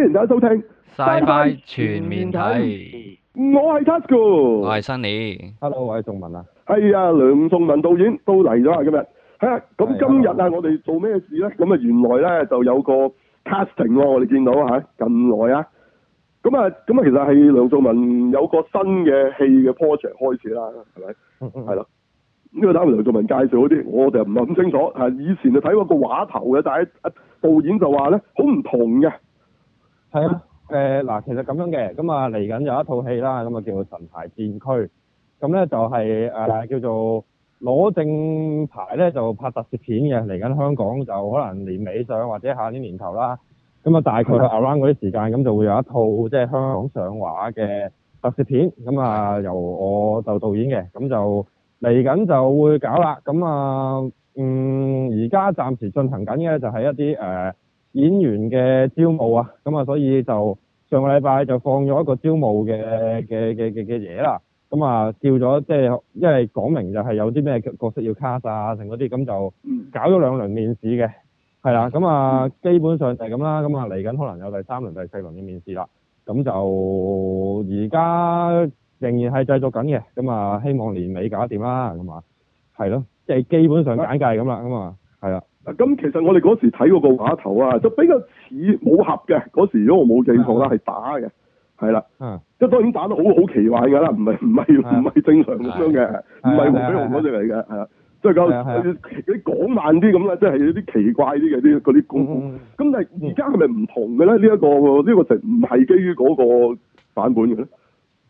歡迎大家收聽《晒拜全面睇》面，我係 Tasco，我係 n y h e l l o 我係宋文啊，係啊，梁頌文導演都嚟咗啊，今日啊，咁今日啊，我哋做咩事咧？咁啊，原來咧就有個 casting，我哋見到吓，近來啊，咁啊，咁啊，其實係梁頌文有個新嘅戲嘅 project 開始啦，係咪？係咯 、啊，呢、這個等梁頌文介紹好啲，我哋又唔係咁清楚吓，以前就睇過個畫頭嘅，但係導演就話咧，好唔同嘅。係啊，誒嗱，其實咁樣嘅，咁啊嚟緊有一套戲啦，咁啊叫做《神骸戰軀》，咁咧就係誒叫做攞正牌咧，就拍特攝片嘅，嚟緊香港就可能年尾上或者下年年頭啦，咁啊大概 around 嗰啲時間，咁就會有一套即係香港上畫嘅特攝片，咁啊由我就導演嘅，咁就嚟緊就會搞啦，咁啊嗯而家暫時進行緊嘅就係一啲誒。演員嘅招募啊，咁啊，所以就上個禮拜就放咗一個招募嘅嘅嘅嘅嘅嘢啦，咁啊，叫咗即係，因為講明就係有啲咩角色要 cast 啊，成嗰啲，咁就搞咗兩輪面試嘅，係啦，咁啊，基本上就係咁啦，咁啊，嚟緊可能有第三輪、第四輪嘅面試啦，咁就而家仍然係製作緊嘅，咁啊，希望年尾搞掂啦，咁啊，係咯，即係基本上簡介係咁啦，咁啊，係啊。咁其實我哋嗰時睇嗰個畫頭啊，就比較似武俠嘅嗰時，如果我冇記錯啦，係 打嘅，係啦，嗯，即係當然打得好好奇怪嘅啦，唔係唔係唔係正常咁嘅，唔係 黃飛鴻嗰隻嚟嘅，係啊，即係舊，有啲講慢啲咁啦，即係有啲奇怪啲嘅啲嗰啲功夫，咁但係而家係咪唔同嘅咧？呢、這、一個呢一、這個就唔係基於嗰個版本嘅咧？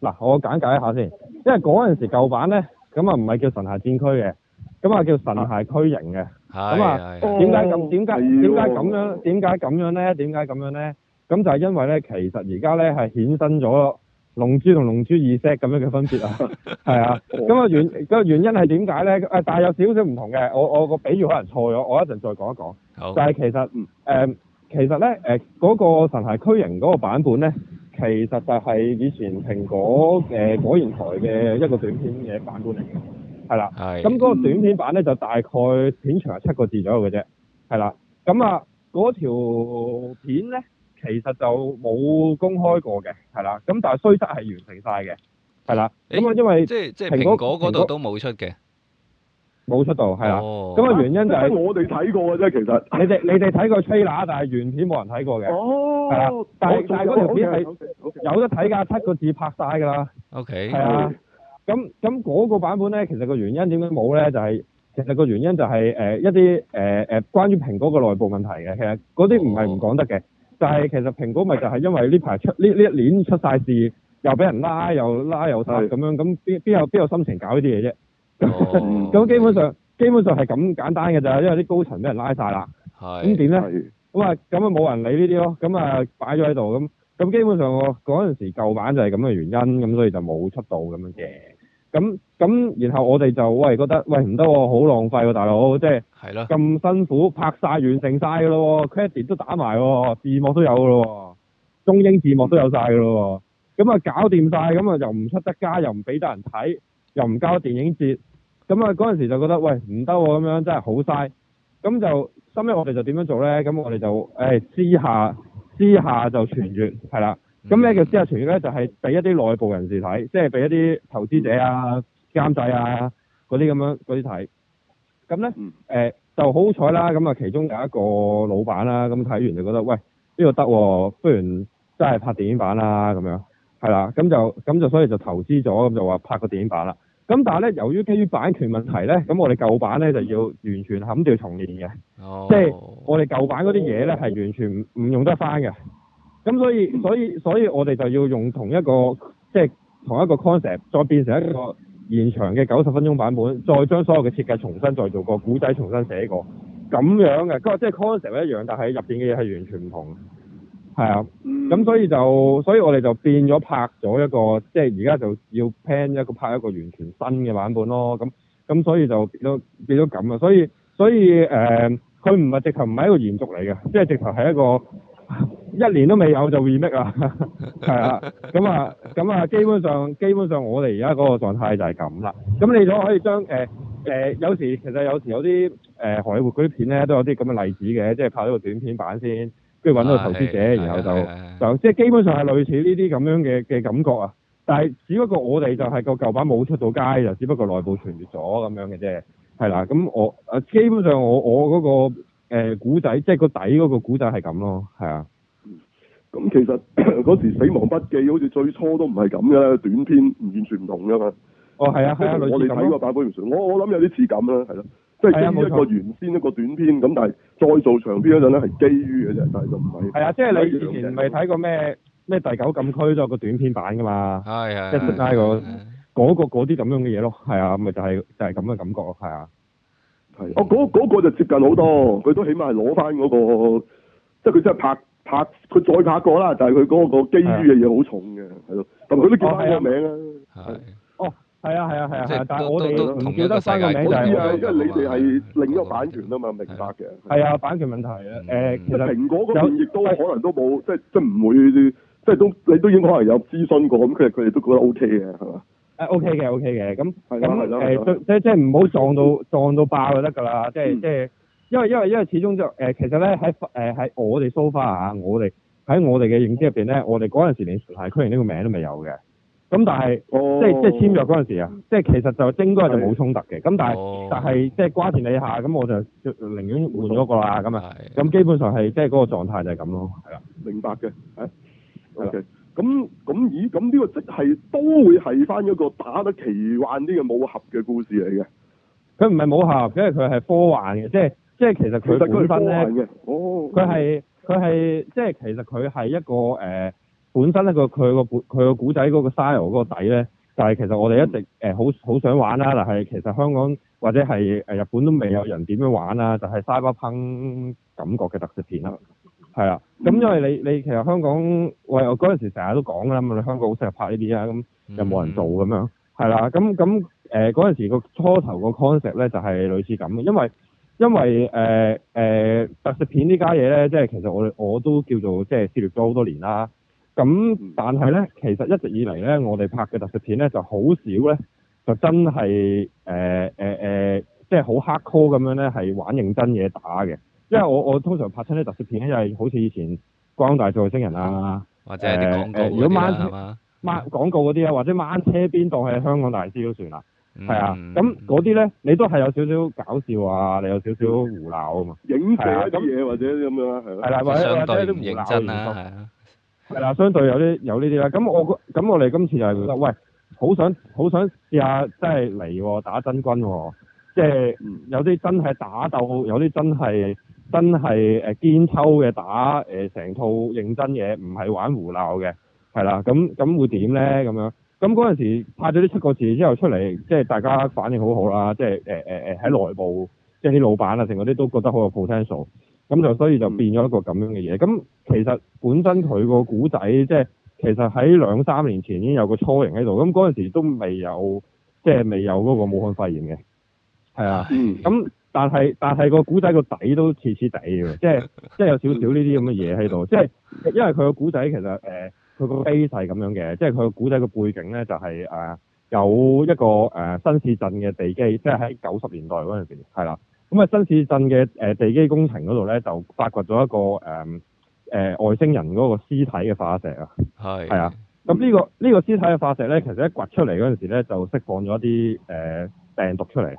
嗱、嗯，我簡介一下先，因為嗰陣時舊版咧，咁啊唔係叫神骸戰軀嘅。咁啊叫神骸驅形嘅，咁啊點解咁點解點解咁樣點解咁樣咧？點解咁樣咧？咁就係因為咧，其實而家咧係衍生咗龍珠同龍珠 Z 咁樣嘅分別啊，係啊。咁啊原個原因係點解咧？啊，但係有少少唔同嘅，我我個比喻可能錯咗，我一陣再講一講。好。就係其實唔、嗯、其實咧，誒嗰個神骸驅形嗰個版本咧，其實就係以前蘋果誒果然台嘅一個短片嘅版本嚟嘅。係啦，咁嗰個短片版咧，就大概片長係七個字左右嘅啫，係啦，咁啊嗰條片咧，其實就冇公開過嘅，係啦，咁但係衰則係完成晒嘅，係啦，咁啊因為即係即係蘋果嗰度都冇出嘅，冇出到，係啦，咁啊原因就係我哋睇過嘅啫，其實你哋你哋睇過吹 r 但係原片冇人睇過嘅，哦，係啊，但係但係嗰條片係有得睇噶，七個字拍晒噶啦，OK，係啊。咁咁嗰個版本咧，其實個原因點解冇咧？就係、是、其實個原因就係、是、誒、呃、一啲誒誒關於蘋果嘅內部問題嘅。其實嗰啲唔係唔講得嘅，就係、哦、其實蘋果咪就係因為呢排出呢呢一年出晒事，又俾人拉又拉又晒咁是樣，咁邊邊有邊有心情搞呢啲嘢啫？咁、哦 嗯、基本上基本上係咁簡單嘅咋，因為啲高層俾人拉晒啦。係是。咁點咧？咁啊咁啊冇人理呢啲咯。咁啊擺咗喺度咁，咁基本上我嗰陣時舊版就係咁嘅原因，咁所以就冇出到咁樣嘅。嗯咁咁、嗯嗯，然後我哋就喂覺得，喂唔得喎，好、啊、浪費喎、啊，大佬，的即係咁辛苦拍晒完，完成晒嘅咯喎，credit 都打埋喎，字幕都有嘅咯喎，中英字幕都有晒嘅咯喎，咁、嗯、啊、嗯、搞掂晒，咁、嗯、啊又唔出得街，又唔俾得人睇，又唔交電影節，咁啊嗰陣時就覺得，喂唔得喎，咁、啊、樣真係好嘥，咁、嗯、就，後屘我哋就點樣做咧？咁、嗯、我哋就誒、哎、私下私下就傳閱，係啦。咁咩叫私下傳譯咧？就係、是、俾一啲內部人士睇，即係俾一啲投資者啊、監製啊嗰啲咁樣嗰啲睇。咁咧，誒就好彩啦！咁啊，嗯嗯呃、就其中有一個老闆啦、啊，咁睇完就覺得，喂，呢、呢個得、啊，不如真係拍電影版啦咁樣，係啦，咁就咁就所以就投資咗，咁就話拍個電影版啦。咁但係咧，由於基於版權問題咧，咁我哋舊版咧就要完全冚要重演嘅，即係、哦、我哋舊版嗰啲嘢咧係完全唔唔用得翻嘅。咁所以所以所以我哋就要用同一個，即係同一個 concept，再變成一個現場嘅九十分鐘版本，再將所有嘅設計重新再做過，古仔重新寫過，咁樣嘅，即係 concept 一樣，但係入邊嘅嘢係完全唔同，係啊，咁所以就所以我哋就變咗拍咗一個，即係而家就要 plan 一個拍一個完全新嘅版本咯，咁咁所以就變到變到咁啊，所以所以誒，佢唔係直頭唔係一個延續嚟嘅，即係直頭係一個。一年都未有就 remake 啦，係 啊，咁、嗯、啊，咁、嗯、啊、嗯，基本上基本上我哋而家嗰個狀態就係咁啦。咁你都可以將誒誒有時其實有時有啲誒荷里活嗰啲片咧都有啲咁嘅例子嘅，即係拍咗個短片版先，跟住揾到個投資者，啊、然後就的就即係的基本上係類似呢啲咁樣嘅嘅感覺啊。但係只不過我哋就係個舊版冇出到街就只不過內部傳閱咗咁樣嘅啫，係啦。咁我啊基本上我我嗰個古仔即係個底嗰個古仔係咁咯，係啊。咁其實嗰 時《死亡筆記》好似最初都唔係咁嘅，短篇唔完全唔同噶嘛。哦，係啊，即係、啊、我哋睇過版本唔同，我我諗有啲似咁啦，係咯、啊，即、就、係、是、一個原先一個短篇咁，但係再做長篇嗰陣咧係基於嘅啫，但係就唔係。係啊，即係你以前咪睇過咩咩第九禁區都有個短片版噶嘛？係係、啊，一出街個、啊那個啲咁、啊那個那個、樣嘅嘢咯，係啊，咪就係、是、就係咁嘅感覺咯，係啊。係、啊。哦，嗰、那個那個就接近好多，佢都起碼係攞翻嗰個，即係佢真係拍。怕佢再拍過啦，但係佢嗰個基於嘅嘢好重嘅，係咯，同佢都叫得翻個名啊。係。哦，係啊，係啊，係啊。即啊。但係我哋唔記得翻個名係。我知啊，因為你哋係另一個版權啊嘛，明白嘅。係啊，版權問題啊。誒，其實蘋果嗰邊亦都可能都冇，即係即係唔會，即係都你都已經可能有諮詢過，咁佢哋佢哋都覺得 OK 嘅，係嘛？誒 OK 嘅，OK 嘅。咁咁誒，即即即係唔好撞到撞到爆就得㗎啦，即係即係。因為因為因為始終就誒、呃，其實咧喺誒喺我哋 so far 啊，我哋喺我哋嘅認知入邊咧，我哋嗰陣時連純泰區營呢個名都未有嘅。咁但係、哦、即係即係簽約嗰陣時啊，即係其實就應該就冇衝突嘅。咁但係但係即係瓜田李下，咁我，我就寧願換咗個啦。咁啊，咁基本上係即係嗰個狀態就係咁咯，係啦。明白嘅，啊、欸、的，OK，咁咁咦，咁呢個即係都會係翻一個打得奇幻啲嘅武俠嘅故事嚟嘅。佢唔係武俠，因為佢係科幻嘅，即、就、係、是。即係其實佢本身咧，佢係佢係即係其實佢係、哦、一個誒、呃、本身咧、那個佢個佢個古仔嗰個 style 嗰個底咧，就係、是、其實我哋一直誒好好想玩啦、啊。但係其實香港或者係誒日本都未有人點樣玩啦、啊，就係 Cyberpunk 感覺嘅特色片啦、啊。係啦、啊，咁因為你你其實香港喂我嗰陣時成日都講啦，咁你香港好適合拍呢啲、嗯嗯、啊，咁又冇人做咁樣係啦。咁咁誒嗰陣時個初頭個 concept 咧就係類似咁，因為。因為誒誒、呃呃、特攝片家呢家嘢咧，即係其實我哋我都叫做即係涉獵咗好多年啦。咁但係咧，其實一直以嚟咧，我哋拍嘅特攝片咧，就好少咧，就真係誒誒誒，即係好 hardcore 咁樣咧，係玩認真嘢打嘅。因為我我通常拍親啲特攝片，因為好似以前《光大作》《星人》啊，或者啲廣告嘅、呃，如果掹廣告嗰啲啊，或者掹車邊度係香港大師都算啦。係、嗯、啊，咁嗰啲咧，你都係有少少搞笑啊，你有少少胡鬧啊嘛，影射一啲嘢或者咁樣啦，係啦，或者係啲胡鬧啊，係啊，係啦，相對有啲有呢啲啦，咁我咁我哋今次就係覺得，喂，好想好想試下真係嚟喎，打真軍喎、啊，即係有啲真係打鬥，有啲真係真係誒堅抽嘅打誒成、呃、套認真嘢，唔係玩胡鬧嘅，係啦、啊，咁咁會點咧咁樣？咁嗰陣時派咗啲七個字之後出嚟，即係大家反應好好啦，即係誒誒誒喺內部，即係啲老闆啊，成個啲都覺得好有 potential。咁就所以就變咗一個咁樣嘅嘢。咁、嗯嗯、其實本身佢個古仔，即係其實喺兩三年前已經有個雛形喺度。咁嗰陣時都未有，即係未有嗰個武漢肺炎嘅。係啊。嗯。咁但係但係個古仔個底都似似哋嘅，即係即係有少少呢啲咁嘅嘢喺度。即係因為佢個古仔其實誒。呃佢個 b a s 咁樣嘅，即係佢個古仔嘅背景咧，就係、是、誒、呃、有一個誒、呃、新市鎮嘅地基，即係喺九十年代嗰陣時，係啦。咁、嗯、啊，新市鎮嘅誒、呃、地基工程嗰度咧，就發掘咗一個誒誒、呃呃、外星人嗰個屍體嘅化石啊。係的。係啊。咁呢、這個呢、這個屍體嘅化石咧，其實一掘出嚟嗰陣時咧，就釋放咗一啲誒、呃、病毒出嚟。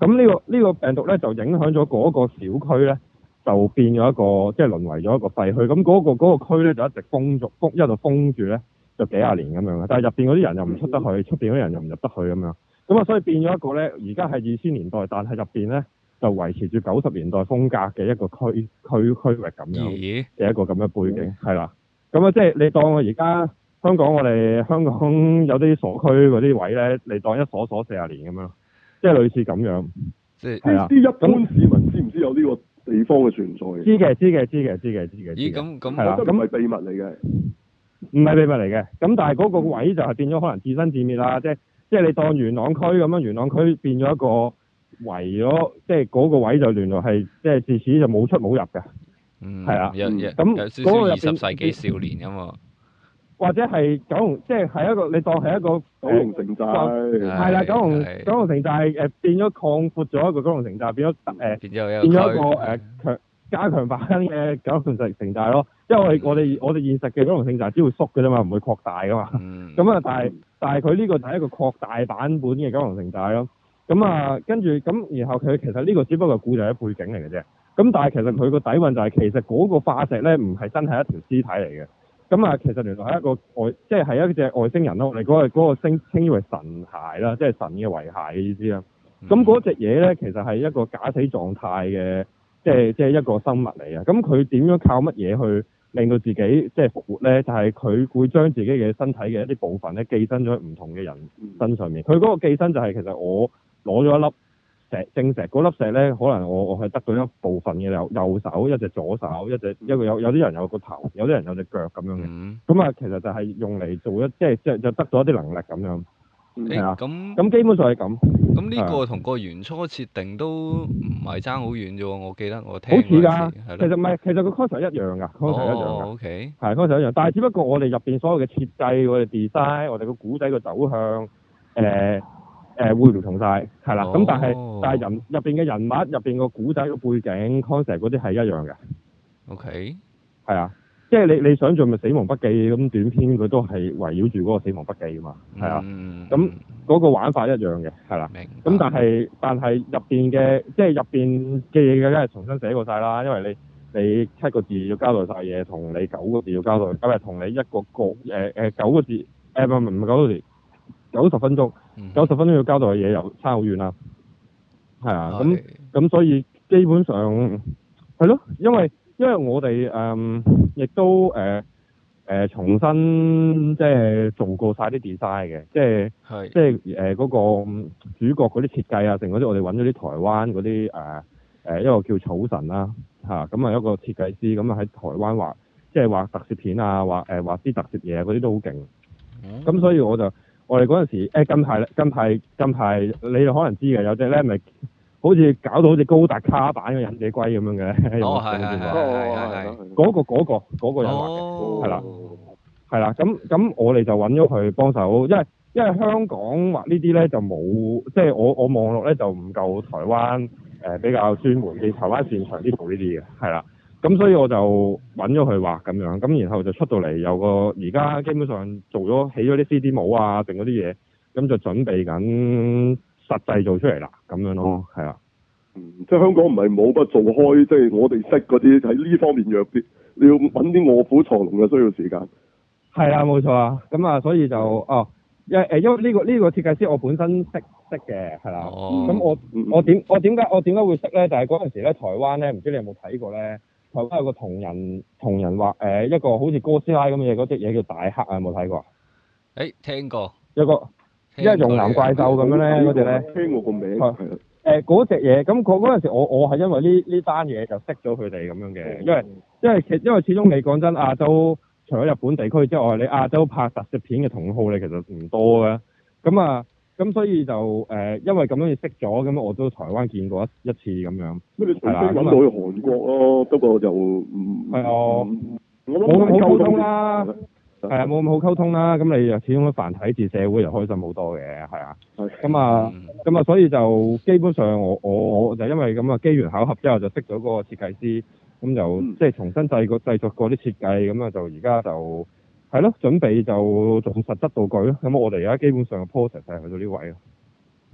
咁呢、這個呢、這個病毒咧，就影響咗嗰個小區咧。就變咗一個，即、就、係、是、淪為咗一個廢墟。咁、嗯、嗰、那個嗰、那個、區咧，就一直封住，封一路封住咧，就幾廿年咁樣嘅。但係入邊嗰啲人又唔出得去，出邊嗰啲人又唔入得去咁樣。咁、嗯、啊，所以變咗一個咧，而家係二千年代，但係入邊咧就維持住九十年代風格嘅一個區區區域咁樣。嘅、嗯、一個咁嘅背景係啦。咁啊、嗯嗯，即係你當我而家香港我，我哋香港有啲鎖區嗰啲位咧，你當一鎖鎖四廿年咁樣，即係類似咁樣。即係係啊。咁一般市民知唔知有呢個地方嘅存在，知嘅，知嘅，知嘅，知嘅，知嘅，咦？咁咁我都唔係秘密嚟嘅，唔係秘密嚟嘅。咁但係嗰個位就係變咗可能自生自滅啦，即係即係你當元朗區咁樣，元朗區變咗一個圍咗，即係嗰個位就亂、係、咗，係即係自此就冇出冇入嘅，係啊、嗯的，有那有有少少二十世紀少年㗎嘛。或者係九龍，即係係一個你當係一個九龍城寨，係啦、呃，的九龍九龍城寨誒、呃、變咗擴闊咗一個九龍城寨，變咗誒、呃、變咗一個誒強、呃、加強版嘅九龍城城寨咯、呃。因為我哋、嗯、我哋現實嘅九龍城寨只會縮嘅啫嘛，唔會擴大噶嘛。咁啊，但係但係佢呢個就係一個擴大版本嘅九龍城寨咯。咁、呃、啊、嗯，跟住咁、嗯、然後佢其實呢個只不過係古仔嘅背景嚟嘅啫。咁但係其實佢個底蘊就係、是、其實嗰個化石咧，唔係真係一條屍體嚟嘅。咁啊，其實原來係一個外，即係係一隻外星人啦。我哋嗰、嗰個星、嗰個、稱之為神骸啦，即係神嘅遺骸嘅意思啦。咁嗰隻嘢咧，其實係一個假死狀態嘅，即係即係一個生物嚟啊。咁佢點樣靠乜嘢去令到自己即係復活咧？就係、係、佢會將自己嘅身體嘅一啲部分咧寄生咗喺唔同嘅人身上面。佢嗰個寄生就係其實我攞咗一粒。石正石嗰粒、那個、石咧，可能我我係得到一部分嘅右右手，一隻左手，一隻一個有有啲人有個頭，有啲人有隻腳咁樣嘅。咁啊、嗯，其實就係用嚟做一即係即係就得咗一啲能力咁樣。係啊、欸，咁咁的基本上係咁。咁呢個同個原初設定都唔係爭好遠啫。我記得我聽過。好似噶了，其實唔係，其實個 concept 一樣噶，concept 一樣噶。O K。係 concept 一樣，但係只不過我哋入邊所有嘅設計，我哋 design，我哋個古仔嘅走向，誒、呃。嗯誒換換同晒？係啦。咁噢但係但係人入邊嘅人物，入邊個古仔個背景，concept 嗰啲係一樣嘅。OK，係啊，即係你你想做咪死亡筆記咁短篇，佢都係圍繞住嗰個死亡筆記㗎嘛，係啊，嗯。咁嗰個玩法一樣嘅，係啦。明白。咁但係但係入邊嘅即係入邊嘅嘢梗係重新寫過晒啦，因為你你七個字要交代晒嘢，同你九個字要交代，咁日同你一個一個誒誒九個字誒唔唔係九個字。呃呃九十分鐘，九十分鐘要交代嘅嘢又差好遠啦，係啊，咁咁所以基本上係咯、啊，因為因為我哋誒亦都誒誒、呃呃、重新即係、呃、做過晒啲 design 嘅，即係即係誒嗰個主角嗰啲設計啊，成嗰啲我哋揾咗啲台灣嗰啲誒誒一個叫草神啦嚇，咁啊一個設計師咁啊喺台灣畫即係、就是、畫特攝片啊，畫誒、呃、畫啲特攝嘢嗰啲都好勁，咁、嗯、所以我就。我哋嗰陣時，誒近排、近排、近排，你又可能知嘅，有隻咧，咪好似搞到好似高達卡板嘅忍者龜咁樣嘅，哦係，嗰個嗰、嗰個嗰、嗰個有賣係啦，係啦、哦，咁咁我哋就揾咗佢幫手，因為因為香港畫呢啲咧就冇，即係我我網絡咧就唔夠台灣誒、呃、比較專門嘅台灣擅長啲做呢啲嘅，係啦。咁所以我就揾咗佢畫咁樣，咁然後就出到嚟有個而家基本上做咗起咗啲 C D 模啊，定嗰啲嘢，咁就準備緊實際做出嚟啦，咁樣咯，係、哦、啊。嗯、即係香港唔係冇乜做開，嗯、即係我哋識嗰啲喺呢方面弱啲，你要揾啲卧虎藏龍嘅需要時間。係、嗯、啊，冇錯啊，咁啊，所以就哦，因誒因為呢、這個呢、這個設計師我本身識識嘅係啦，咁、啊嗯、我、嗯嗯、我點我點解我點解會識咧？但係嗰陣時咧，台灣咧，唔知你有冇睇過咧？後邊有個同人同人畫誒、呃、一個好似哥斯拉咁嘅嘢，嗰隻嘢叫大黑啊！有冇睇過啊？誒、欸、聽過，一個過一種南怪獸咁樣咧，嗰隻咧聽我名、啊呃那個名係嗰隻嘢咁，我嗰陣時我我係因為呢呢單嘢就識咗佢哋咁樣嘅、嗯，因為因為始因為始終你講真亞洲，除咗日本地區之外，你亞洲拍特攝片嘅同好你其實唔多嘅，咁、嗯、啊。嗯嗯咁所以就誒、呃，因為咁樣要識咗，咁我都台灣見過一一次咁樣。咩？你咁新揾去韓國咯，不過就唔係啊，冇咁、嗯嗯嗯、好溝通啦。係啊，冇咁好溝通啦。咁你又始終都繁體字社會，又開心好多嘅，係啊。咁啊，咁啊，所以就基本上我我我就因為咁啊機緣巧合之後就識咗個設計師，咁就、嗯、即係重新製個製作過啲設計，咁啊就而家就。係咯，準備就用實質道具咯。咁我哋而家基本上個 project 係去到呢位咯。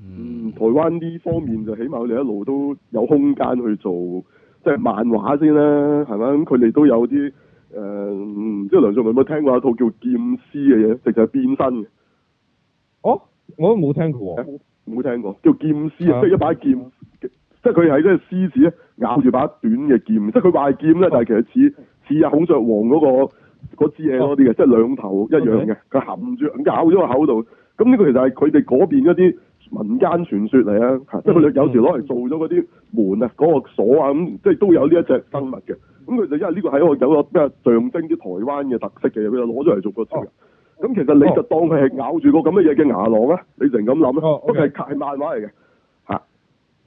嗯，台灣呢方面就起碼佢哋一路都有空間去做，即係漫畫先啦，係咪？咁佢哋都有啲誒、呃，即係梁仲文有冇聽過一套叫劍獅嘅嘢，直情係變身嘅。哦，我都冇聽過，冇聽過，叫劍獅啊，即係一把劍，即係佢係即係獅子咬住把短嘅劍，即係佢話係劍咧，但係其實似似啊孔雀王嗰、嗰個。嗰支嘢多啲嘅，哦、即係兩頭一樣嘅，佢 Okay. 含住咬咗個口度。咁呢個其實係佢哋嗰邊嗰啲民間傳說嚟啊，佢哋有時攞嚟做咗嗰啲門啊、嗰個鎖啊咁，即係都有呢一隻生物嘅。咁佢就因為呢個係一個有一個比較象徵啲台灣嘅特色嘅，佢就攞咗嚟做個説。咁、哦嗯、其實你就當佢係咬住個咁嘅嘢嘅牙狼啊，你成咁諗啊？不過係係漫畫嚟嘅。嗯嗯 okay.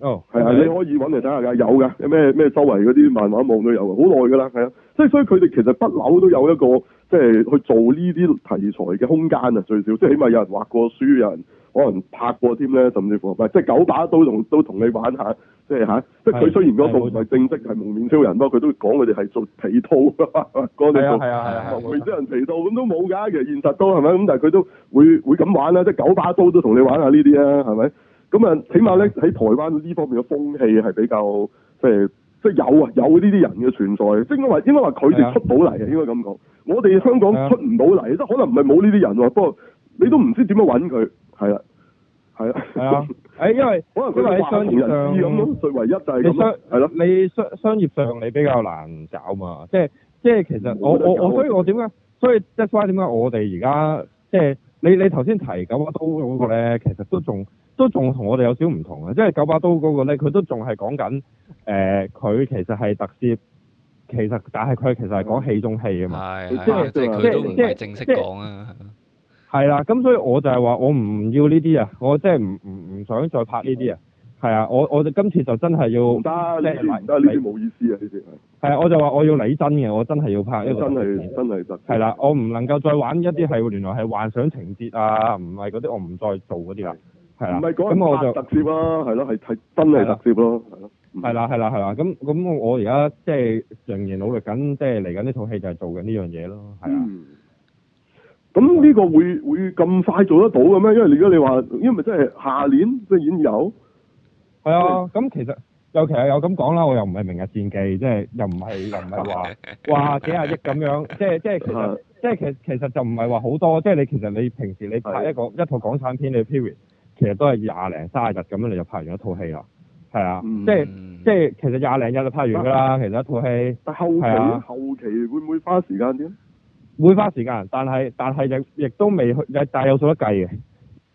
哦，係啊，你可以揾嚟睇下噶，有嘅，有咩咩周圍嗰啲漫畫網都有好耐噶啦，係啊，即係所以佢哋其實不朽都有一個，即係去做呢啲題材嘅空間啊，最少即係起碼有人畫過書，有人可能拍過添咧，甚至乎即係九把刀同都同你玩下，即係吓。即係佢雖然嗰個唔係正式係蒙面超人，不過佢都講佢哋係做皮套啊嘛，嗰啲做佢啲人皮套咁都冇噶，其實現實都係咪咁？但係佢都會會咁玩啦，即係九把刀都同你玩下呢啲啊，係咪？咁啊，起碼咧喺台灣呢方面嘅風氣係比較即係即係有啊，有呢啲人嘅存在。即係應該話的應該話佢哋出到嚟，應該咁講。我哋香港出唔到嚟，即的可能唔係冇呢啲人，不過你都唔知點樣揾佢係啦，係啦，係啊，係的因為 可能佢喺商業上最唯一就係咁咯，係咯，你商的你商業上你比較難搞嘛，即係即係其實我我也我，我所以我點解所以即係點解我哋而家即係你你頭先提咁多嗰個咧，其實都仲。都仲同我哋有少少唔同啊！即係九把刀嗰個咧，佢都仲係講緊誒，佢其實係特攝，其實但係佢其實係講戲中戲啊嘛，即係佢都唔係正式講啊。係啦，咁所以我就係話我唔要呢啲啊，我即係唔唔唔想再拍呢啲啊。係啊，我我今次就真係要唔得，你嚟得呢冇意思啊！呢啲係啊，我就話我要嚟真嘅，我真係要拍。真係真係真係啦，我唔能夠再玩一啲係原來係幻想情節啊，唔係嗰啲我唔再做嗰啲啦。係啦，咁我就特攝啦，係咯，係睇真係特攝咯，係咯，係啦，係啦，係啦。咁咁我而家即係仍然努力緊，即係嚟緊呢套戲就係做緊呢樣嘢咯，係啊。咁呢個會會咁快做得到嘅咩？因為你而家你話，因為真係下年即演有，係啊。咁其實又其實有咁講啦，我又唔係明日戰記，即係又唔係又唔係話話幾廿億咁樣，即係即係其實即係其其實就唔係話好多，即係你其實你平時你拍一個一套港產片，你 period。其實都係廿零卅日咁樣你就拍完一套戲啦，係啊，嗯、即係即係其實廿零日就拍完噶啦，但其實一套戲。但後期、啊、後期會唔會花時間啲？會花時間，但係但係亦亦都未去，但係有數得計嘅，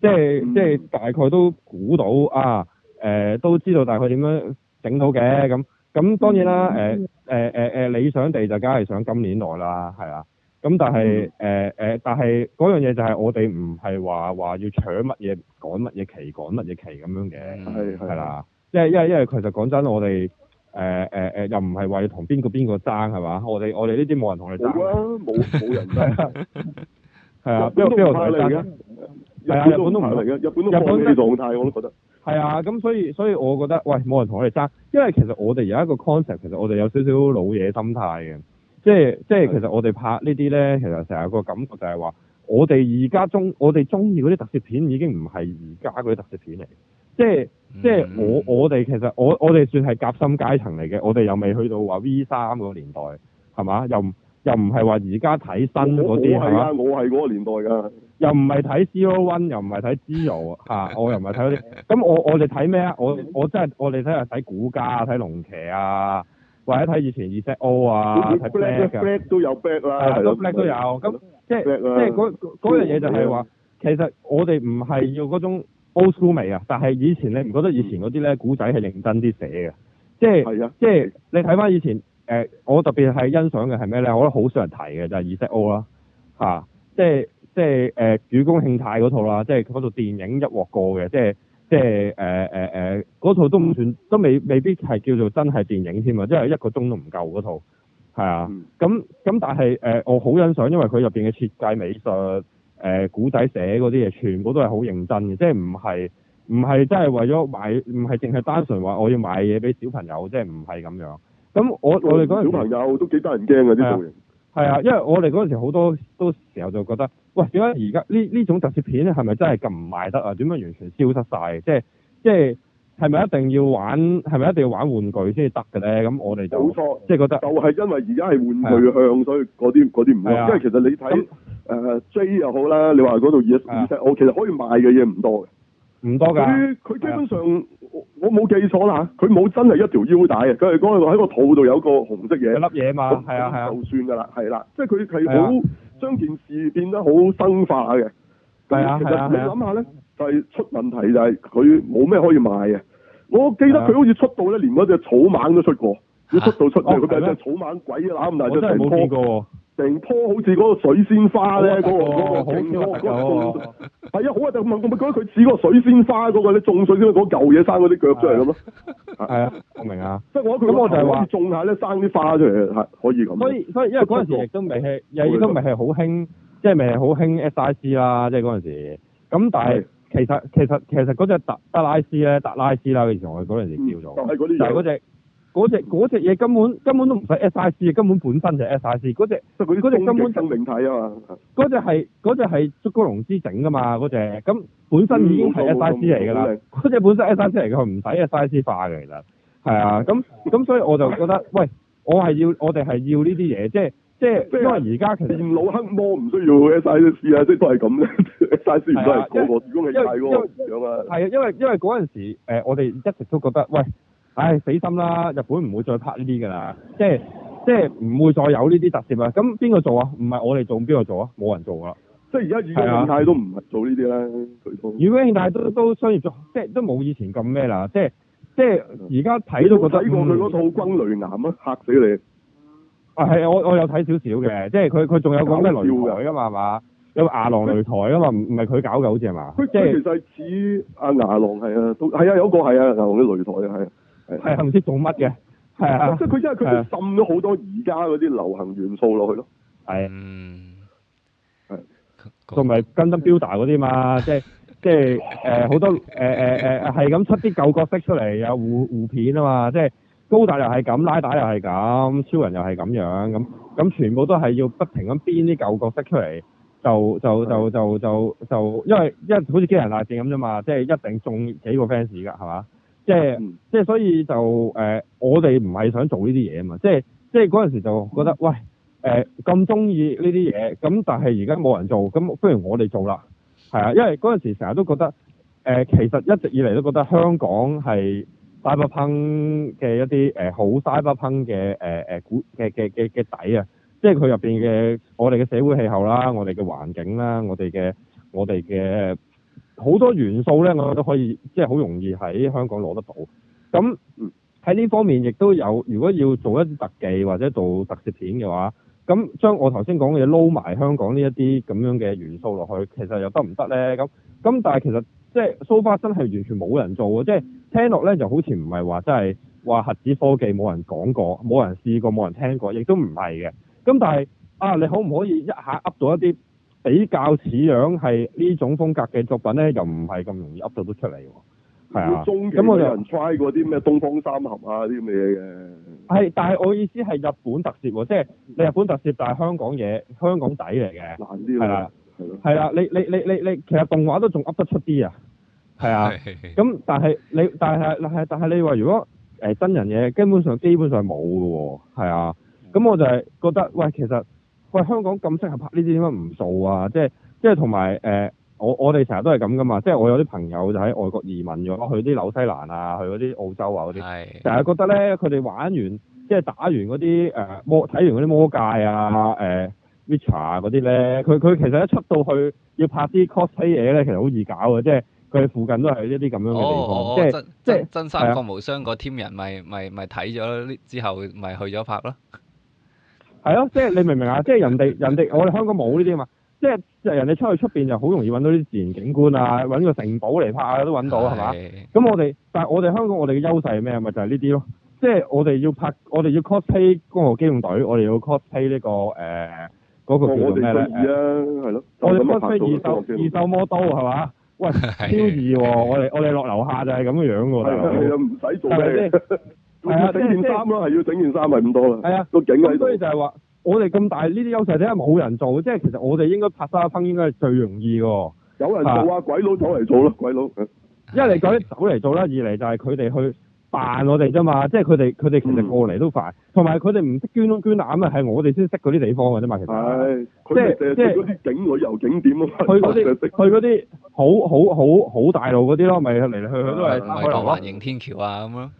即係、嗯、即係大概都估到啊，誒、呃、都知道大概點樣整到嘅，咁咁當然啦，誒誒誒誒理想地就梗係想今年內啦，係啊。咁、嗯、但係誒誒，但係嗰樣嘢就係我哋唔係話話要搶乜嘢趕乜嘢期趕乜嘢期咁樣嘅，係係啦。因為因為因為其實講真，我哋誒誒誒又唔係話要同邊個邊個爭係嘛？我哋我哋呢啲冇人同你爭。冇冇、啊、人爭 的。係啊，邊個邊個爭？日本都唔係嘅，日本都冇咩狀態，我都覺得。係啊的，咁所以所以，我覺得喂冇人同我哋爭，因為其實我哋有一個 concept，其實我哋有少少老嘢心態嘅。即係即係，其實我哋拍呢啲咧，其實成日個感覺就係話，我哋而家中我哋中意嗰啲特攝片已經唔係而家嗰啲特攝片嚟，即係即係我我哋其實我我哋算係夾心階層嚟嘅，我哋又未去到話 V 三嗰個年代，係嘛？又唔又唔係話而家睇新嗰啲係嘛？我係啊，我係嗰個年代㗎，又唔係睇 Zero One，又唔係睇 Zi-O 啊，我又唔係睇嗰啲，咁我我哋睇咩啊？我我，我，我，我真係我哋睇下睇古家睇龍騎啊。或者睇以前 e 二色 O 啊，睇 Black Black 都有 Black 啦，Black 都有咁，即係即係嗰樣嘢就係話，其實我哋唔係要嗰種 old school 味啊，但係以前你唔覺得以前嗰啲咧古仔係認真啲寫嘅？即係即係你睇返以前誒，我特別係欣賞嘅係咩咧？我覺得好少人提嘅就係二色 O 啦嚇，即係即係誒雨宮慶太嗰套啦，即係嗰套電影一鑊過嘅，即係。即係誒誒誒，嗰、呃呃呃、套都唔算，都未未必係叫做真係電影添啊！即係一個鐘都唔夠嗰套，係啊。咁咁但係誒、呃，我好欣賞，因為佢入邊嘅設計、美術、誒、呃、故仔寫嗰啲嘢，全部都係好認真嘅，即係唔係唔係真係為咗買，唔係淨係單純話我要買嘢俾小朋友，即係唔係咁樣。咁我、哦、我哋嗰陣時小朋友都幾得人驚啊！啲造型係啊，因為我哋嗰陣時好多都時候就覺得。喂，點解而家呢呢種特攝片係咪真係咁唔賣得啊？點解完全消失晒？即係即係係咪一定要玩？係咪一定要玩玩具先至得嘅咧？咁我哋就冇錯，即係覺得就係因為而家係玩具向，所以嗰啲啲唔啱。即係其實你睇誒 J 又好啦，你話嗰度二二隻，我其實可以賣嘅嘢唔多嘅，唔多㗎。佢基本上我冇記錯啦，佢冇真係一條腰帶嘅，佢係講喺個肚度有一個紅色嘢，一粒嘢嘛，係啊係啊，就算㗎啦，係啦，即係佢係好。將件事變得好生化嘅，係啊，其實你諗下咧，啊啊、就係出問題就係佢冇咩可以賣嘅。我記得佢好似出到咧，連嗰隻草蜢都出過，佢、啊、出到出到嗰隻草蜢鬼乸咁大隻，啊、真係冇見過。成樖好似嗰個水仙花咧，嗰個係啊，好啊，就問我咪覺得佢似個水仙花嗰個咧，種水仙嗰嚿嘢生嗰啲腳出嚟咁咯，係啊，我明啊，即係我覺得佢可以種下咧，生啲花出嚟係可以咁。所以所以，因為嗰陣時亦都未係，又亦都未係好興，即係未係好興 SIC 啦，即係嗰陣時。咁但係其實其實其實嗰隻德德拉斯咧，德拉斯啦，其實我嗰陣時叫做。就係隻。嗰隻嗰隻嘢根本根本都唔使 S I C，根本本身就 S I C。嗰隻嗰隻根本生命體啊嘛，嗰隻係嗰隻係竹高龍之整噶嘛嗰隻，咁本身已經係 S I C 嚟噶啦。嗰隻本身 S I C 嚟嘅，佢唔使 S I C 化嘅，其實係啊。咁咁所以我就覺得，喂，我係要我哋係要呢啲嘢，即係即係因為而家其實電腦黑魔唔需要 S I C 啊，即都係咁 S I C 唔係一個係點啊？係啊，因為因為嗰陣時誒，我哋一直都覺得喂。唉，死心啦！日本唔會再拍呢啲㗎啦，即係即係唔會再有呢啲特攝啊。咁邊個做啊？唔係我哋做，邊個做啊？冇人做啦。即係而家，嗯、以前，永慶都唔係做呢啲咧，如果永慶都都商業咗，即係都冇以前咁咩啦。即係即係而家睇都覺得，呢佢嗰套軍雷男啊，嚇死你！嗯、啊，係啊，我我有睇少少嘅，即係佢佢仲有個咩擂台㗎嘛？係嘛？有牙狼擂台㗎嘛？唔唔係佢搞嘅好似係嘛？佢其實似阿牙狼係啊，都係啊，有一個係啊，牙狼嘅擂台啊係。係唔知做乜嘅，係啊，即係佢因為佢哋滲咗好多而家嗰啲流行元素落去咯、嗯。係、啊，係，同埋跟得 Builder 嗰啲嘛， 即係即係誒，好、呃、多誒誒誒，係、呃、咁、呃呃啊、出啲舊角色出嚟有互互片啊嘛，即係高達又係咁，拉打又係咁，超人又係咁樣，咁、嗯、咁、嗯、全部都係要不停咁編啲舊角色出嚟，就就就就就就因為因為好似《機人大戰》咁啫嘛，即係一定中幾個 fans 噶係嘛？即係即係，所以就誒、呃，我哋唔係想做呢啲嘢啊嘛！即係即係嗰陣時就覺得，喂誒咁鍾意呢啲嘢，咁、呃、但係而家冇人做，咁不如我哋做啦，係啊！因為嗰陣時成日都覺得誒、呃，其實一直以嚟都覺得香港係大不烹嘅一啲誒好嘥不烹嘅誒誒股嘅嘅嘅嘅底啊！即係佢入邊嘅我哋嘅社會氣候啦，我哋嘅環境啦，我哋嘅我哋嘅。好多元素咧，我覺得可以即係好容易喺香港攞得到。咁喺呢方面亦都有，如果要做一啲特技或者做特攝片嘅話，咁將我頭先講嘅嘢撈埋香港呢一啲咁樣嘅元素落去，其實又得唔得咧？咁咁但係其實即係 so far 真係完全冇人做嘅，即係聽落咧就好似唔係話真係話核子科技冇人講過、冇人試過、冇人，冇人聽過，亦都唔係嘅。咁但係啊，你可唔可以一下噏到一啲？比較似樣係呢種風格嘅作品咧，又唔係咁容易噏到得出嚟喎。係、嗯、啊，咁我有人 try 過啲咩東方三俠啊啲咁嘢嘅。係， 但係我意思係日本特攝，即、就、係、是、你日本特攝，但係香港嘢，香港底嚟嘅。難啲㗎。係咯。係啦，你你你你你，其實動畫都仲噏得出啲啊。係啊。 咁但係你但係但但係你話如果誒、欸欸、真人嘢，基本上基本上冇㗎喎。係啊。咁我就係覺得喂，其實。喂，香港咁適合拍呢啲點解唔做啊？即係即係同埋誒，我我哋成日都係咁噶嘛。即係我有啲朋友就喺外國移民咗，去啲紐西蘭啊，去嗰啲澳洲啊嗰啲，但係覺得咧，佢哋玩完即係打完嗰啲誒魔，睇完嗰啲魔戒啊誒 Richard 嗰啲咧，佢佢其實一出到去要拍啲 cosplay 嘢咧，其實好易搞嘅，即係佢哋附近都係一啲咁樣嘅地方。哦哦、即係真三國無雙嗰 team 人咪咪咪睇咗之後咪去咗拍咯。 係咯，即係你明唔明啊？即係人哋人哋，我哋香港冇呢啲啊嘛，即係人哋出去出邊就好容易揾到啲自然景觀啊，揾個城堡嚟拍啊都揾到係嘛？咁我哋，但係我哋香港我哋嘅優勢係咩？咪就係呢啲咯。即係我哋要拍，我哋要 cosplay 攻殼機動隊，我哋要 cosplay 呢個誒嗰個叫咩我哋二啊，係咯，我哋二手二手摩刀係嘛？喂，超二喎！我哋我哋落樓下就係咁嘅樣喎。你又唔使做嘅。係啊，整件衫咯，係要整件衫，咪咁多啦。係啊，個景啊。所以就係話，我哋咁大呢啲優勢，點解冇人做？即係其實我哋應該拍沙坑，應該係最容易噶。有人做啊，鬼佬走嚟做咯，鬼佬。一嚟講啲走嚟做啦，二嚟就係佢哋去扮我哋啫嘛。即係佢哋佢哋其實過嚟都快，同埋佢哋唔識捐窿捐罅啊，係我哋先識嗰啲地方噶啫嘛。其實係，即係即係嗰啲景旅遊景點啊。去啲去嗰啲好好好好大路嗰啲咯，咪嚟嚟去去都係。咪係個環形天橋啊咁咯。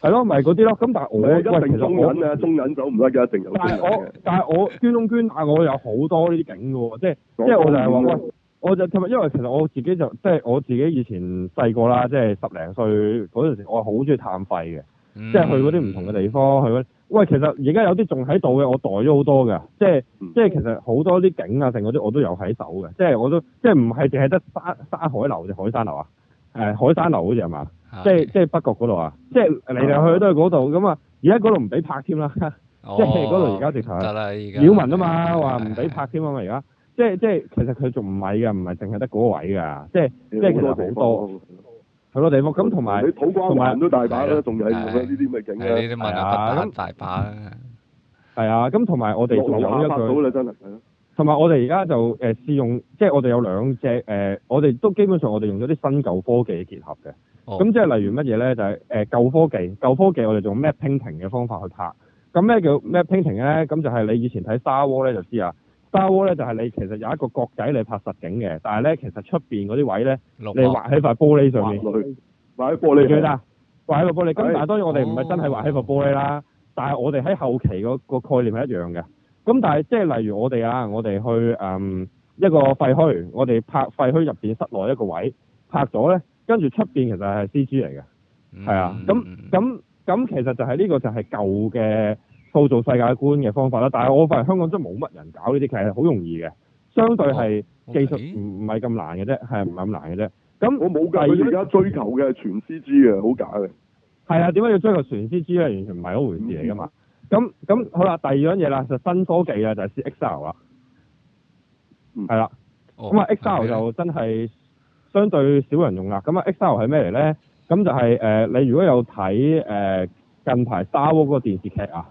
係咯，咪嗰啲咯。咁、就是、但係我因為中人啊，中人走唔得嘅一定。但係我， 但係我捐窿捐罅，我有好多呢啲景嘅喎，即係即係我就係話，我就，喂我就因為其實我自己就即係我自己以前細個啦，即係十零歲嗰陣時我，我係好中意探廢嘅，即係去嗰啲唔同嘅地方去喂，其實而家有啲仲喺度嘅，我代咗好多嘅，即係即係其實好多啲景啊，剩嗰啲我都有喺手嘅，即係我都即係唔係淨係得沙沙海流就海山樓啊？誒海山樓好似係嘛？即係即係北角嗰度啊！即係嚟嚟去去都係嗰度咁啊！而家嗰度唔俾拍添啦，即係嗰度而家直頭。得啦，擾民啊嘛，話唔俾拍添啊嘛，而家。即係即係，其實佢仲唔係㗎，唔係淨係得嗰位㗎，即係即係其實好多地方。係咯，地方咁同埋。土瓜灣同埋人都大把啦，仲係呢啲咪勁啊！係啊，咁大把。係啊，咁同埋我哋仲有一個。真係。同埋我哋而家就誒、呃、試用，即係我哋有兩隻誒、呃，我哋都基本上我哋用咗啲新舊科技結合嘅。咁、oh. 即係例如乜嘢咧？就係、是、誒、呃、舊科技，舊科技我哋用 Matte Painting 嘅方法去拍。咁咩叫 Matte Painting 咧？咁就係你以前睇 Star Wars 咧就知啊。Star Wars 咧就係你其實有一個角仔嚟拍實景嘅，但係咧其實出邊嗰啲位咧，你畫喺塊玻璃上面。畫喺玻璃。記得啊，畫喺個玻璃。但係當然我哋唔係真係畫喺塊玻璃啦、嗯，但係我哋喺後期嗰個概念係一樣嘅。咁但係即係例如我哋啊，我哋去誒、嗯、一個廢墟，我哋拍廢墟入邊室內一個位拍咗咧，跟住出邊其實係 C G 嚟嘅，係啊，咁咁咁其實就係呢個就係舊嘅塑造世界觀嘅方法啦。但係我發現香港真係冇乜人搞呢啲，其實係好容易嘅，相對係、嗯、技術唔唔係咁難嘅啫，係唔係咁難嘅啫？咁、嗯、我冇計。但係而家追求嘅係全 C G 啊，好假嘅。係啊，點解要追求全 C G 啊？完全唔係一回事嚟噶嘛。嗯嗯咁咁好啦，第二樣嘢啦就新科技啊，就係 X R 啦，係啦，咁啊 X l 就真係相對少人用啦。咁啊 X l 係咩嚟咧？咁就係誒，你如果有睇誒近排 Star 沙屋嗰個電視劇啊，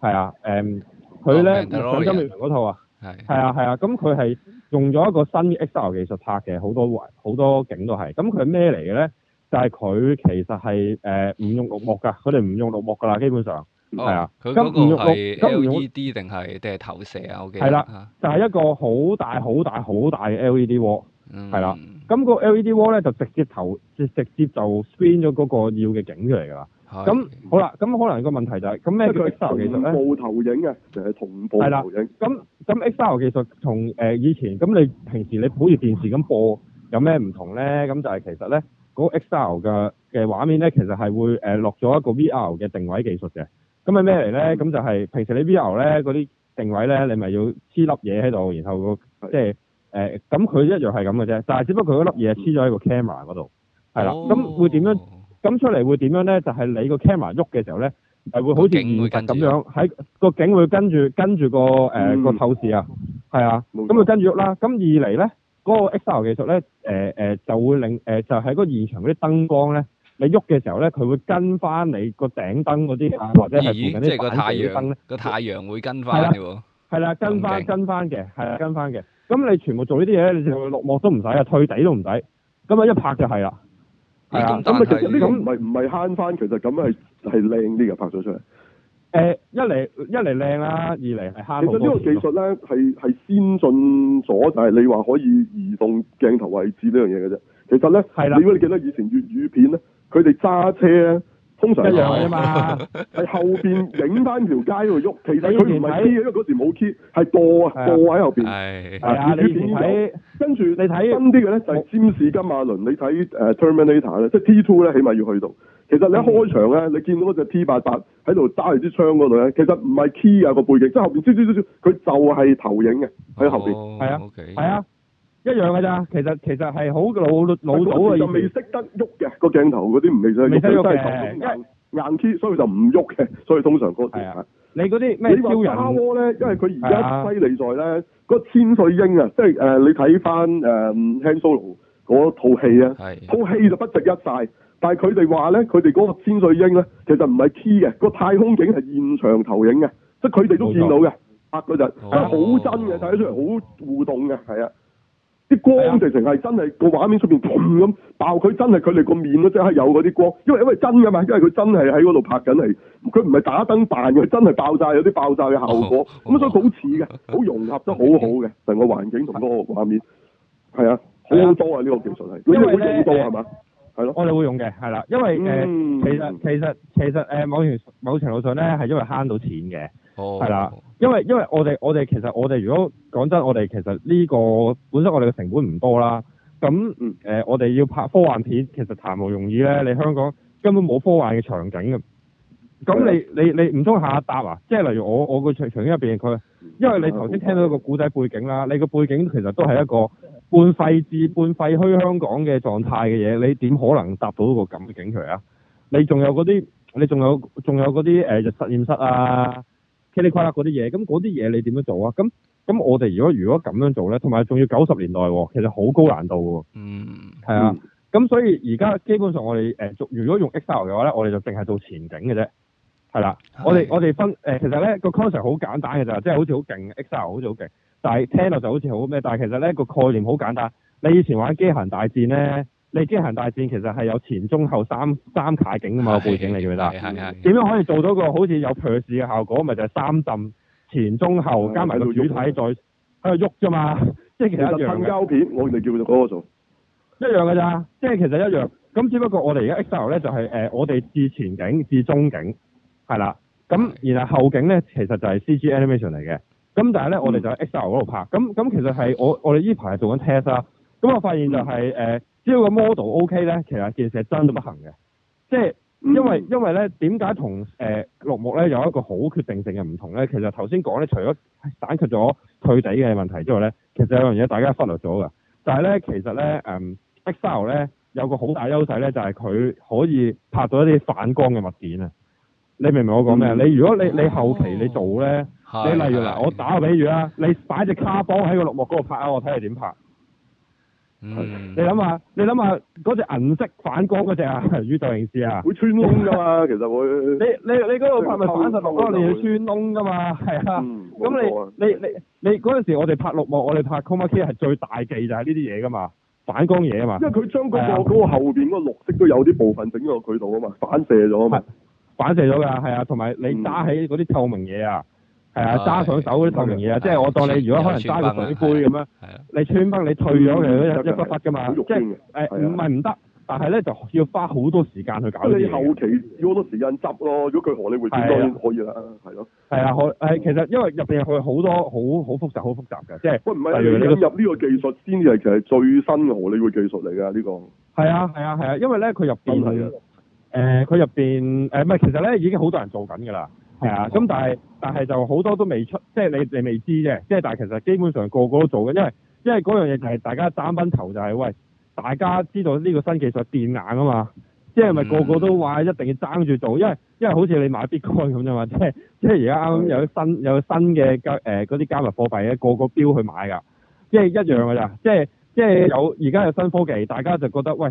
係啊，誒佢咧上金魚塘嗰套啊，係係啊係啊，咁佢係用咗一個新 X l 技術拍嘅，好多好多景都係。咁佢咩嚟嘅咧？就係佢其實係誒唔用綠幕噶，佢哋唔用綠幕噶啦，基本上。係，oh, 啊，佢嗰個係 L E D 定係定係投射啊？o k 得係啦，啊，就係，是，一個好大，很大，很大，好大，嗯、好大嘅 L E D w 啦，咁，那個 L E D w a 咧就直接投，直接，直接就編咗嗰個要嘅景出嚟㗎啦。咁是好啦，咁可能個問題就係咁咩？X 叫 e c e l 技術咧，冇投影嘅，就係同步投影？係咁 e X c e l 技術同誒，呃、以前咁，你平時你普如電視咁播有咩唔同咧？咁就係其實咧嗰個 X 三毫嘅嘅畫面咧，其實係會誒，呃、落咗一個 V R 嘅定位技術嘅。咁係咩嚟咧？咁就係平時你 V R 咧嗰啲定位咧，你咪要黐粒嘢喺度，然後個即係誒，咁佢一樣係咁嘅啫。但係只不過佢嗰粒嘢黐咗喺個 camera 嗰度，係啦。咁會點樣？咁出嚟會點樣咧？就係你個 camera 喐嘅時候咧，係會好似現實咁樣，喺個景會跟住跟住個誒個透視啊，係啊，咁佢跟住喐啦。咁二嚟咧，嗰個 X R 技術咧，誒誒就會令誒就喺個現場嗰啲燈光咧。喐嘅時候咧，佢會跟翻你個頂燈嗰啲，或者係附近啲燈。即係個太陽，個會太陽會跟翻嘅，係啦，跟翻、啊，跟翻嘅，係啊，跟翻嘅。咁、啊、你全部做呢啲嘢咧，你仲落幕都唔使啊，退底都唔使，咁啊一拍就係啦。係、嗯、啊，咁啊，其實呢咁咪唔係慳翻，呃、其實咁係係靚啲嘅拍咗出嚟。誒，一嚟一嚟靚啦，二嚟係慳。其實呢個技術咧係係先進咗，就係你話可以移動鏡頭位置呢樣嘢嘅啫。其實咧，的你如果你記得以前粵語片咧。佢哋揸車咧，通常一樣啊嘛，喺後邊影翻條街喺度喐。其實佢唔係 key，因為嗰時冇 key，係播啊，播喺後邊。係啊，啊，啊你睇，跟住你睇新啲嘅咧，就係占士金馬倫。你睇誒 terminator 咧，即係 T two 咧，起碼要去到。其實你一開場咧，嗯、你見到嗰隻 T 八八喺度揸住支槍嗰度咧，其實唔係 key 啊，個背景即係後邊，佢就係投影嘅喺後邊。係、哦、啊，係、okay. 啊。一樣嘅咋，其實其實係好老老土嘅就未識得喐嘅，嗰個鏡頭嗰啲唔未識得喐，都係硬 key，的所以就唔喐嘅，所以通常嗰啲。係的啊。你嗰啲咩超人？你話沙窩咧，因為佢而家犀利在咧，的個千歲鷹啊，即係誒，呃，你睇翻誒漢蘇魯嗰套戲啊，套、呃、戲的就不值一晒。但係佢哋話咧，佢哋嗰個千歲鷹咧，其實唔係 key 嘅，嗰個太空景係現場投影嘅，即係佢哋都見到嘅，拍嗰陣，哦、所以好真嘅，睇起出嚟好互動嘅，係啊。啲光直情係真係個畫面出邊嘭咁爆，佢真係佢哋個面都只係有嗰啲光，因為因為真噶嘛，因為佢真係喺嗰度拍緊嚟，佢唔係打燈扮佢真係爆炸有啲爆炸嘅效果，咁、哦哦、所以好似嘅，好 融合得好好嘅，成個環境同嗰個畫面，係啊的，的好，好多啊呢、這個技術係，因為咧係嘛，係咯、嗯，我哋會用嘅，係啦，因為誒，其實其實其實誒，某條某程度上咧，係因為慳到錢嘅。係啦、哦，因為因為我哋我哋其實我哋如果講真，我哋其實呢、這個本身我哋嘅成本唔多啦。咁誒、呃，我哋要拍科幻片，其實談何容易咧？你香港根本冇科幻嘅場景嘅。咁你你你唔通下下答啊？即係例如我我個場景入邊，佢，因為你頭先聽到一個古仔背景啦，你個背景其實都係一個半廢置、半廢墟香港嘅狀態嘅嘢，你點可能搭到一個咁嘅景嘅啊？你仲有嗰啲，你仲有仲有嗰啲誒實驗室啊？千里跨勒嗰啲嘢，咁嗰啲嘢你點樣做啊？咁咁我哋如果如果咁樣做咧，同埋仲要九十年代喎、哦，其實好高難度喎、哦。嗯。係啊。咁所以而家基本上我哋誒做，如果用 Excel 嘅話咧，我哋就淨係做前景嘅啫。係啦、啊。的我哋我哋分誒、呃，其實咧個 concept 好簡單嘅啫，即係好似好勁 Excel 好似好勁，但係聽落就好似好咩，但係其實咧個概念好簡單。你以前玩機械人大戰咧？你機行大戰其實係有前中後三三卡景㗎嘛，個背景嚟嘅，你得點樣可以做到個好似有 pers 嘅效果？咪就係、是、三浸前中後加埋個主體再，再喺度喐啫嘛。即係其實就分交片，我原來叫佢講個數一樣㗎咋。即係其實一樣咁，只不過我哋而家 XR 咧就係、是、誒、呃，我哋至前景至中景係啦，咁然後後景咧其實就係 C G animation 嚟嘅。咁但係咧，我哋就喺 XR 嗰度拍咁咁、嗯，其實係我我哋依排做緊 test 啦。咁我發現就係、是、誒。呃只要個 model OK 咧，其實件事真到不行嘅。即係因為因為咧，點解同誒綠幕咧有一個好決定性嘅唔同咧？其實頭先講咧，除咗省卻咗褪底嘅問題之外咧，其實有樣嘢大家忽略咗噶。但係咧，其實咧 e、呃、XR 咧有個好大優勢咧，就係、是、佢可以拍到一啲反光嘅物件啊！你明唔明我講咩？嗯、你如果你你後期你做咧，哦、你例如嗱，哦、我打個比喻啊，的你擺隻卡邦喺個綠幕嗰度拍啊，我睇你點拍。嗯、你諗下，你諗下嗰隻銀色反光嗰隻啊，宇宙刑事啊，會穿窿噶嘛？其實會。 你你你嗰度拍咪反射光咯，你要穿窿噶嘛？係啊。咁你你你你嗰陣時我哋拍綠幕，我哋拍 Chroma Key 係最大忌就係呢啲嘢噶嘛，反光嘢啊嘛。因為佢將嗰個嗰、啊、個後邊嗰個綠色都有啲部分整咗落佢度啊嘛，反射咗啊嘛。反射咗噶，係啊，同埋你揸起嗰啲透明嘢啊。係啊，揸上手嗰啲透明嘢啊，即係我當你如果可能揸個水杯咁樣，你穿翻你退咗嘅嗰啲忽忽噶嘛，即係誒唔係唔得，但係咧就要花好多時間去搞。咁你後期要好多時間執咯，如果佢荷里活點都可以啦，係咯。係啊，可其實因為入邊係好多好好複雜好複雜嘅，即係。不唔係，你入呢個技術先至係其實最新嘅荷里活技術嚟噶呢個。係啊係啊係啊，因為咧佢入邊誒佢入邊誒唔係，其實咧已經好多人做緊噶啦，係啊，咁但係。但係就好多都未出，即係你你未知嘅，即係但係其實基本上個個都做嘅，因為因為嗰樣嘢就係大家爭奔頭就係、是、喂，大家知道呢個新技術變硬啊嘛，即係咪個個都話一定要爭住做，因為因為好似你買 bitcoin 咁啫嘛，即係即係而家啱啱有新有新嘅加誒嗰啲，呃、加密貨幣咧，個個標去買噶，即係一樣噶咋，即係即係有而家有新科技，大家就覺得喂，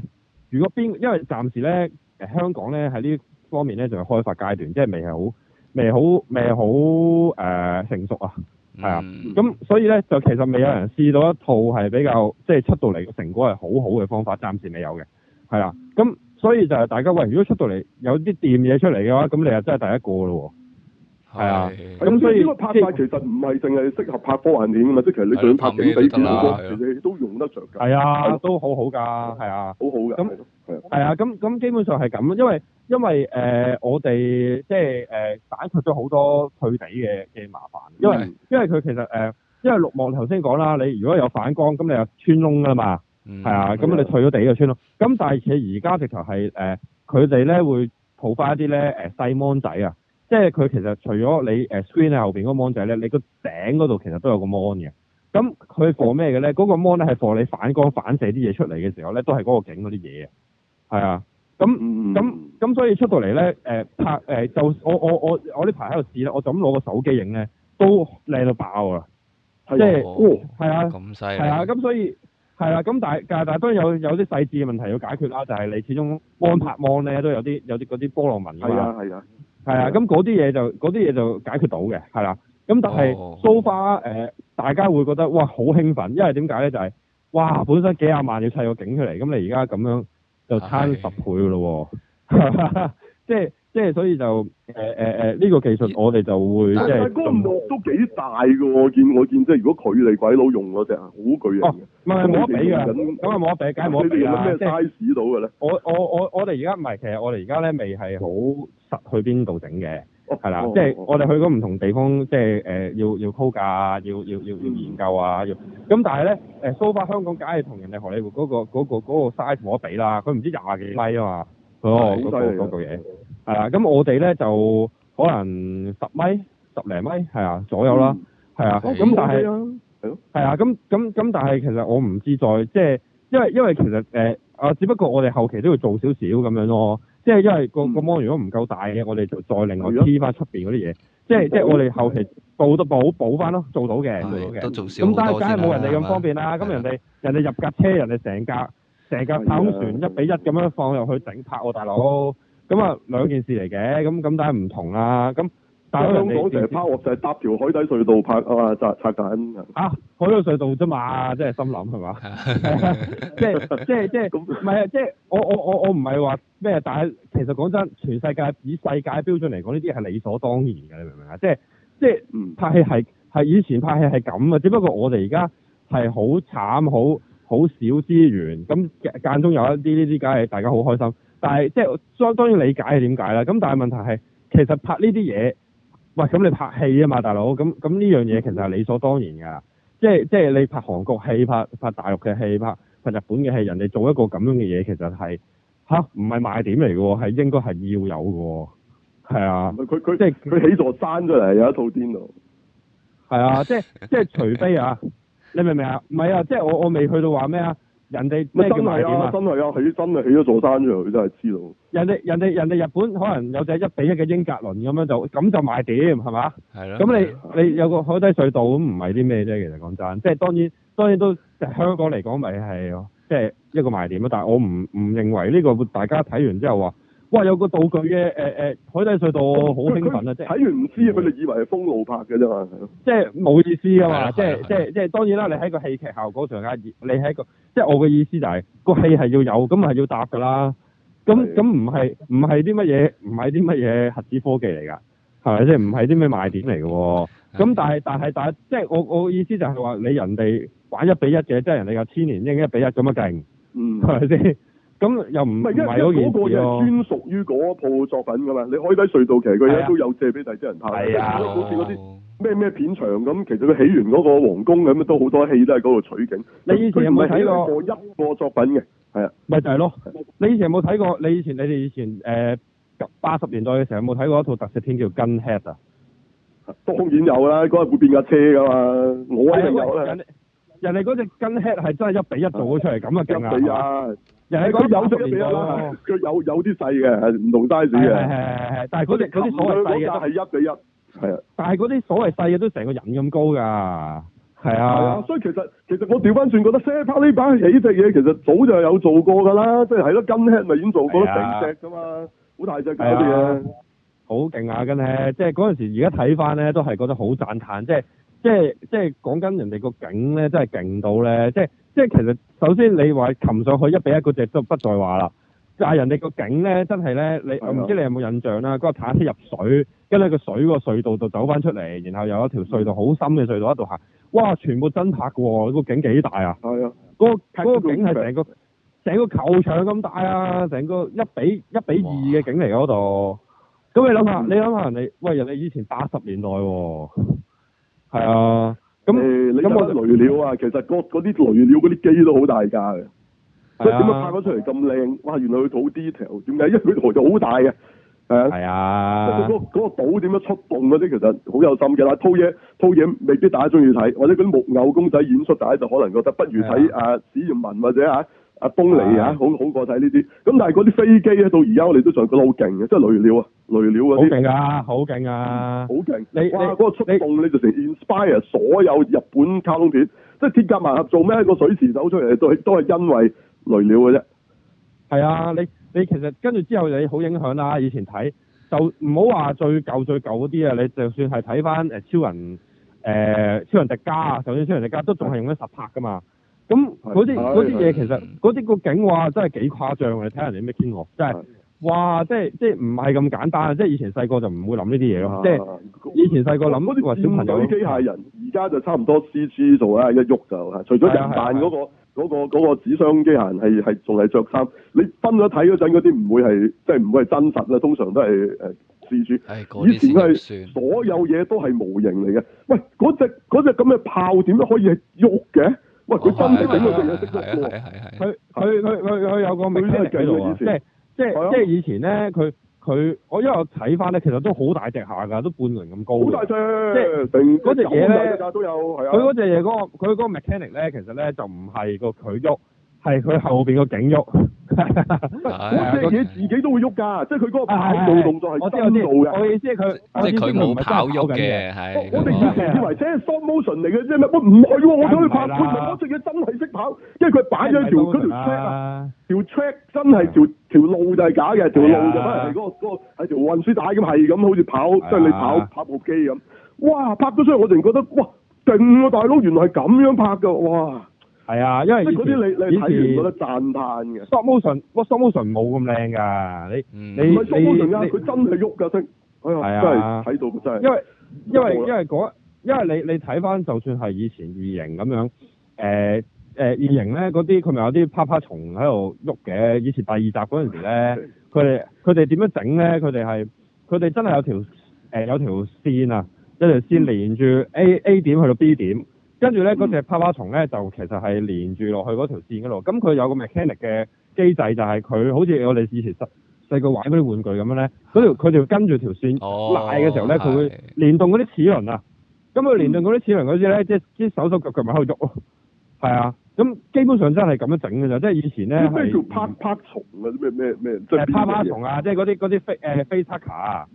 如果邊因為暫時咧誒香港咧喺呢方面咧仲係開發階段，即係未係好。未好，未好，誒，成熟啊？係啊，咁所以咧就其實未有人試到一套係比較，即係出到嚟嘅成果係好好嘅方法，暫時未有嘅，係啦，咁所以就係大家喂，如果出到嚟有啲掂嘢出嚟嘅話，咁你又真係第一個咯，係啊，咁所以拍法其實唔係淨係適合拍科幻片噶嘛，即係其實你想拍警匪片，其實都用得着嘅，係啊，都好好噶，係啊，好好嘅，係係啊，咁咁基本上係咁，因為。因為誒、呃，我哋即係誒解決咗好多褪底嘅嘅麻煩，因為的因為佢其實誒、呃，因為綠幕頭先講啦，你如果有反光，咁你就穿窿噶啦嘛，係啊、嗯，咁的你褪咗底就穿窿。咁的但係佢而家直頭係誒，佢哋咧會抱翻一啲咧誒細芒仔啊，即係佢其實除咗你誒、呃、screen 啊後邊嗰芒仔咧，你個頂嗰度其實都有個芒嘅。咁佢放咩嘅咧？嗰、那個芒咧係放你反光反射啲嘢出嚟嘅時候咧，都係嗰個景嗰啲嘢啊，啊。咁咁咁，嗯、所以出到嚟咧，誒、呃、拍誒、呃、就我我我我呢排喺度試咧，我就咁攞個手機影咧，都靚到爆啊！即係，係啊，咁係啊，咁所以係啊，咁但係但係當然有有啲細緻嘅問題要解決啦，就係、是、你始終望拍望咧都有啲有啲啲波浪紋㗎係啊係啊。係啊，咁嗰啲嘢就啲嘢就解決到嘅，係啦、啊。咁但係 so far 誒，哦哦、大家會覺得哇好興奮，因為點解咧？就係、是、哇，本身幾廿萬要砌個景出嚟，咁你而家咁樣。就差十倍噶咯喎，即係即係，所以就誒誒誒呢個技術我，我哋就會即係。都幾大嘅喎，我見我見，即係如果佢離鬼佬用嗰隻啊，好巨啊！唔係冇得比㗎，咁啊冇得比，梗係冇得比啦。咁有咩 size 到嘅咧？我我我我哋而家唔係，其實我哋而家咧未係好實去邊度整嘅。係啦，哦、即係我哋去嗰唔同地方，哦、即係誒、呃、要要估價要要要要研究啊，嗯、要咁但係咧誒 so far 香港梗係同人哋荷里活嗰、嗰個嗰 size 冇得比啦，佢唔知廿幾米啊嘛，嗰、嗰個嗰、嗰個嘢係啦，咁、嗯嗯、我哋咧就可能十米十零米係啊左右啦，係啊，咁但係係啊，咁咁咁但係其實我唔志在，即係，因為因為其實誒啊、呃，只不過我哋後期都要做少少咁樣咯、哦。即係因為個個模如果唔夠大嘅，我哋就再另外黐翻出面嗰啲嘢。即係即係我哋後期補都補補翻咯，做到嘅，做到嘅。咁但係梗係冇人哋咁方便啦。咁人哋人哋入架車，人哋成架成架太空船一比一咁樣放入去整拍，我大佬。咁啊兩件事嚟嘅，咁咁但係唔同啦。咁但香港成拍卧就係搭條海底隧道拍啊嘛，拆拆緊啊！海底隧道啫嘛，即係心諗係嘛，即係即係即係唔係啊！即係、 即係、我我我我唔係話咩，但係其實講真，全世界以世界嘅標準嚟講，呢啲係理所當然嘅，你明唔明啊？即係即係拍戲係係以前拍戲係咁啊，只不過我哋而家係好慘，好好少資源咁間中有一啲呢啲，梗係大家好開心。但係即係當當然理解係點解啦。咁但係問題係其實拍呢啲嘢。喂，咁你拍戲啊嘛，大佬，咁咁呢樣嘢，其實係理所當然噶即係即係你拍韓國戲、拍拍大陸嘅戲、拍拍日本嘅戲，人哋做一個咁樣嘅嘢，其實係吓唔係賣點嚟嘅，係應該係要有嘅，係啊。唔係佢佢即係佢起座山出嚟有一套電腦，係啊，即係即係除非啊， 你明唔明啊？唔係啊，即係我我未去到話咩啊。人哋咩真係啊點，真係啊，起真係起咗座山出嚟，佢真係知道人。人哋人哋人哋日本可能有隻一比一嘅英格倫咁樣，就咁就賣點係嘛？係咯。咁的你你有個海底隧道咁唔係啲咩啫？其實講真，即係當然當然都香港嚟講咪係即係一個賣點咯。但係我唔唔認為呢個大家睇完之後話。哇！有個道具嘅誒誒海底隧道，好興奮啊！即係睇完唔知佢哋以為係封路拍嘅啫嘛，即係冇意思㗎嘛！即係即係即係當然啦，你喺個戲劇效果上啊，你喺個即係我嘅意思就係個戲係要有，咁係要搭㗎啦。咁咁唔係唔係啲乜嘢，唔係啲乜嘢核子科技嚟㗎，係咪先？唔係啲咩賣點嚟㗎喎？咁但係但係但即係我我嘅意思就係話你人哋玩一比一嘅，即係人哋有千年鷹一比一咁樣勁，嗯，係咪先？咁又唔唔係因為嗰個就係專屬於嗰一部作品㗎嘛？你可以睇隧道，其實佢都有借俾第啲人拍。係啊。好似嗰啲咩咩片場咁，其實佢起完嗰個皇宮咁，都好多戲都喺嗰度取景。你以前有冇睇過 一個作品嘅？係啊。咪就係咯。啊、你以前有冇睇過？你以前你哋以前誒八十年代嘅時候有冇睇過一套特攝片叫 Gunhead 啊？當然有啦，嗰日會變架車㗎嘛。我係有啦、啊。人哋嗰隻 Gunhead 係真係一比一做咗出嚟，咁嘅勁啊！就係講有長嘅啦，佢有有啲細嘅，係唔同 size 嘅。但係嗰隻嗰啲所謂細嘅係一比一的，係啊。但係嗰啲所謂細嘅都成個人咁高㗎，係啊。所以其實其實我調翻轉覺得 Sherpa 呢班嘢呢隻嘢其實早就有做過㗎啦，即係喺得根咧，咪已經做過成隻㗎嘛，好的大隻嘅嗰啲嘢。好勁啊，根咧！即係嗰陣時，而家睇翻咧，都係覺得好讚歎，即係即係即係講緊人哋個景咧，真係勁到咧，即係。即即係其實，首先你話擒上去一比一嗰隻都不再話啦。但係人哋個景咧，真係咧，你唔知你有冇印象啦、啊？嗰個坦克入水，跟住個水個隧道度走翻出嚟，然後有一條隧道，好、嗯、深嘅隧道喺度行，哇！全部真拍嘅喎，個景幾大啊！係啊，嗰個景係成個成、嗯、個球場咁大啊！成個一比一比二嘅景嚟嗰度。咁你諗下，你諗下人哋，喂人哋以前八十年代喎，係啊。咁誒，咁我啲雷鳥啊，其實嗰啲雷鳥嗰啲機都好大架嘅，即點解拍咗出嚟咁靚？哇，原來佢做 detail，點解？因為佢台就好大嘅，係啊。嗰、啊嗰個嗰、嗰個島點樣出動嗰啲，其實好有心嘅。但係套嘢套嘢未必大家中意睇，或者嗰啲木偶公仔演出，大家就可能覺得不如睇啊史豔、啊、文或者嚇。阿東嚟啊，啊好好過睇呢啲。咁但係嗰啲飛機咧，到而家我哋都仲覺得好勁嘅，即係雷鳥啊，雷鳥好勁啊！好勁啊！好、嗯、勁！你哇，嗰你個出動你就成 inspire 所有日本卡通片，你即係鐵甲萬合做咩個水池走出嚟，都係都係因為雷鳥嘅啫。係啊，你你其實跟住之後你好影響啦。以前睇就唔好話最舊最舊嗰啲啊，你就算係睇翻誒超人誒超，超人迪迦啊，就算超人迪迦都仲係用咗實拍㗎嘛。咁嗰啲啲嘢，其實嗰啲個景哇，真係幾誇張，你睇下你咩天鵝，真係哇！即係即係唔係咁簡單啊！即係以前細個就唔會諗呢啲嘢咯。即係以前細個諗嗰啲友啲機械人，而家就差唔多 CG 做啦，一喐就。除咗人扮嗰個嗰個嗰個紙箱機械人，係係仲係著衫。你分咗睇嗰陣，嗰啲唔會係即係唔會係真實啦。通常都係誒 CG。以前係所有嘢都係模型嚟嘅。喂，嗰隻隻咁嘅炮點樣可以係喐嘅？佢 真係整到成佢佢佢佢佢有個 mechanic 喺度啊。即係即係即係以前咧，佢佢我因為我睇翻咧，其實都好大隻下㗎，都半人咁高。好 大隻！即係嗰個 隻嘢有，佢嗰 隻嘢嗰、嗰個佢嗰個 mechanic 咧，其實咧就唔係個佢喐。係佢後邊個頸喐，即係嘢自己都會喐噶，即係佢嗰個跑步動作係真路嘅。我意思係佢，即係佢唔係跑喐嘅。我我哋以前以為即係 simulation 嚟嘅啫，咩？唔係喎，我睇去拍，佢唔係隻嘢真係識跑，因為佢擺咗條嗰條 track 啊，條 track 真係條條路就係假嘅，條路就可能係嗰個嗰個係條運輸帶咁，係咁好似跑即係你跑跑步機咁。哇！拍咗出嚟我哋覺得哇勁喎，大佬原來係咁樣拍噶哇！係啊，因為嗰啲你你睇完覺得讚歎嘅。stop motion，我 stop motion 冇咁靚㗎，你你。唔係 stop motion 啊，佢真係喐㗎，即係係啊，睇到真係。因為因為因為嗰，因為你你睇翻就算係以前異形咁樣，誒誒異形咧嗰啲佢咪有啲趴趴蟲喺度喐嘅。以前第二集嗰陣時咧，佢哋佢哋點樣整咧？佢哋係佢哋真係有條誒有條線啊，一條線連住 A A 點去到 B 點。跟住咧，嗰隻趴趴蟲咧，就其實係連住落去嗰條線嗰度。咁、嗯、佢、嗯、有個 mechanic 嘅機制，就係、是、佢好似我哋以前細細個玩嗰啲玩具咁樣咧。嗰佢就跟住條線拉嘅時候咧，佢會連動嗰啲齒輪啊。咁、嗯、佢、嗯、連動嗰啲齒輪嗰陣咧，即係啲手手腳腳咪喺度喐。係啊，咁基本上真係咁樣整㗎咋。即係以前咧，咩叫趴趴蟲啊？啲咩咩咩？誒，趴趴蟲啊，即係嗰啲嗰啲飛誒飛車啊。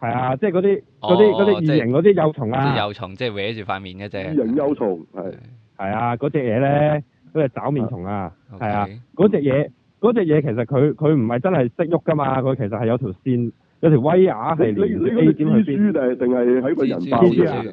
係啊，即係嗰啲嗰啲啲異形嗰啲幼蟲啊，啲幼蟲即係歪住塊面嘅隻異形幼蟲，係係啊，嗰隻嘢咧，嗰隻爪面蟲啊，係啊，嗰隻嘢嗰隻嘢其實佢佢唔係真係識喐噶嘛，佢其實係有條線有條威亞係連 A 點去 B 點，蜘蛛定係喺個人扮嘅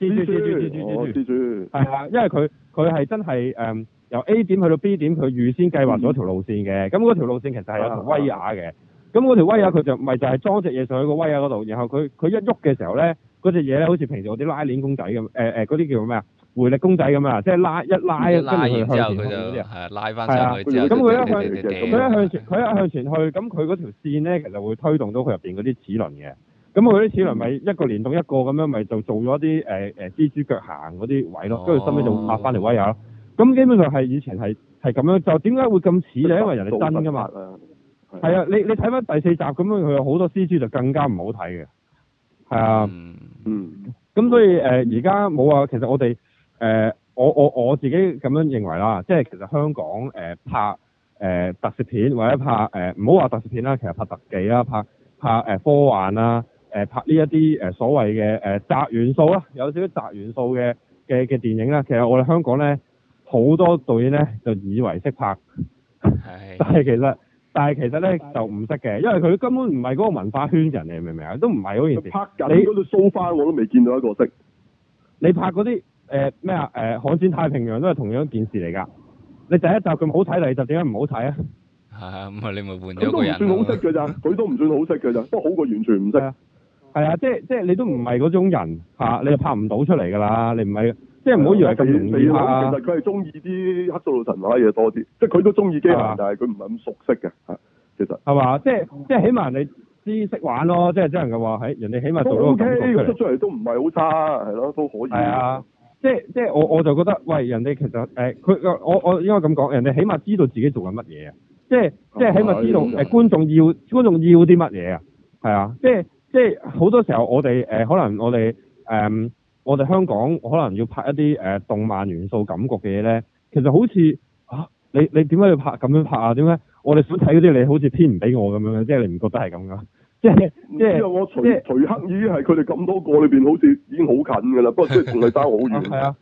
蜘蛛，蜘蛛蜘蛛蜘蛛蜘蛛蜘蛛，係啊，因為佢佢係真係誒由 A 點去到 B 點，佢預先計劃咗條路線嘅，咁嗰條路線其實係有條威亞嘅。咁嗰條威亞，佢就唔係就係裝隻嘢上去個威亞嗰度，然後佢佢一喐嘅時候咧，嗰隻嘢咧，好似平時我啲拉鏈公仔咁，誒誒嗰啲叫咩啊？回力公仔咁啊，即係拉一拉，向前拉完佢就係、啊、拉翻去咁佢一向前，佢一向佢一向前去，咁佢嗰條線咧其實會推動到佢入邊嗰啲齒輪嘅。咁佢啲齒輪咪、嗯、一個連動一個咁樣，咪就做咗啲誒誒蜘蛛腳行嗰啲位咯。跟住收尾就拍翻嚟威亞。咁、哦、基本上係以前係係咁樣，就點解會咁似咧？因為人哋真噶嘛。係啊，你你睇翻第四集咁樣，佢有好多 CG 就更加唔好睇嘅。係啊，嗯，咁所以誒而家冇啊。其實我哋誒、呃、我我我自己咁樣認為啦，即係其實香港誒、呃、拍誒、呃、特攝片或者拍誒唔好話特攝片啦，其實拍特技啦，拍拍誒科幻啊，誒、呃、拍呢一啲誒所謂嘅誒雜元素啦，有少少雜元素嘅嘅嘅電影咧，其實我哋香港咧好多導演咧就以為識拍，係，但係其實。 但係其實咧就唔識嘅，因為佢根本唔係嗰個文化圈人，你明唔明啊？都唔係嗰件事。拍緊你嗰度搜翻我都未見到一個識。你拍嗰啲誒咩啊？誒、呃《海戰、呃、太平洋》都係同樣一件事嚟㗎。你第一集咁好睇，你就第二集點解唔好睇啊？係啊，唔係啊，你咪換咗個人。咁都唔算好識㗎咋？佢都唔算好識㗎咋？都 好過完全唔識啊。係啊，即係即係你都唔係嗰種人嚇、啊，你又拍唔到出嚟㗎啦，你唔係。即係唔好以為佢遠離啊！其實佢係中意啲克蘇魯神話嘢多啲，即係佢都中意機械，但係佢唔係咁熟悉嘅嚇。其實係嘛？即係即係，起碼你知識玩咯，即係即係，人哋話喺人哋起碼做到咁多，OK，佢出嚟都唔係好差，係咯、啊，都可以。係啊，即係即係，我我就覺得，喂，人哋其實誒，佢、欸、我我應該咁講，人哋起碼知道自己做緊乜嘢啊！即係即係起碼知道誒、啊啊欸、觀眾要觀眾要啲乜嘢啊！係啊，即係即係好多時候我哋誒、呃、可能我哋誒。嗯呃呃我哋香港可能要拍一啲誒、呃、動漫元素感覺嘅嘢咧，其實好似嚇、啊、你你點解要拍咁樣拍啊？點解我哋想睇嗰啲，你好似偏唔俾我咁樣嘅？即係你唔覺得係咁噶？即係即係，我徐徐克已經係佢哋咁多個裏邊，好似已經好近㗎啦。不過即係同你爭好遠。係 啊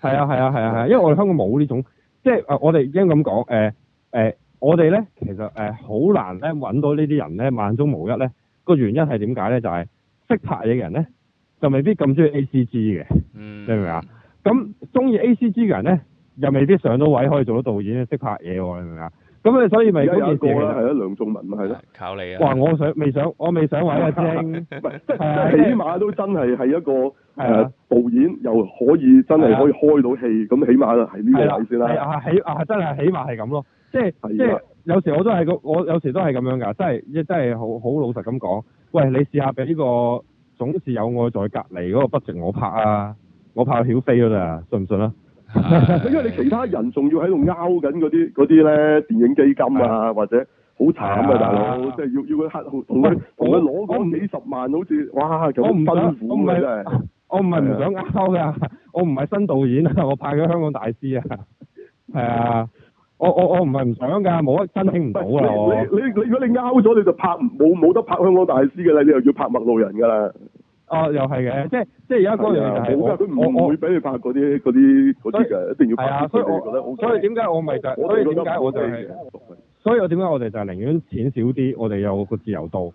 係啊係啊係、啊啊啊啊，因為我哋香港冇呢種，即係我哋已應咁講誒誒，我哋咧、呃呃、其實誒好、呃、難咧揾到呢啲人咧，萬中無一咧。個原因係點解咧？就係、是、識拍嘢嘅人咧。就未必咁中意 A C G 嘅，你明唔明啊？咁中意 A C G 嘅人咧，又未必上到位可以做到導演，識拍嘢喎，你明唔明啊？咁啊，所以咪嗰個啦，係啦，梁仲文咪係咯，靠你啊！哇，我想未想，我未想位阿晶，即起碼都真係係一個誒導演，又可以真係可以開到戲，咁起碼係呢個意思啦。起啊，真係起碼係咁咯，即係即係有時我都係咁，我有時都係咁樣噶，即係真係好好老實咁講，喂，你試下俾呢個。總是有愛在隔離嗰、那個筆直，我拍啊，我拍曉飛咋，信唔信啊？ 因為你其他人仲要喺度拗緊嗰啲啲咧電影基金啊，是啊或者好慘是啊大，大、就、佬、是，即係要要佢黑同佢同佢攞嗰幾十萬，好似哇，辛辛我唔苦啊！我唔係唔想拗噶，我唔係新導演啊，我拍咗香港大師啊，係啊。我我我唔係唔想㗎，冇得申請唔到啊！你你如果你拗咗，你就拍冇冇得拍香港大師嘅啦，你又要拍陌路人㗎啦。啊，又係嘅，即係即係而家嗰樣就係，我唔會俾你拍嗰啲嗰啲嗰啲嘅，一定要拍。啊，所以我覺得所以點解我咪就係？所以點解我就係？所以我點解我哋就係寧願錢少啲，我哋有個自由度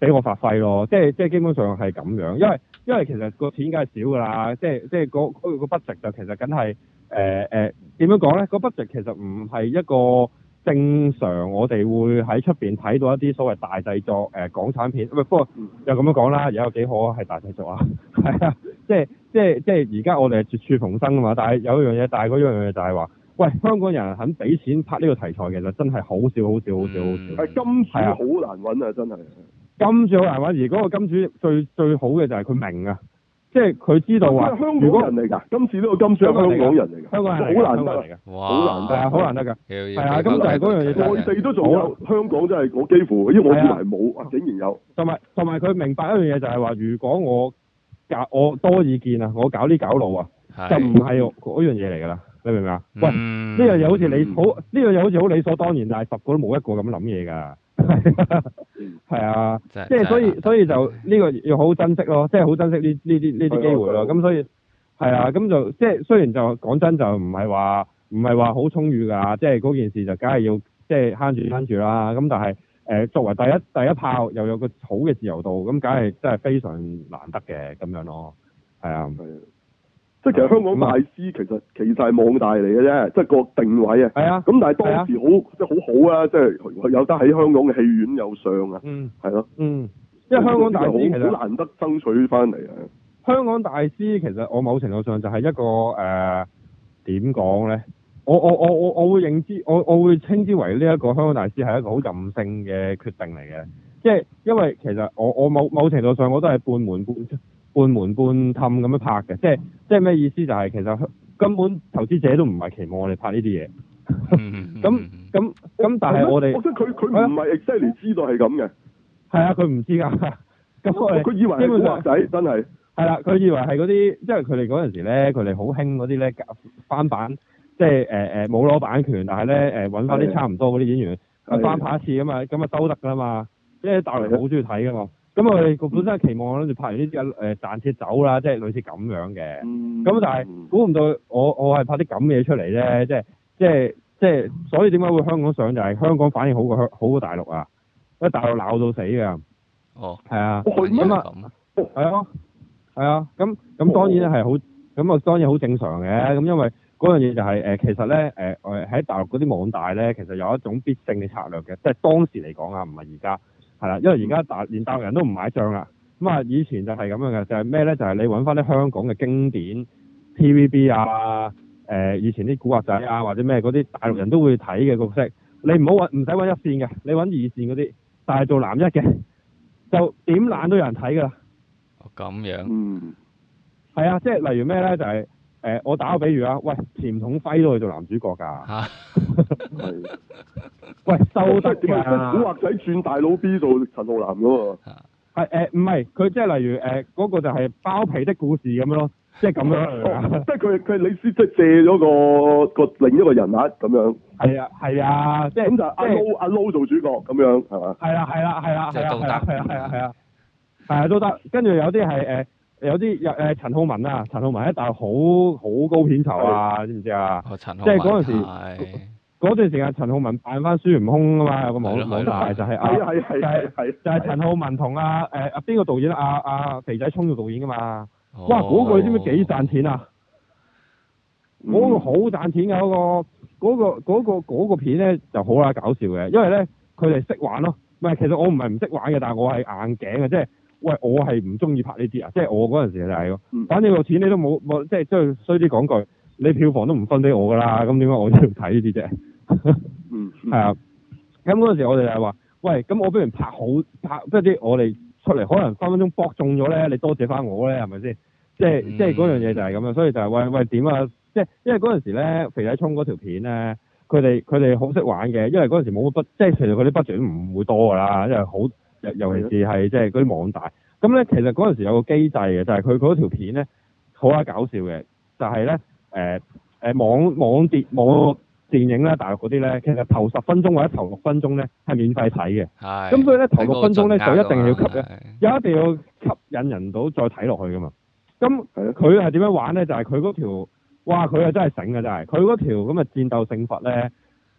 俾我發揮咯。即係即係基本上係咁樣，因為因為其實個錢梗係少㗎啦。即係即係嗰嗰個筆值就其實梗係。誒誒點樣講咧？個 budget、呃呃、其實唔係一個正常，我哋會喺出邊睇到一啲所謂大製作誒、呃、港產片咁。不過又咁樣講啦，又有幾可啊？係大製作啊，係 啊， 即係即係即係而家我哋係絕處逢生啊嘛。但係有一樣嘢，但係嗰樣嘢就係話，喂，香港人肯俾錢拍呢個題材，其實真係好少好少好少好少。係、嗯啊、金主好難揾啊，真係金主好難揾。而嗰個金主最最，最好嘅就係佢明啊。即係佢知道話，如果，香港人嚟㗎，今次呢個金獎係香港人嚟㗎，香港係香港人嚟㗎，好難得啊，好難得㗎，係啊，咁就係嗰樣嘢，我哋都仲香港真係我幾乎，因為我之前係冇，竟然有，同埋同埋佢明白一樣嘢就係話，如果我搞我多意見啊，我搞呢搞路啊，就唔係嗰樣嘢嚟㗎啦，你明唔明啊？喂，呢樣嘢好似你好，呢樣嘢好似好理所當然，但係十個都冇一個咁樣諗嘢㗎。係， 啊，即係所以， 所以，所以就呢個要好好珍惜咯，即係好珍惜呢呢啲呢啲機會咯，咁所以係啊，咁就即係雖然就講真就唔係話唔係話好充裕噶，即係嗰件事就梗係要即係慳住慳住啦，咁但係誒、呃、作為第一第一炮又有個好嘅自由度，咁梗係真係非常難得嘅咁樣咯，係啊。即係其實香港大師其實其實係網大嚟嘅啫，即係個定位啊。係啊，咁但係當時好即係好好啊，即係有得喺香港嘅戲院有上啊，嗯，啊。嗯，係咯，嗯，因為香港大師其實好難得爭取翻嚟啊。香港大師其實我某程度上就係一個誒點講咧？我我我我我會認知我我會稱之為呢一個香港大師係一個好任性嘅決定嚟嘅。即係因為其實我我某某程度上我都係半門半出。半瞞半氹咁樣拍嘅，即係即係咩意思、就係？就係其實根本投資者都唔係期望我哋拍呢啲嘢。嗯咁咁咁，但係我哋，我想佢佢唔係 exactly 知道係咁嘅。係啊，佢唔知㗎。咁佢、嗯嗯、以為係古惑仔，真係、嗯。係啦，佢、嗯、以為係嗰啲，即係佢哋嗰陣時咧，佢哋好興嗰啲咧翻版，即係誒誒冇攞版權，但係咧誒揾翻啲差唔多嗰啲演員翻拍一次㗎嘛，咁啊收得㗎嘛，因為大陸人好中意睇㗎嘛。咁我哋個本身嘅期望，諗就拍完呢啲誒賺錢走啦，即係類似咁樣嘅。咁、嗯、但係估唔到我我係拍啲咁嘅嘢出嚟咧、嗯，即係即係即係，所以點解會香港上就係、是、香港反應好過香好過大陸啊？因為大陸鬧到死㗎。哦。係啊。係咩？係咯。係啊。咁咁、哦、當然咧係好，咁啊當然好正常嘅。咁因為嗰樣嘢就係、是、誒、呃，其實咧誒，喺、呃、大陸嗰啲網大咧，其實有一種必勝嘅策略嘅，即係當時嚟講啊，唔係而家。係啦，因為而家大連、大陸人都唔買賬啦，咁啊以前就係咁樣嘅，就係咩咧？就係、是、你搵翻啲香港嘅經典 TVB 啊，誒、呃，以前啲古惑仔啊，或者咩嗰啲大陸人都會睇嘅角色，你唔好搵，唔使搵一線嘅，你搵二線嗰啲，但係做男一嘅，就點懶都有人睇噶啦。哦，咁樣。嗯。係啊，即係例如咩咧？就係、是。誒，我打個比喻啊，喂，甜筒輝都去做男主角噶，吓，係，喂，收得點啊？古惑仔轉大佬 B 做陳浩南噶嘛？係誒，唔係，佢即係例如誒，嗰個就係包皮的故事咁樣咯，即係咁樣，即係佢佢李思借借咗個個另一個人物咁樣。係啊係啊，即係咁就阿 Lo 阿 Lo 做主角咁樣，係嘛？係啦係啦係啦係啦係啊係啊係啊都得，跟住有啲係誒。有啲有誒陳浩民啊，陳浩民一，一啖好好高片酬啊，知唔知啊？哦，即係嗰陣時嗰陣時啊，陳浩民扮翻孫悟空啊嘛，個網網大就係，啊，係係係係，就係陳浩民同阿誒邊個導演啊啊，啊肥仔聰做導演噶嘛，哦、哇！嗰、那個你知唔知幾賺錢啊？嗰、嗯、個好賺錢嘅嗰、那個嗰、那個那個那個那個片咧就好鬼搞笑嘅，因為咧佢哋識玩咯，唔係其實我唔係唔識玩嘅，但係我係硬頸嘅，即係。喂，我係唔中意拍呢啲啊，即、就、係、是、我嗰陣時就係、是，嗯、反正個錢你都冇，我即係即係衰啲講句，你票房都唔分俾我㗎啦，咁點解我要睇呢啲啫、 嗯？嗯，係 啊。咁嗰陣時我哋就係話，喂，咁我畀人拍好拍，即係啲我哋出嚟，可能分分鐘搏中咗咧，你多謝翻我咧，係咪先？即係即係嗰樣嘢就係咁啊，所以就係、是、喂喂點啊？即、就、係、是、因為嗰陣時咧，肥仔聰嗰條片咧，佢哋佢哋好識玩嘅，因為嗰陣時冇乜筆，即、就、係、是、其實佢啲筆獎唔會多㗎啦，因為好。尤其是係即係嗰啲網大，咁、嗯、咧其實嗰陣時有個機制嘅，就係佢佢嗰條片咧好啊搞笑嘅，就係咧誒誒網網電網電影咧、哦、大陸嗰啲咧，其實頭十分鐘或者頭六分鐘咧係免費睇嘅，係咁是、嗯、所以咧頭六分鐘咧就一定要吸引，有一定要吸引人到再睇落去噶嘛。咁佢係點樣玩咧？就係佢嗰條哇，佢係真係醒嘅真係，佢嗰條咁啊戰鬥勝佛咧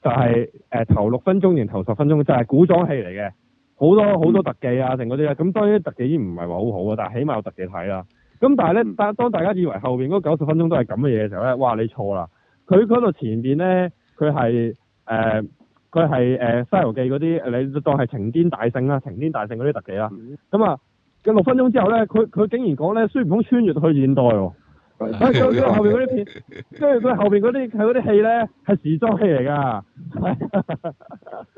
就係、是、誒、呃、頭六分鐘定頭十分鐘就係、是、古裝戲嚟嘅。好多好多特技啊，成嗰啲啊。咁當然特技已經唔係話好好啊，但係起碼有特技睇啦。咁但係咧，嗯、但當大家以為後邊嗰九十分鐘都係咁嘅嘢嘅時候咧，哇！你錯啦，佢嗰度前邊咧，佢係誒，佢係誒《西遊記》嗰、呃、啲，你就當係齊天大聖啦，齊天大聖嗰啲特技啦。咁、嗯、啊，嘅六分鐘之後咧，佢佢竟然講咧，孫悟空穿越去現代喎、哦。佢佢後邊嗰啲片，跟住佢後邊嗰啲係嗰啲戲咧，係時裝戲嚟噶。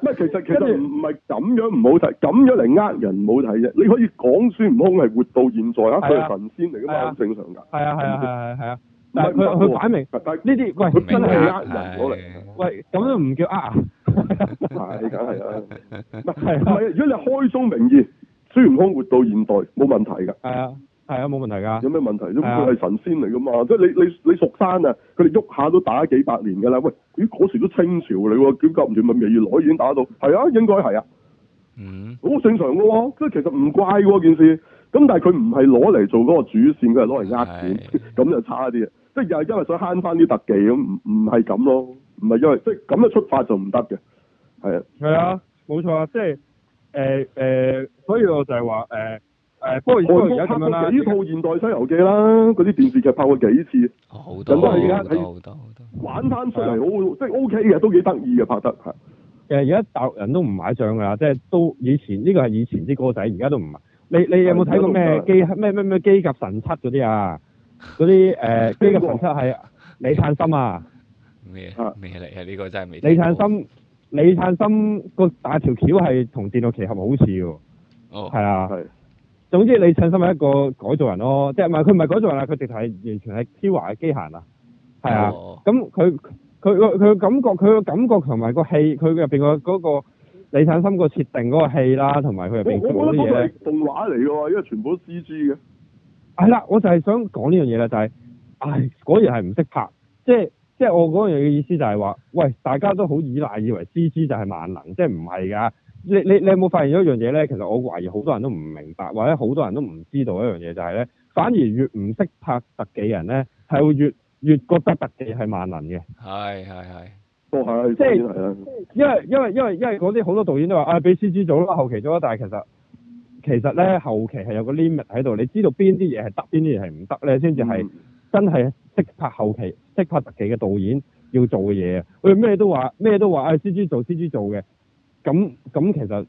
乜其實其實唔唔係咁樣唔好睇，咁樣嚟呃人唔好睇啫。你可以講孫悟空係活到現在啊，佢係神仙嚟噶嘛，正常噶。係啊係啊係啊，唔係佢佢擺明，但呢啲喂真係呃人攞嚟。喂，咁都唔叫呃啊？係梗係啦，係係，如果你開宗明義，孫悟空活到現代冇問題噶。係啊。係啊，冇問題噶。有咩問題都佢係神仙嚟噶嘛？即係你你你蜀山啊，佢哋喐下都打幾百年噶啦。喂，咦、哎、嗰時都清朝嚟喎，點解唔見咁易攞錢打到？係啊，應該係啊，啊，嗯，好正常噶。即係其實唔怪件事。咁但係佢唔係攞嚟做嗰個主線，佢係攞嚟呃錢，咁就差啲啊。即係又係因為想慳翻啲特技咁，唔唔係咁咯。唔係因為即係咁樣出發就唔得嘅。係啊，係啊，冇錯啊，即係誒誒，所以我就係話誒。誒，欸、不過而家拍過幾套現代《西遊記》啦，嗰啲 電視劇拍過幾次，哦、好多好多好多好多好多玩翻出嚟好、嗯、即係 O K 嘅，都幾得意嘅拍得誒，而家大陸人都唔買賬噶啦，即係都以前呢個係以前啲歌仔，而家都唔買。你你有冇睇過咩機咩咩咩機甲神七嗰啲啊？嗰啲誒機甲神七係李燦森啊？咩啊？ 未嚟啊！呢、這個真係未。 李燦森，李燦森個大條橋係同《電腦奇俠》好似哦，係、oh. 啊。總之，李產深係一個改造人咯，即係唔係佢唔係改造人啊，佢直頭係完全係超華嘅機械啊，係啊、嗯，咁佢佢佢佢感覺佢嘅感覺同埋、個戲，佢入邊個嗰個李產深個設定嗰個戲啦，同埋佢入邊所有啲嘢，我覺得係動畫嚟嘅喎，因為全部都 C G 嘅。係啦，我就係想講呢樣嘢啦，就係、是，唉，果然係唔識拍，即係即係我嗰樣嘅意思就係、是、話，喂，大家都好依賴以為 C G 就係萬能，即係唔係㗎。你你你有冇發現一樣嘢咧？其實我懷疑好多人都唔明白，或者好多人都唔知道一樣嘢，就係咧，反而越唔識拍特技嘅人咧，係會越越覺得特技係萬能嘅。係係係，都係。即係，因為因為因為因為嗰啲好多導演都話，啊，俾 C G 做啦，後期做啦。但係其實其實咧，後期係有個 limit 喺度。你知道邊啲嘢係得，邊啲嘢係唔得咧，先至係真係識拍後期、識拍特技嘅導演要做嘅嘢啊！佢咩都話，咩都話，啊，C G 做 C G 做嘅。咁咁其實誒誒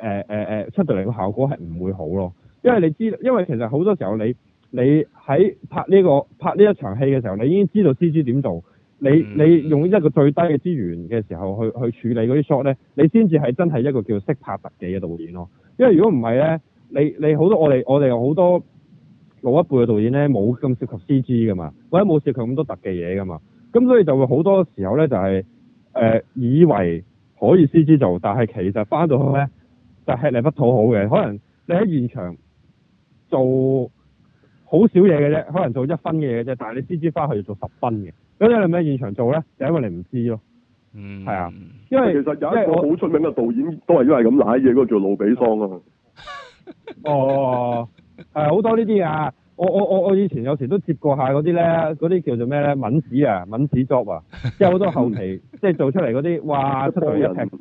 誒出到嚟個效果係唔會好咯，因為你知，因為其實好多時候你你喺拍呢個拍呢一場戲嘅時候，你已經知道 CG 點做，你你用一個最低嘅資源嘅時候去去處理嗰啲 shot 咧，你先至係真係一個叫識拍特技嘅導演咯。因為如果唔係咧，你你好多我哋我哋有好多老一輩嘅導演咧，冇咁涉及 CG 噶嘛，或者冇涉及咁多特技嘢噶嘛，咁所以就會好多時候咧就係、是、誒、呃、以為。可以 CG 做，但係其實翻到去咧就是、吃力不討好嘅。可能你喺現場做好少嘢嘅啫，可能做一分嘅嘢嘅啫，但係你 CG 翻去要做十分嘅。咁你係咪喺現場做咧？就因為你唔知咯，係、嗯、啊，因為其實有一個好出名嘅導演都係因為咁瀨嘢，嗰個叫路比桑啊。嘛。 哦，誒、呃，好多呢啲啊。我我我我以前有時都接過下嗰啲咧，嗰啲叫做咩咧？敏子啊，敏子 job 啊，即係好多後期即係做出嚟嗰啲，哇，出嚟一尺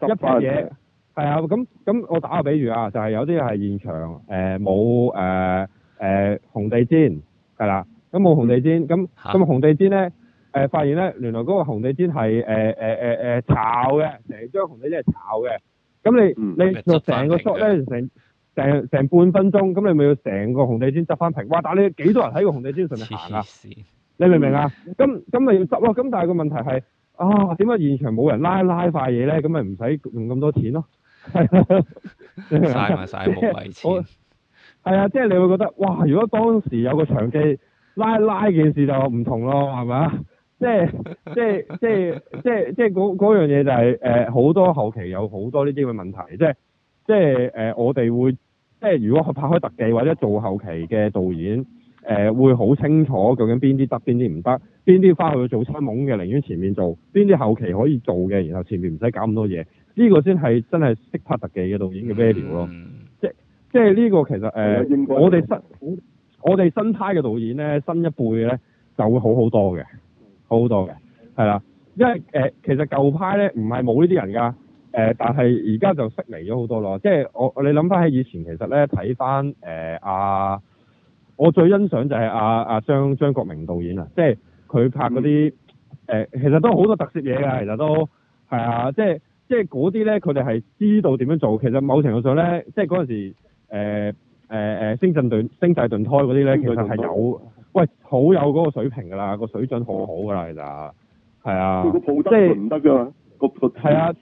一尺嘢。係啊，咁咁我打個比喻啊，就係有啲係現場誒冇誒誒紅地氈，係啦，咁冇紅地氈，咁咁紅地氈咧誒發現咧，原來嗰個紅地氈係誒誒誒誒炒嘅，成張紅地氈係炒嘅，咁你你做成個 job 咧就成。成成半分鐘，咁你咪要成個紅地氈執翻平哇！但你幾多人喺個紅地氈上面行啊？你明唔明啊？咁咁咪要執咯、啊。咁但係個問題係啊，點解現場冇人拉拉塊嘢咧？咁咪唔使用咁多錢咯。曬埋曬冇鬼錢係啊，即 係你會覺得哇！如果當時有個場記拉一拉件事就唔同咯，係咪啊？即係即係即係即係即係嗰樣嘢就係誒好多後期有好多呢啲咁嘅問題，即係即係誒我哋會。即係如果佢拍開特技或者做後期嘅導演，誒、呃、會好清楚究竟邊啲得邊啲唔得，邊啲要返去做參夢嘅，寧願前面做，邊啲後期可以做嘅，然後前面唔使搞咁多嘢，呢、這個先係真係識拍特技嘅導演嘅 value 咯、嗯。即即係呢個其實誒、呃，我哋新我哋新派嘅導演咧，新一輩咧就會好好多嘅，好好多嘅，係啦，因為誒、呃、其實舊派咧唔係冇呢啲人㗎。誒，但係而家就式微咗好多咯，即係我你諗翻起以前，其實咧睇翻誒阿我最欣賞就係阿阿張張國明導演啊，即係佢拍嗰啲誒，其實都好多特色嘢嘅，其實都係啊，即係即係嗰啲咧，佢哋係知道點樣做。其實某程度上咧，即係嗰陣時誒誒、呃呃、星陣盾星際盾胎嗰啲咧，其實係有喂好有嗰個水平㗎啦，個水準好好㗎啦，其實係啊，即係唔得㗎嘛，啊。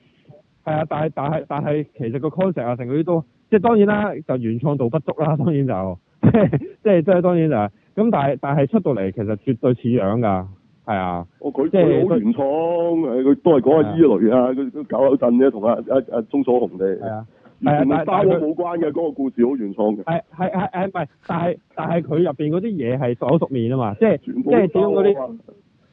係啊，但係但係但係，其實個 concept 啊，成嗰啲都即係當然啦，就原創度不足啦，當然就 即係即係即當然就係、是、咁，但係但係出到嚟其實絕對似樣㗎，係啊。佢佢佢好原創，佢都係講下伊雷啊，佢佢搞下震啫，同阿阿阿鐘楚紅哋。係啊，係啊，但係但係冇關嘅，嗰他個故事好原創嘅。係係係係唔係？但係但係佢入邊嗰啲嘢係熟口熟面啊嘛，即係即係主要啲。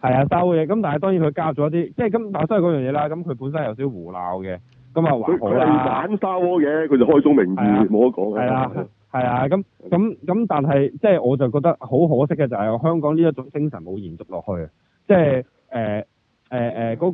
係啊，收嘅。咁但係當然佢加咗啲，即係咁，但係都係嗰樣嘢啦。咁佢本身有少少胡鬧嘅，咁啊玩佢啦。佢收嘅，佢就開宗明義冇得講嘅。係啦，係啊，咁咁咁，但係即係我就覺得好可惜嘅就係香港呢一種精神冇延續落去，即係誒誒誒嗰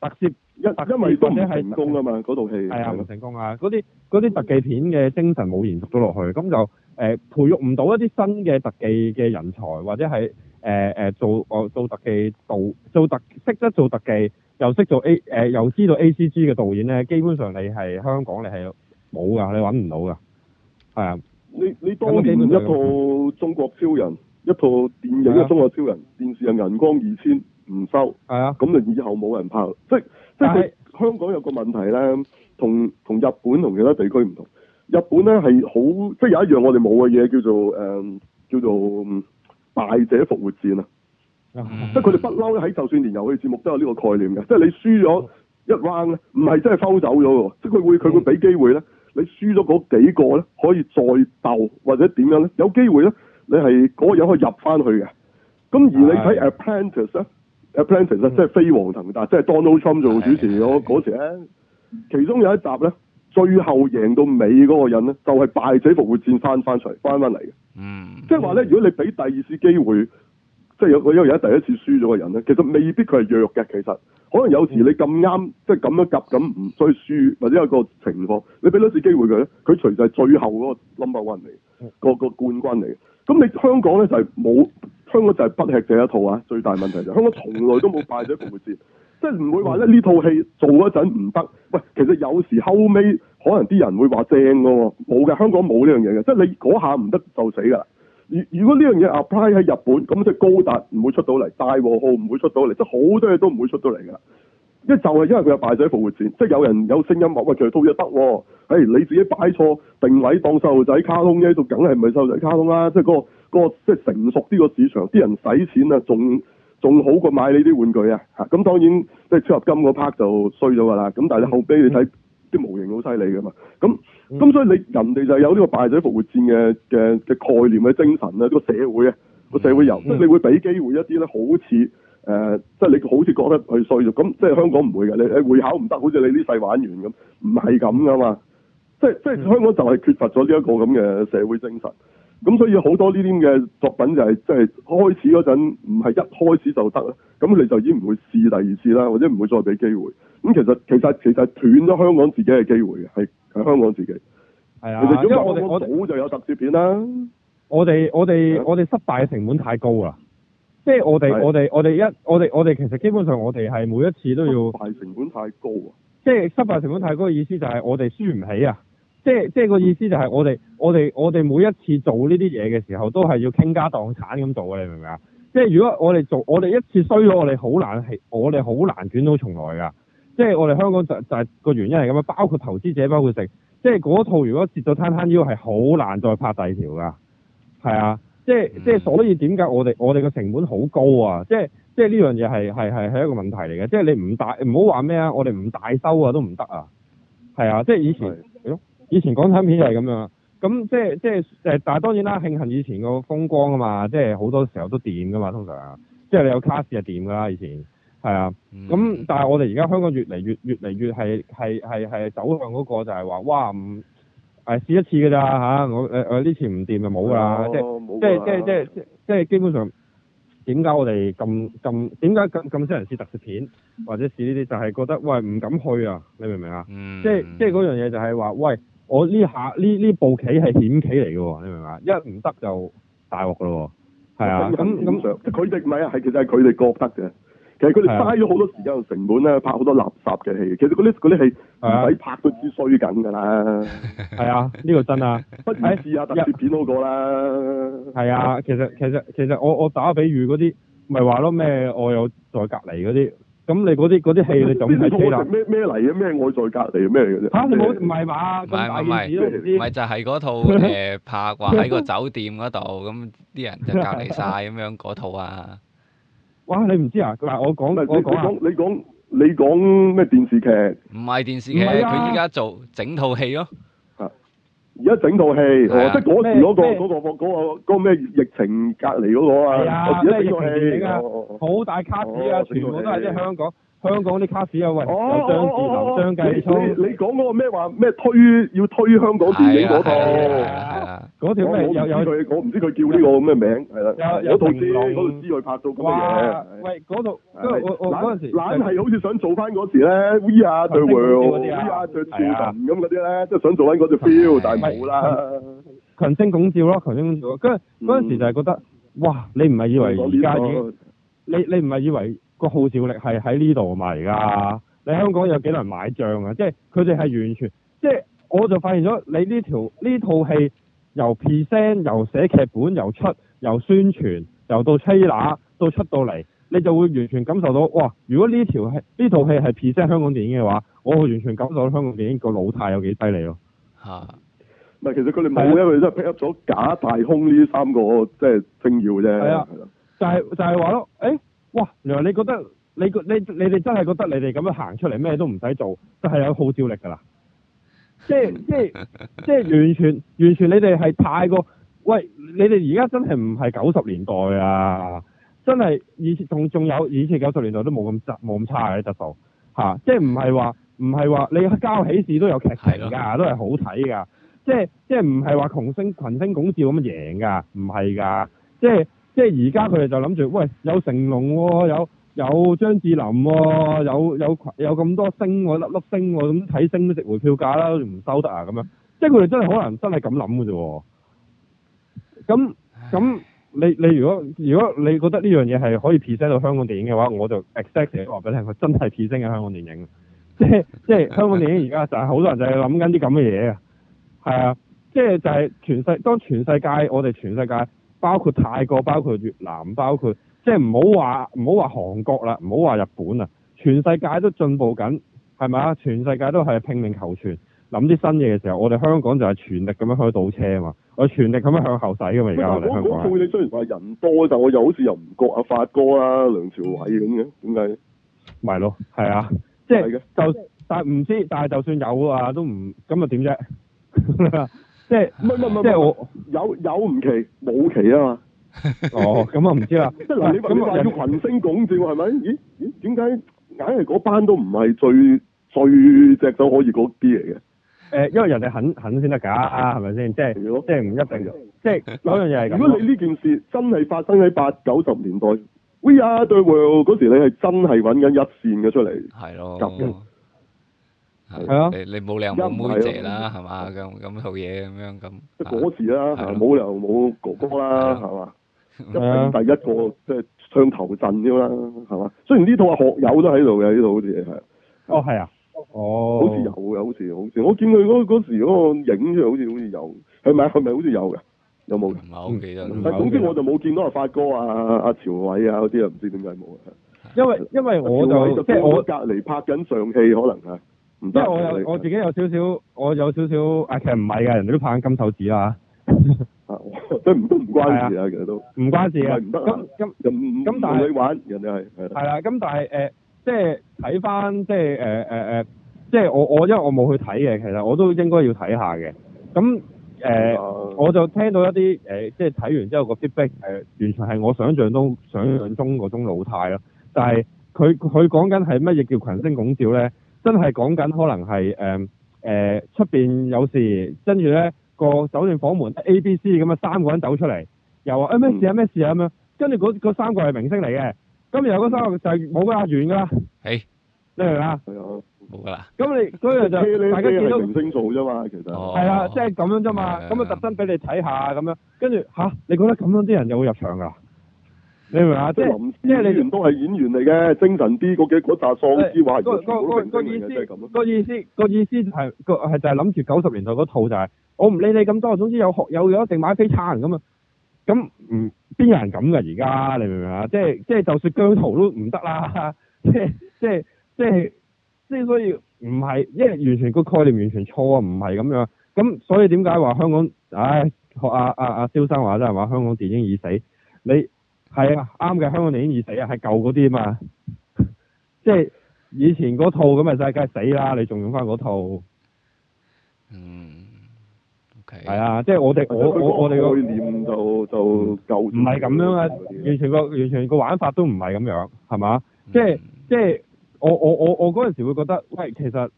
個特攝一，因為都唔成功啊嘛，嗰套戲係啊唔成功啊，嗰啲嗰啲特技片嘅精神冇延續咗落去，咁就。誒培育唔到一啲新嘅特技嘅人才，或者係誒誒做我、呃、做特技導做特識得做特技又識做 A 誒、呃、又知道 A C G 嘅導演咧，基本上你係香港你係冇噶，你揾唔到噶。係啊。你你當年一套《中國超人》，一套電影嘅《中國超人》的，電視又銀光二千唔收，係啊的。咁就以後冇人拍，即係即係香港有個問題咧，同同日本同其他地區唔同。日本咧係好，即係有一樣我哋冇嘅嘢叫做誒、嗯、叫做敗者復活戰啊！即係佢哋不嬲喺，就算連遊戲節目都有呢個概念嘅。即係你輸咗一 round 咧，唔係真係收走咗喎，即係佢會佢會俾機會咧。你輸咗嗰幾個咧，可以再鬥或者點樣咧？有機會咧，你係嗰個人可以入翻去嘅。咁而你睇 Apprentice 咧、 啊，Apprentice 即係飛黃騰達， 即係 Donald Trump 做主持。我嗰時咧，其中有一集咧。最後贏到尾嗰個人咧，就係、是、敗者復活戰翻翻出嚟，翻翻嚟嘅。嗯，即係話咧，如果你俾第二次機會，即係有個有一個人第一次輸咗嘅人咧，其實，其實未必佢係弱嘅。其實可能有時你咁啱，即係咁樣夾咁唔衰輸，或者有個情況，你俾多次機會佢，佢隨時係最後嗰個 number one 嚟，個、嗯、個冠軍嚟。咁你香港咧就係、是、冇，香港就係不吃這一套啊！最大問題就係、是、香港從來都冇敗者復活戰。 即係唔會話咧，呢套戲做一陣唔得。喂，其實有時後尾可能啲人會話正嘅喎，冇嘅，香港冇呢樣嘢嘅。即係你嗰下唔得就死噶啦。如如果呢樣嘢 apply 喺日本，咁即係高達唔會出到嚟，大和號唔會出到嚟，即係好多嘢都唔會出到嚟噶啦。一就係因為佢有大仔復活戰，即係有人有聲音話喂，全套嘢得喎。你自己擺錯定位當細路仔卡通啫，喺度梗係唔係細路仔卡通啦、啊？即係、嗰、嗰個、嗰個、即係成熟啲嘅市場，啲人使錢啊，仲～仲好過買你啲玩具啊！嚇、啊，咁、嗯、當然即係超合金嗰 part 就衰咗㗎啦。咁但係你後尾你睇啲、mm hmm. 模型好犀利㗎嘛。咁、嗯、咁、嗯、所以你人哋就有呢個敗者復活戰嘅嘅嘅概念嘅精神咧，這個社會啊、這個社會游，即係你會俾機會一啲咧，好似誒即係你好似覺得佢衰咗，咁即係香港唔會㗎。你誒會考唔得好似你啲細玩完咁，唔係咁㗎嘛。即係即係香港就係缺乏咗呢一個咁嘅社會精神。咁所以好多呢啲嘅作品就係即係開始嗰陣唔係一開始就得啦，咁你就已經唔會試第二次啦，或者唔會再俾機會。咁其實其實其實斷咗香港自己嘅機會嘅，係香港自己。係啊，因為我哋我早就有特攝片啦。我哋、啊、我哋我哋失敗嘅成本太高啊！即係我哋我哋我哋一我哋我哋其實基本上我哋係每一次都要。係成本太高啊！即係失敗成本太高嘅意思就係我哋輸唔起啊！即係即係個意思就係我哋我哋我哋每一次做呢啲嘢嘅時候，都係要傾家蕩產咁做嘅，你明唔明啊？即係如果我哋做我哋一次衰咗，我哋好難係我哋好難轉到重來噶。即係我哋香港就就係個原因係咁啊！包括投資者，包括剩，即係嗰套如果蝕到攤攤腰，係好難再拍第二條噶。係啊，即係即係，所以點解我哋我哋個成本好高啊？即係即係呢樣嘢係係係一個問題嚟嘅。即係你唔大唔好話咩啊？我哋唔大收啊都唔得啊。係啊，即係以前。以前港產片就係咁樣啦，咁即係即係誒，嗯嗯、但係當然啦，慶幸以前個風光啊嘛，即係好多時候都掂㗎嘛，通常，即係你有卡士就掂㗎啦，以前，係啊，咁但係我哋而家香港越嚟越越嚟越係係係係走向嗰個就係話，哇唔誒、哎、試一次㗎咋吓，我誒我呢次唔掂就冇㗎啦，即係即係即係即係即係基本上點解我哋咁咁點解咁咁多人試特色片或者試呢啲，就係覺得喂唔敢去啊，你明唔明啊？即係即係嗰樣嘢就係話喂。我呢下呢呢步棋係險棋嚟嘅喎，你明唔明？一唔得就大鑊嘅喎，係啊。咁咁上，即佢哋唔係啊，係其實係佢哋覺得嘅。其實佢哋嘥咗好多時間同成本咧，拍好多垃圾嘅戲。其實嗰啲嗰啲戲係唔使拍都知衰㗎啦。係 啊，呢、呢個真啊，不如試下特別片好過啦。係啊，其實其實其實我我打比喻嗰啲，咪話咯咩？我有在隔離嗰啲。咁你嗰啲嗰啲戲你仲唔知啦？咩咩嚟嘅？咩愛在隔離咩嚟嘅啫？啊！你唔係嘛？唔係唔係唔係就係嗰套誒，拍話喺個酒店嗰度，咁啲人就隔離晒咁樣嗰套啊！哇！你唔知啊？嗱，我講你講你講你講咩電視劇？唔係電視劇，佢依家做整套戲咯。而家整套戲，啊、即嗰時嗰、嗰個嗰麼、嗰個嗰、嗰個嗰、嗰個咩疫情隔離嗰個啊，而家整套戲，好、啊哦、大卡士啊，哦、全部都係即香港。香港啲卡士啊，喂！張智霖、張繼聰，你你講嗰個咩話咩推要推香港電影嗰套？嗰條咩有佢，我唔知佢叫呢個咩名係啦。有套我都拍到咁嘅嘢。喂，嗰套都我我嗰陣時，懶係好似想做翻嗰時咧，V 啊對黃，V 啊對超神咁嗰啲咧，即係想做翻嗰隻 feel，但係冇啦。群星拱照咯，群星拱照。跟住嗰陣時就係覺得，哇！你唔係以為而家已經，你你唔係以為。個號召力係喺呢度啊嘛！而家你香港有幾多人買賬啊？即係佢哋係完全，即係我就發現咗你呢條呢套戲由片商、由寫劇本、由出、由宣傳、由到吹拿、到出到嚟，你就會完全感受到哇！如果呢條係呢套戲係片商香港電影嘅話，我會完全感受到香港電影個老態有幾犀利咯。吓、啊，唔係其實佢哋冇因佢哋都 pick up 咗假大空呢三個即係、就是、精要啫。係啊，啊啊就係就係話咯，誒、欸。哇，原來你覺得你你你哋真係覺得你哋咁樣行出嚟咩都唔使做，都係有號召力㗎啦。即係即係即係完全完全你哋係太過，喂！你哋而家真係唔係九十年代啊，真係以前仲仲有以前九十年代都冇咁冇咁差嘅質素吓，即係唔係話唔係話你交喜事都有劇情㗎，都係好睇㗎。即係即係唔係話群星群星拱照咁樣贏㗎，唔係㗎，即係。即係而家佢哋就諗住，喂，有成龍喎、啊，有有張智霖喎、啊，有有有咁多星喎、啊，粒粒星喎、啊，咁睇星都值回票價啦、啊，唔收得啊咁樣。即係佢哋真係可能真係咁諗嘅啫。咁咁，你你如果如果你覺得呢樣嘢係可以 present 到香港電影嘅話，我就 accept 你話俾你聽，佢真係 present 緊香港電影。即係即係香港電影而家就係好多人就係諗緊啲咁嘅嘢嘅，係啊，即係就係全世當全世界我哋全世界。包括泰國，包括越南，包括即係唔好話唔好話韓國啦，唔好話日本啊，全世界都進步緊，係咪？全世界都係拼命求存，諗啲新嘢嘅時候，我哋香港就係全力咁樣開倒車啊嘛，我全力咁樣向後使㗎嘛。而家是我哋香港。我講你雖然話人多，但我又好似又唔覺阿、啊、發哥啦、啊、梁朝偉咁樣，點解？係咯，係啊，即係就但係是唔知，但係就算有啊，都唔咁又點啫？ 即係唔係唔係，即係我有有唔奇冇奇啊嘛 哦咁啊唔知啦，即係嗱你話要群星拱照係咪？咦咦？點解硬係嗰班都唔係最最隻手可以嗰啲嚟嘅？誒、欸，因為人哋肯肯先得噶，係咪先？即係如果即係唔一定對就即係有，的樣嘢係。如果你呢件事真係發生喺八九十年代，We Are The World 嗰時，你係真係搵緊一線嘅出嚟，係咯咁。係咯，你你冇理由冇靚妹姐啦，係嘛，咁咁套嘢，咁樣咁。嗰時啦，冇理由冇哥哥啦，係嘛。第一個即係槍頭陣咁啦，係嘛。雖然呢套啊，學友都喺度嘅，呢度好似係。哦，係啊。哦。好似有嘅，好似好似我見佢嗰嗰時嗰個影，好似好似有。係咪？係咪？好似有嘅。有冇？唔喺屋企啊。但係總之，我就冇見到阿發哥啊，阿朝偉啊嗰啲啊，唔知點解冇。因為因為我就即係我隔籬拍緊上戲，可能啊。即係我有我自己有少少，我有少少，啊、其實唔係嘅，人哋都拍緊金手指啦。 啊，唔都唔關事啊，啊其實都唔關事啊。咁咁咁，但係人哋係係啦。咁但係誒但、呃，即係睇翻即係誒誒誒，即係、呃、我我因為我冇去睇嘅，其實我都應該要睇下嘅。咁誒，呃啊、我就聽到一啲誒、呃，即係睇完之後個 feedback、呃、完全係我想象中想象中嗰種老態咯。嗯、但係佢佢講緊係乜嘢叫群星拱照咧？真係講緊可能係誒誒出邊有事，跟住咧個酒店房門 A B C 咁啊三個人走出嚟，又話咩、欸、事啊咩事啊咁樣，跟住嗰三個係明星嚟嘅，跟住有嗰三個就冇咁阿遠噶啦。係，你嚟啦。你好。冇㗎啦。咁你所以就大家見到明星做啫嘛，其實係、哦、啊，即係咁樣啫嘛。咁啊就特登俾你睇下咁樣，跟住吓，你覺得咁樣啲人就會入場㗎？你明唔明啊？即係林，即係演員都係演員嚟嘅，你精神啲嗰幾嗰紮喪屍話，那個個個意思咁咯。樣個意思、那個意思係個係就係諗住九十年代嗰套就係、是，我唔理你咁多，總之有學有有一定買飛撐咁啊。咁唔邊有人咁噶？而家你明唔明啊？即係即係，就是、就算姜濤都唔得啦。即係即係即係，之、就是就是、所以唔係，即係完全個概念完全錯啊，唔係咁樣。咁所以點解話香港？唉、哎，學阿阿阿蕭生話真係話香港電影已死，你。你係啊，啱嘅，香港電影已死啊，係舊嗰啲啊嘛， 即係以前嗰套咁嘅世界死啦，你仲用翻嗰套，嗯 o、okay. 係啊，即係我哋我我我哋個念到就舊，唔係咁樣啊，嗯、完全個完全個玩法都唔係咁樣，係嘛？嗯、即係即係我我我我嗰陣時會覺得，喂，其實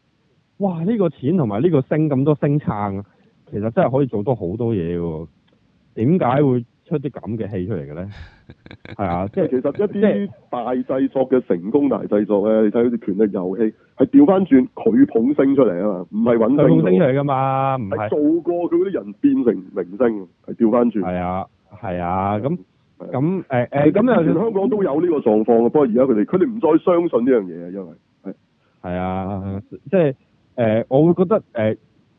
哇呢、呢個錢同埋呢個星咁多星撐，其實真係可以做到好多嘢喎，點解會出啲咁嘅戲出嚟嘅咧？係啊，即係其實一啲大製作嘅成功大製作咧，你睇好似《權力遊戲》，係調翻轉佢捧星出嚟啊嘛，唔係揾明星出嚟噶嘛，唔係做過佢嗰啲人變成明星，係調翻轉。係啊，係啊，咁咁誒誒，咁其實香港都有呢個狀況嘅，不過而家佢哋佢哋唔再相信呢樣嘢，啊，因為係係啊，即係誒，我會覺得誒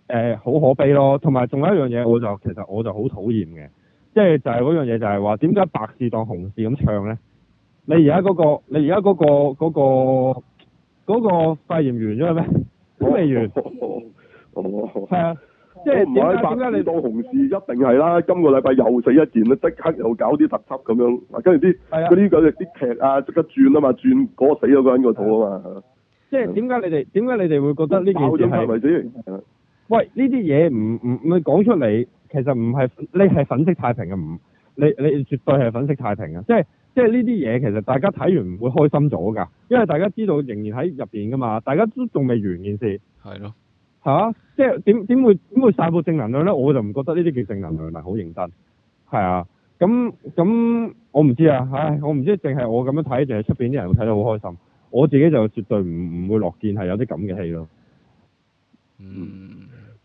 誒好可悲咯。同埋仲有一樣嘢，我就其實我就好討厭嘅。即係就係嗰樣嘢，就係話點解白事當紅事咁唱咧？你而家嗰個，你而家、嗰個、嗰個、嗰個嗰個肺炎完咗啦咩？好未完哦？哦，係、哦、啊，即係點解點解你當紅事你一定係啦？今個禮拜又死一件，啦，即刻又搞啲特輯咁樣，跟住啲嗰啲啲劇啊，即、那個啊、刻轉啊嘛，轉嗰死咗個人個肚啊嘛。即係點解你哋點解你哋會覺得呢件事係？係咪喂，呢啲嘢唔唔唔講出嚟。其實唔係，你係粉飾太平嘅唔，你你絕對係粉飾太平嘅，即係即係呢啲嘢其實大家睇完唔會開心咗㗎，因為大家知道仍然喺入邊㗎嘛，大家都仲未完件事。係咯的。嚇、啊！即係點點會點會散播正能量咧？我就唔覺得呢啲叫正能量啦，好認真。係啊。咁、嗯、咁、嗯嗯，我唔知啊，唉，我唔知，淨係我咁樣睇，淨係出邊啲人會睇得好開心，我自己就絕對唔唔會，會樂見係有啲咁嘅戲咯。嗯。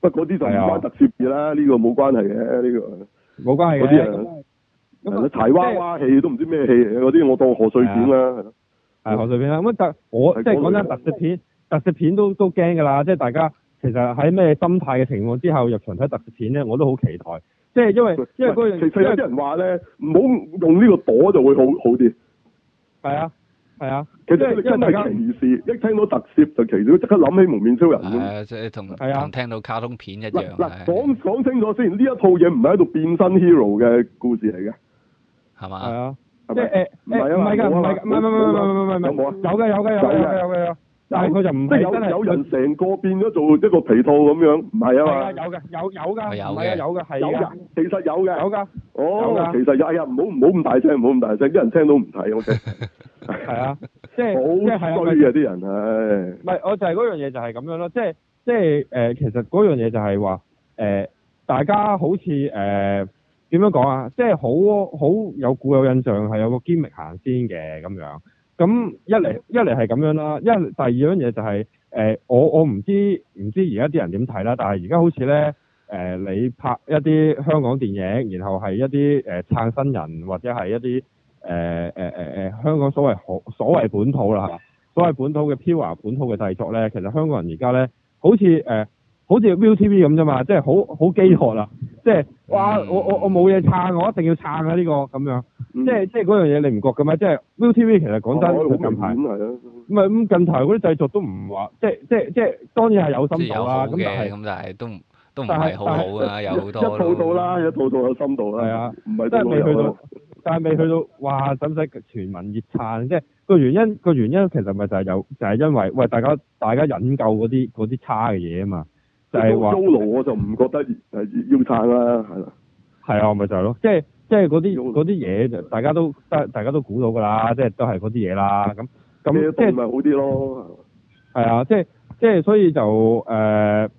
不過嗰啲就唔關特攝片啦，呢個冇關係嘅呢個，冇關係。嗰啲人柴娃娃戲都唔知咩戲，嗰啲我當賀歲片啦，係咯，係賀歲片啦。咁啊，我即係講緊特攝片，特攝片都都驚㗎啦。即係大家其實喺咩心態嘅情況之下入場睇特攝片咧？我都好期待。即係因為因為其實有啲人話咧，唔好用呢個朵就會好好啲。係啊。係啊，其實真係奇事，一聽到特攝就奇異，即刻諗起蒙面超人。係啊，即係同係啊，聽到卡通片一樣。嗱嗱，講講清楚先，呢一套嘢唔係喺度變身 hero 嘅故事嚟嘅，係嘛？係啊，即係誒，唔係唔係㗎，唔係唔係唔係唔係，有冇啊？有嘅有嘅有嘅有嘅有嘅。但係佢就唔得，有有人成個變咗做一個皮套咁樣，唔係啊嘛？係啊，有嘅，有有㗎，係有嘅，有嘅，係啊。其實有嘅，有㗎。哦，其實日日唔好，唔好咁大聲，唔好咁大聲，啲人聽到唔睇，我哋係啊，即係即係衰啊！啲人唉，唔係，我就係嗰樣嘢就係咁樣咯，即係即係誒，其實嗰樣嘢就係話誒，大家好似誒點樣講啊，即係好好有固有印象係有個 gimmick 行先嘅咁樣。咁一嚟一嚟係咁樣啦，一，第二樣嘢就係、是、誒、呃、我我唔知唔知而家啲人點睇啦，但係而家好似咧誒，你拍一啲香港電影，然後係一啲誒、呃、撐新人或者係一啲誒誒誒誒香港所謂所謂本土啦，所謂本土嘅 pure 本土嘅製作咧，其實香港人而家咧好似誒。呃好似 ViuTV 咁啫嘛，即係好好飢渴啦、啊，即、就、係、是、哇！我我我冇嘢撐，我一定要撐啊！呢、這個咁樣，即係即係嗰樣嘢，你唔覺嘅咩？即、就、係、是、ViuTV 其實講真，佢、啊、近排咁啊咁近排嗰啲製作都唔話，即係即係即係當然係有深度啊。咁但係咁但係都都唔係好好啊，有好多一套到啦，一套到有深度係啊，唔係真係未去到，但係未去到哇！使唔使全民熱撐？即係個原因個原，原因其實咪就係有就係、是、因為喂大家大家引咎嗰啲啲差嘅嘢啊嘛。就係話租奴，我就唔覺得要撐啦，係啦，係啊，咪就係、是、咯，即係即係嗰啲啲嘢，大家都得，大家都估到噶啦，即係都係嗰啲嘢啦。咁咁即係咪好啲咯？係啊，即係即係，所以就誒，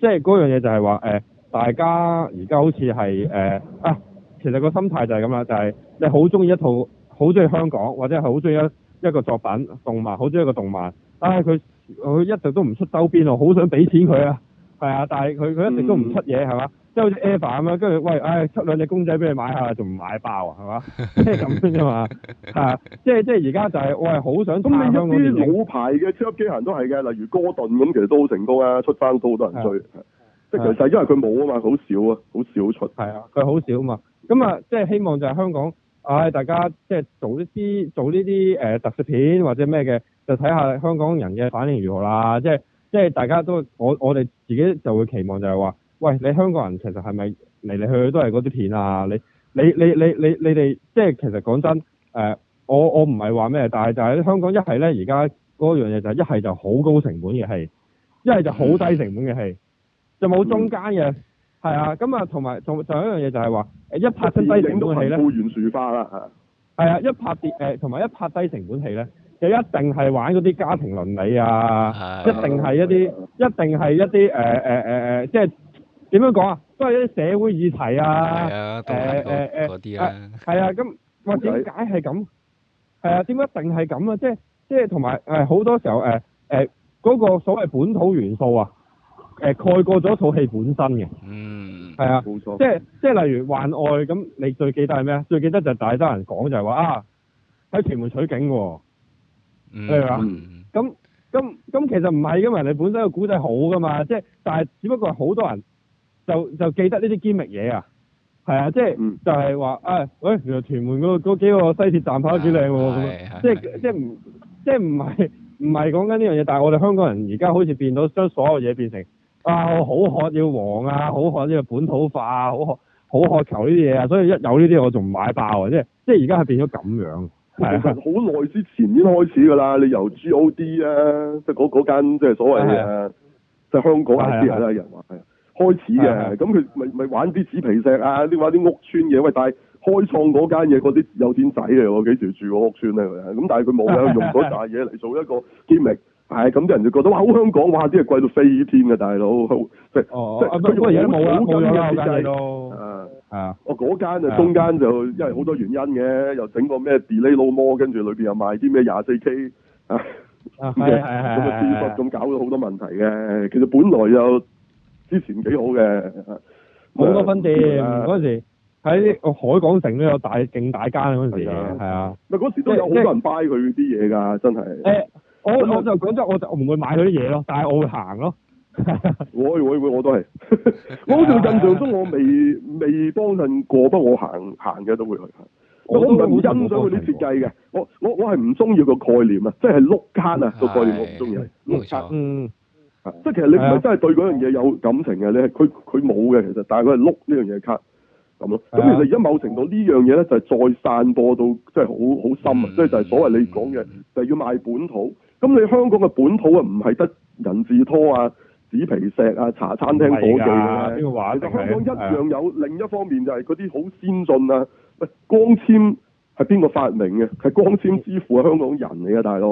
即係嗰樣嘢就係話誒，大家而家好似係誒啊，其實個心態就係咁啦，就係、是、你好中意一套好中意香港，或者係好中意一一個作品動漫，好中意一個動漫，但係佢佢一直都唔出周邊，我好想俾錢佢啊！係啊，但係佢佢一直都唔出嘢係嘛，即係好似 Ever 咁樣，跟住喂，唉、哎，出兩隻公仔俾你買下，仲唔買爆啊，係嘛、 啊，即係咁先啫嘛，係即係即係而家就係我係好想有。咁你一啲老牌嘅超級機械人都係嘅，例如哥頓咁，其實都好成功啊，出翻都好多人追，即係其實因為佢冇啊嘛，好少啊，好少出。係啊，佢好少啊嘛，咁啊，即係希望就係香港，唉、哎，大家即係做呢啲做呢啲誒特色片或者咩嘅，就睇下香港人嘅反應如何啦，即係。即係大家都，我我哋自己就會期望就係話，喂，你香港人其實係咪嚟嚟去去都係嗰啲片啊？你你你你你你哋即係其實講真，誒、呃、我我唔係話咩，但係就喺香港一係咧，而家嗰樣嘢就係一係就好高成本嘅戲，一係就好低成本嘅戲,戲，就冇中間嘅，係啊。咁啊，同埋仲仲有一樣嘢就係話，誒一,、嗯啊一,呃、一拍低成本戲咧，係啊，一拍跌誒，同埋一拍低成本戲咧。就一定係玩嗰啲家庭倫理啊！是的 一定係一啲，啊、一定係一啲誒誒誒誒，即係點樣講啊？都係一啲社會議題啊！誒誒誒，啲、呃、啊，係、欸、啊！咁或點解係咁？係的啊？點解一定係咁啊？即係即係同埋誒好多時候誒誒嗰個所謂本土元素啊，誒、呃、蓋過咗套戲本身嘅。嗯。係啊的。冇錯、嗯。即係即係，例如《幻愛》咁，你最記得係咩啊？最記得就係大係多人講就係話啊，喺屯門取景喎，啊。係嘛？咁咁咁， 其實唔係因為，你本身個故仔好噶嘛，即係，但係只不過係好多人就就記得呢啲堅密嘢啊，係啊，即係就係話啊，喂，原來屯門嗰嗰幾個西鐵站跑得幾靚喎，咁即係、啊、即係唔即係唔係唔係講緊呢樣嘢，但係我哋香港人而家好似變到將所有嘢變成啊我好渴要黃啊，好渴要本土化啊，好渴好渴求呢啲嘢啊，所以一有呢啲我仲唔買爆啊，即係即係而家係變咗咁樣。音 Dog 其實好耐之前已經開始㗎啦，你由 G O D 啊，即係嗰間即係所謂嘅，即係香港嗰啲啦，有人話係開始嘅。咁佢咪咪玩啲紙皮石啊，啲玩啲屋村嘢。喂，但係開創嗰間嘢，嗰啲有錢仔嚟、啊、喎，幾時住過屋村啊？咁但係佢冇嘅，用嗰扎嘢嚟做一個 gimmick。 係咁啲人就覺得哇好香港哇啲嘢貴到飛天嘅大佬，即係即係佢而家冇冇咗啦咯，係啊，我嗰間啊中間就因為好多原因嘅，又整個咩 delay no more 跟住裏邊又賣啲咩廿四 K 啊，咁嘅做法咁搞咗好多問題嘅。其實本來又之前幾好嘅，冇多分店嗰陣時喺海港城都有大勁大間嗰陣時啊，係啊，嗰時都有好多人 buy 佢啲嘢㗎，真係。我我就講真，我就唔會買嗰啲嘢咯，但係我會行咯。 我我我我都係，我好似印象中我未未幫襯過，不過我行行嘅都會去。行。我唔係唔欣賞佢啲設計嘅，我我我係唔中意個概念啊，即係碌卡啊、哎、個概念我唔中意。唔、嗯、卡錯，嗯，即係其實你唔係真係對嗰樣嘢有感情嘅，你係佢佢冇嘅其實，但係佢係碌呢樣嘢卡咁咯。咁而家而家某程度呢樣嘢咧就係再散播到即係好好深啊，即係、嗯嗯、就係所謂你講嘅就係、要賣本土。咁你香港嘅本土啊，唔係得人字拖啊、紙皮石啊、茶餐廳夥計啊，呢個話，其實香港一樣有。另一方面就係嗰啲好先進啊，喂，光纖係邊個發明嘅？係光纖之父係香港人嚟噶，大佬。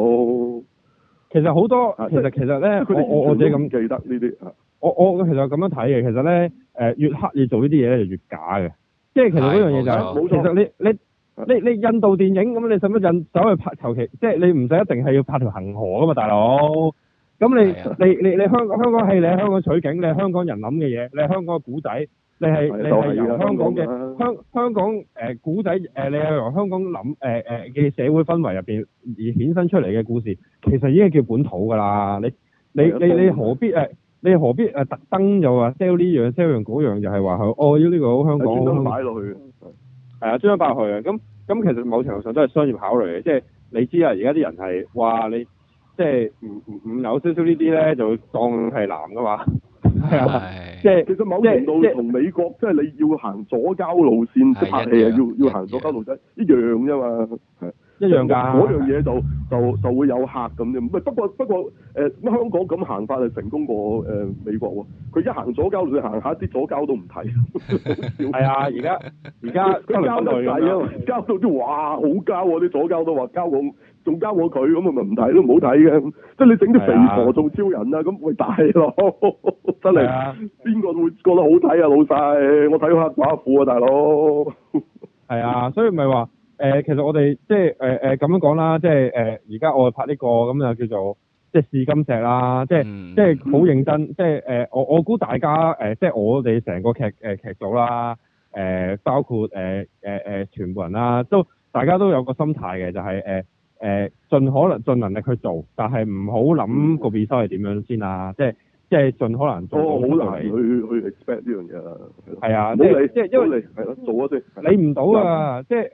其實好多，其實其實咧，我我只係咁記得呢啲。我我其實咁樣睇嘅，其實咧誒，越刻意做呢啲嘢咧，就越假嘅。即係其實嗰樣嘢就，其實你你。你你印度電影咁，你使乜使印走去拍？求其即係你唔使一定係要拍條恒河㗎嘛，大佬。咁你你你你香香港戲你喺香港取景，你係香港人諗嘅嘢，你係香港嘅古仔，你係你係由香港嘅香香港誒故仔誒，你係由香港諗誒誒嘅社會氛圍入邊而衍生出嚟嘅故事，其實已經叫本土㗎啦。你你你你何必誒？你何必誒特登就話 sell 呢樣 sell 樣嗰樣，就係話佢哦要呢個好香港，全部擺落去。係啊，張百恆啊，咁咁其實某程度上都係商業考慮嘅。即係你知啊，而家啲人係話，你即係唔唔唔有少少呢啲咧，就會當係男噶嘛，係啊，即係其實某程度同美國 即係是你要行左交路線，即係 拍戲啊， 要要行左交路線一樣啫嘛，係。一樣㗎，嗰樣嘢就的就就，就會有客咁啫。唔係不過不過誒乜、呃、香港咁行法係成功過誒、呃、美國喎。佢一行左膠佢就行下啲左膠都唔睇，係啊！而家而家佢交都唔睇啊，交到啲哇好膠喎，啲左膠都話交過，仲交過佢咁啊咪唔睇都唔好睇嘅。即係你整啲肥婆做超人啊，咁的喂大佬真係邊個會覺得好睇啊老細？我睇下寡婦啊大佬。係啊， 所以咪話。誒，其實我哋即係誒誒咁樣講啦，即係誒而家我拍呢個咁就叫做即係試金石啦，即係即係好認真，即係誒我我估大家誒即係我哋成個劇誒劇組啦，誒包括誒誒誒全部人啦，都大家都有個心態嘅，就係誒誒盡可能盡能力去做，但係唔好諗個變數係點樣先啦，即係即係盡可能做。哦，好難去去 expect 呢樣嘢啦。係啊，即係即係因為你係咯，做啊先。理唔到啊，即係。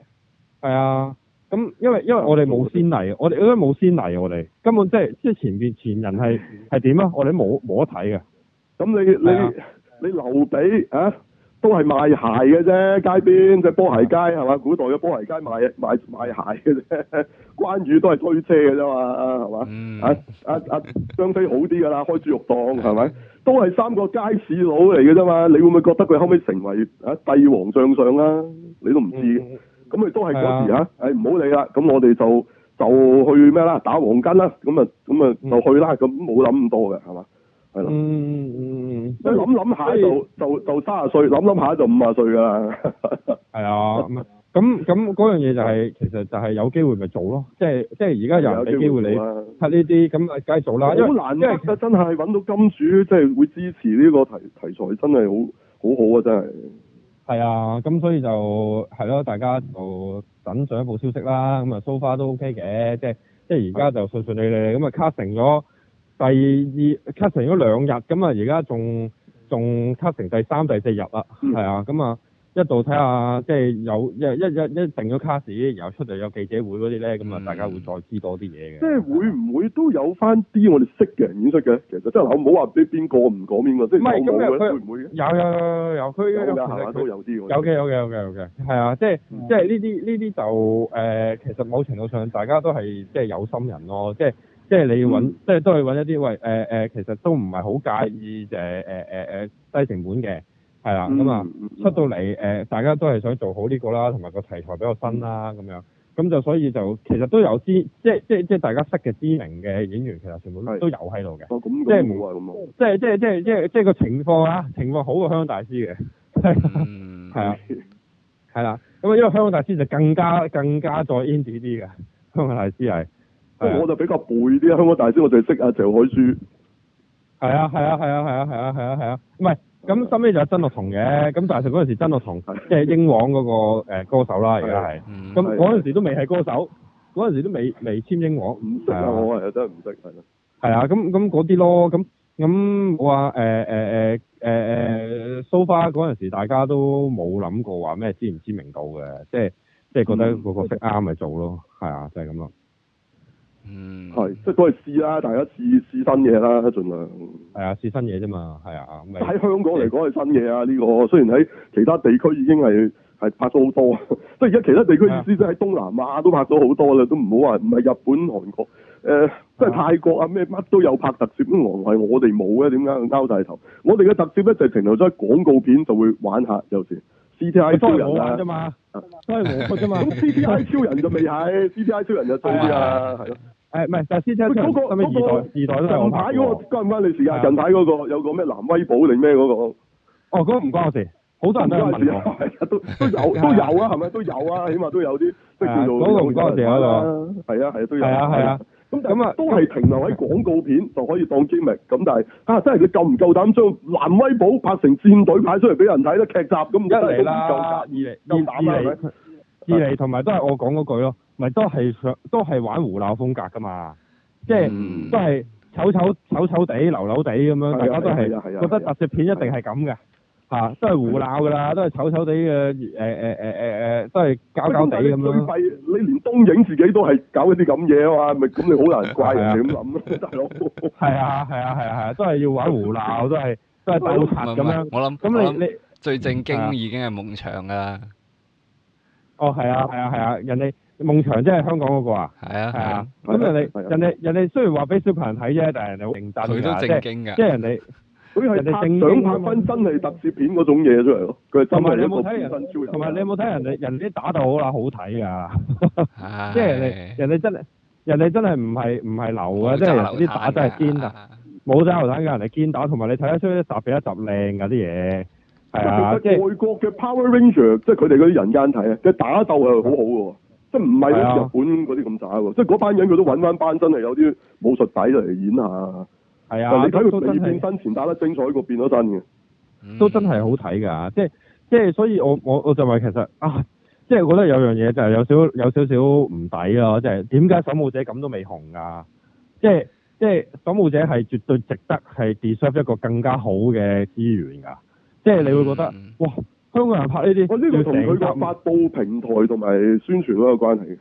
係啊，咁因為因為我哋冇先，、嗯、先例，我哋應該冇先例，我哋根本即係即係前面前人係係點啊？我哋冇冇得睇嘅。咁你你你劉備啊，都係賣鞋嘅啫，街邊即係波鞋街係嘛？古代嘅波鞋街賣賣賣，賣鞋嘅啫。關羽都係推車嘅啫嘛，係嘛、嗯啊？啊啊啊！張飛好啲噶啦，開豬肉檔係咪？都係三個街市佬嚟嘅啫嘛？你會唔會覺得佢後尾成為啊帝王將相啊？你都唔知、嗯。咁咪都係嗰時嚇，誒，唔好理啦，咁我哋就就去咩啦，打黃金啦，咁啊咁啊就去啦，咁冇諗咁多嘅，係嘛？係啦。嗯嗯，嗯想一諗諗下就以就就卅歲，諗諗下就五啊歲㗎啦。係啊，咁咁咁樣嘢就係其實就係有機會咪做咯，即係即係而家有人俾機會你測呢啲，咁啊梗係做啦。好為難得，即係真係揾到金主，即係會支持呢個題題材，題材真係好好好啊，真係。真係啊，咁所以就係咯、啊，大家就等上一步消息啦。咁啊，so far 都 OK 嘅，即係即係而家就順順利利咁啊，cut 成咗第二 cut 成咗兩日，咁啊而家仲仲 cut 成第三第四日啦，係、嗯、啊，咁啊。一度睇下，即係有一一一一定咗 cast 然後出嚟有記者會嗰啲咧，咁啊大家會再知多啲嘢嘅。即係會唔會都有翻啲我哋識嘅人演出嘅？其實即係我唔好話俾邊個唔講邊個，即係唔冇嘅會唔會？有有有，有佢都有啲有嘅有嘅有嘅有嘅。係啊，即係即係呢啲呢啲就誒，其實某程度上大家都係即係有心人咯，即係即係你要揾，即係都係揾一啲喂誒誒，其實都唔係好介意誒誒誒誒低成本嘅。係啦，咁啊出到嚟，誒大家都係想做好呢個啦，同埋個題材比較新啦，咁樣咁就所以就其實都有知，即即即大家識嘅知名嘅演員，其實全部都有喺度嘅，即冇話即即即即即個情況啊，情況好過香港大師嘅，係啊，係啦，咁啊，因為香港大師就更加更加再 indie 啲嘅，香港大師係，不過我就比較背啲啊，香港大師我就係識阿鄭海珠，係啊，係啊，係啊，係啊，係啊，係啊，唔係。咁收尾就係曾樂彤嘅，咁但係嗰陣時曾樂彤即係英皇嗰個歌手啦，而家係，咁嗰陣時都未係歌手，嗰陣的時都未未簽英皇，唔識啊！吧我係真係唔識，係咯，係啊，咁咁嗰啲咯，咁咁話誒誒誒誒誒蘇花嗰陣時，大家都冇諗過話咩知唔知名度嘅，即係即係覺得嗰個識啱咪做咯，係啊，就係咁咯。嗯，係，即係都係試啦，大家試試新嘢啦，盡量。係啊，試新嘢啫嘛，係啊。喺、嗯、香港嚟講係新嘢啊，呢、這個雖然喺其他地區已經係係拍咗好多，即係而家其他地區意思即係東南亞都拍咗好多啦，麼都唔好話唔係日本、韓國，誒、呃，啊、即係泰國啊咩乜都有拍特攝，都係我哋冇嘅。點解？交晒頭，我哋嘅特攝咧就係停留咗喺廣告片，就會玩下有時。C T I 超人啊，啫嘛，都係韓國啫嘛。咁 C T I 超人就未係 ，C T I 超人就做啲啊，係咯。.誒，唔係就私車嗰個，嗰咪二代，二代都係我拍嗰個，關唔關你事啊？近排嗰個有個咩藍威寶定咩嗰個？哦，嗰個唔關我事，好多人都係都有都有啊，係咪都有啊？起碼都有啲都叫做。唔關我事嗰度。係啊係啊都有。啊係啊。咁咁啊，都係停留喺廣告片就可以當揭秘。咁但係啊，真係佢夠唔夠膽將藍威寶拍成戰隊派出嚟俾人睇咧？劇集咁一嚟啦，二嚟二二嚟，二嚟同埋都係我講嗰句咯。咪都係想都係玩胡鬧風格噶嘛，即係都係醜醜醜醜地流流的地咁樣，大家都係覺得特攝片一定係咁嘅，吓都係胡鬧噶啦，都係醜醜地嘅誒誒誒誒誒，都係搞搞地咁樣。你連東映自己都係搞啲咁嘢啊嘛，咪咁你好難怪人點諗 啊，大佬、啊。係啊係啊係啊係啊，都係要玩胡鬧，都係都係偷拍咁樣。我諗咁你最正經你已經係夢場啦。哦係啊係啊係啊，人哋。夢祥真係香港嗰個啊？係啊係啊，咁人哋人哋人哋雖然話俾小朋友睇啫，但係人哋好認真噶，即係人哋，人哋正經拍分真係特攝片嗰種嘢出嚟咯。同埋你有冇睇人哋人哋啲打鬥好啊，好睇噶，即係人哋人哋真係人哋真係唔係唔係流嘅，即係啲打真係堅打，冇枕頭彈嘅人哋堅打，同埋你睇得出一集比一集靚噶啲嘢，係啊，即係外國嘅 Power Ranger，即係佢哋嗰啲人間睇啊，即係打鬥係好好嘅。即唔係日本嗰啲咁渣喎，啊、即係嗰班人佢都揾翻班真係有啲武術底嚟演下。係啊，你睇佢未變身前打得精彩過變咗身嘅，都真係、嗯、好睇㗎。即係即係，所以我我我就係其實啊，即係我覺得有樣嘢就係有少有少少唔抵咯、啊，即係點解守護者咁都未紅㗎、啊？即係即係守護者係絕對值得係 deserve 一個更加好嘅資源㗎。即係你會覺得、嗯、哇！香港人拍呢啲，我呢、哦呢個同佢個發布平台同埋宣傳都有關係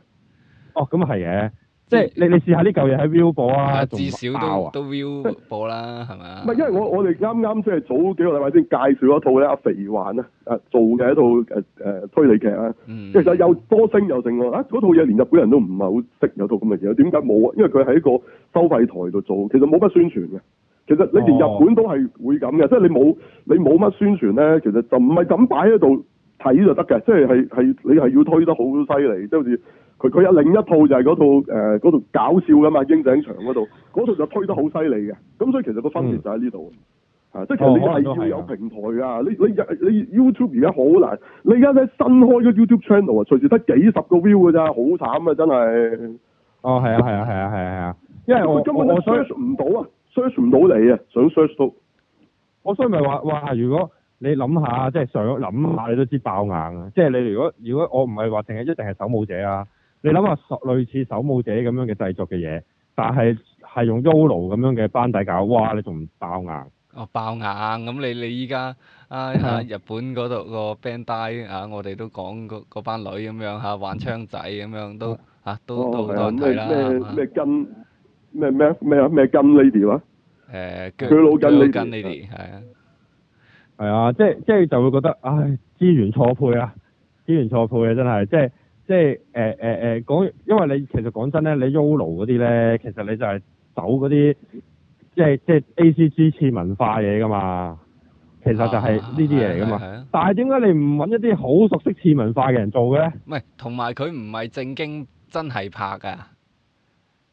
哦，咁啊係嘅，即係你你試下呢舊嘢喺 Viu 播啊，至少都都 Viu 播啦，係咪啊？唔係，因為我我哋啱啱即係早幾個禮拜先介紹一套咧，阿肥環啊，啊做嘅一套誒誒、啊、推理劇啊，其實又多星又剩喎，啊嗰套嘢連日本人都唔係好識有套咁嘅嘢，點解冇啊？因為佢喺一個收費台度做，其實冇乜宣傳嘅。其實你連日本都係會咁嘅，哦、即係你冇你冇乜宣傳咧，其實就唔係咁擺喺度睇就得嘅，即係係係你係要推得好犀利，即係好似佢佢有另一套就係嗰套誒嗰套、呃、搞笑噶嘛，英井牆嗰度嗰套就推得好犀利嘅，咁所以其實個分別就喺呢度，嗯、即係其實你係要有平台、哦、啊你，你你你，你 YouTube 而家好難，你而家咧新開嗰 YouTube channel 啊，隨時得幾十個 view 噶咋，好慘啊真係。哦，係啊，係啊，係啊，係啊，係啊，因為我根本都 search 唔到啊。想 search 唔到你啊，想 search 到，我所以咪話，哇！如果你諗下，即係想諗下，你都知爆硬啊！即係你如果如果我唔係話淨係一定係守墓者啊，你諗下類似守墓者咁樣嘅製作嘅嘢，但係係用 Yolo 咁樣嘅班底搞，哇！你仲唔爆硬？哦，爆硬！咁你你依家啊日本嗰度個 Bandai 啊，我哋都講嗰嗰班女咁樣吓玩槍仔咁樣都嚇都都好睇啦嚇。咩咩咩根？咩咩咩啊咩金 Lady 哇、呃？誒佢舉老金 Lady 係啊，係啊，即係即係就會覺得，唉資源錯配啊，資源錯配啊，真係，即係即係誒誒誒講，因為你其實講真咧，你 YOLO 嗰啲咧，其實你就係走嗰啲即係即係 ACG 次文化嘢噶嘛，其實就係呢啲嘢嚟噶嘛。啊啊啊、但係點解你唔揾一啲好熟悉次文化嘅人做嘅咧？唔係，同埋佢唔係正經，真係拍噶。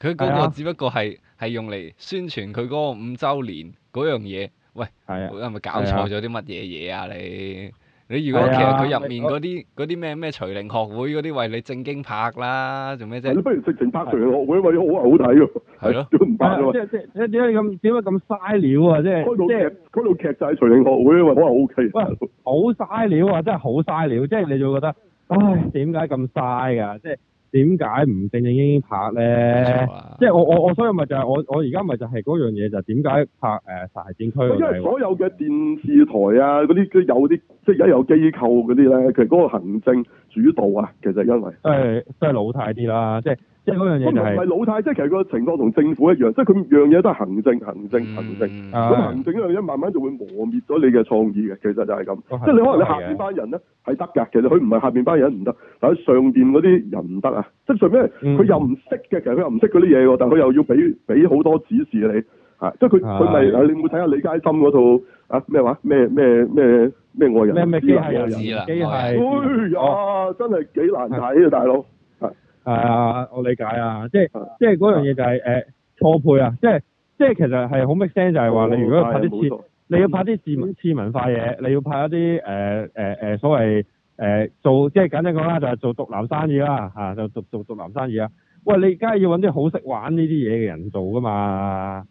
佢嗰個只不過係係用嚟宣傳佢嗰個五周年嗰樣嘢。喂，係啊，係咪搞錯咗啲乜嘢嘢啊你？你你如果其實佢入面嗰啲啲咩咩徐凌學會嗰啲，為你正經拍啦，做咩啫？不如直情拍徐凌學會，為你好啊，好睇啊，係咯，都唔拍啦嘛。即即點解咁點解咁嘥料啊？即即嗰套劇就係徐凌學會啊，因為我話 O K。好嘥料啊！真係好嘥料，即係你就覺得，唉，點解咁嘥啊？即係。點解唔正正經經拍咧？即係 我我我，所以咪就係我我而家咪就係嗰樣嘢就係點解拍誒？神骸戰軀？因為所有嘅電視台啊，嗰啲都有啲。即係而家有機構嗰啲咧，其實嗰個行政主導啊，其實因為都係都係老太啲啦，即係即係嗰樣嘢就係、 唔係老太，即係其實個情況同政府一樣，即係佢樣嘢都係行政、行政、行政。咁、mm. 行政一樣嘢慢慢就會磨滅咗你嘅創意嘅，其實就係咁。啊、即係你可能你下邊班人咧係得㗎，其實佢唔係下邊班人唔得，但係上邊嗰啲人唔得啊！即係上屘，佢又唔識嘅，其實佢又唔識嗰啲嘢喎，但佢又要俾俾好多指示你嚇，即係佢佢咪？你有冇睇下李佳芯嗰套？啊咩話咩咩咩咩外人咩咩機械人啊，機械真係幾難睇啊大佬係啊我理解啊即係、啊、即係嗰樣嘢就係誒錯配啊即係即係其實係好 make sense 就係話你如果拍啲次你要拍啲次文次文化嘢你要拍一啲誒誒誒所謂誒、呃、做即係簡單講啦就係、是、做毒男生意啦吓就做做毒男生意啊,啊,就生意啊喂你而家要搵啲好識玩呢啲嘢嘅人做㗎嘛。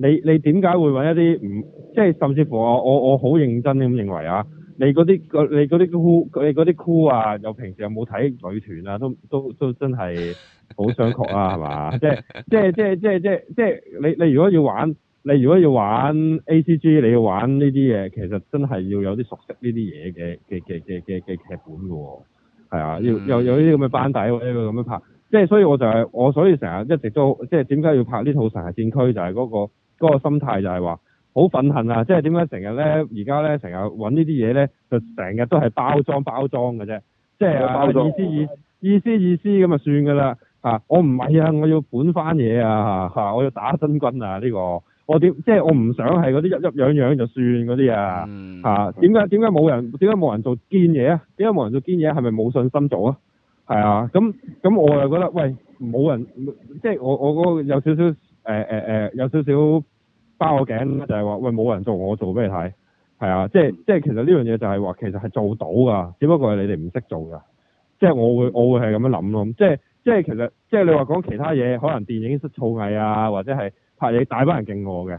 你你點解會揾一啲唔、嗯、即係甚至乎我我我好認真咁認為啊，你嗰啲你啲酷你啲酷啊，又平時又有冇睇女團啊？都都都真係好想確啊，係嘛？ 即係即係即係即係即係即係你你如果要玩你如果要玩 A C G，你要玩呢啲嘢，其實真係要有啲熟悉呢啲嘢嘅嘅嘅嘅嘅嘅劇本噶喎、哦，係啊，要，要，要有有呢啲咁嘅班底喎，先咁樣拍。即係所以我就係、是、我所以成日一直都即係點解要拍呢套《神骸戰軀》就係嗰、那個。嗰個心態就係話好憤恨啊！即係點解成日咧，而家咧成日揾呢啲嘢咧，就成日都係包裝包裝嘅啫，即係包裝意思意意思意思咁就算㗎啦嚇！我唔係啊，我要本翻嘢啊嚇、啊！我要打真軍啊呢、呢個，我點即係我唔想係嗰啲一一樣樣就算嗰啲啊嚇！點解點解冇人點解冇人做堅嘢啊？點解冇人做堅嘢係咪冇信心做啊？係啊，咁咁我又覺得喂冇人即係我我嗰個有少少。誒誒誒，有少少包我頸，就係話喂冇人做，我做俾你睇，係啊，即係即係其實呢樣嘢就係話其實係做到噶，只不過係你哋唔識做噶，即係我會我會係咁樣諗咯，即係即係其實即係你話講其他嘢，可能電影式創藝啊，或者係拍你大班人勁我嘅，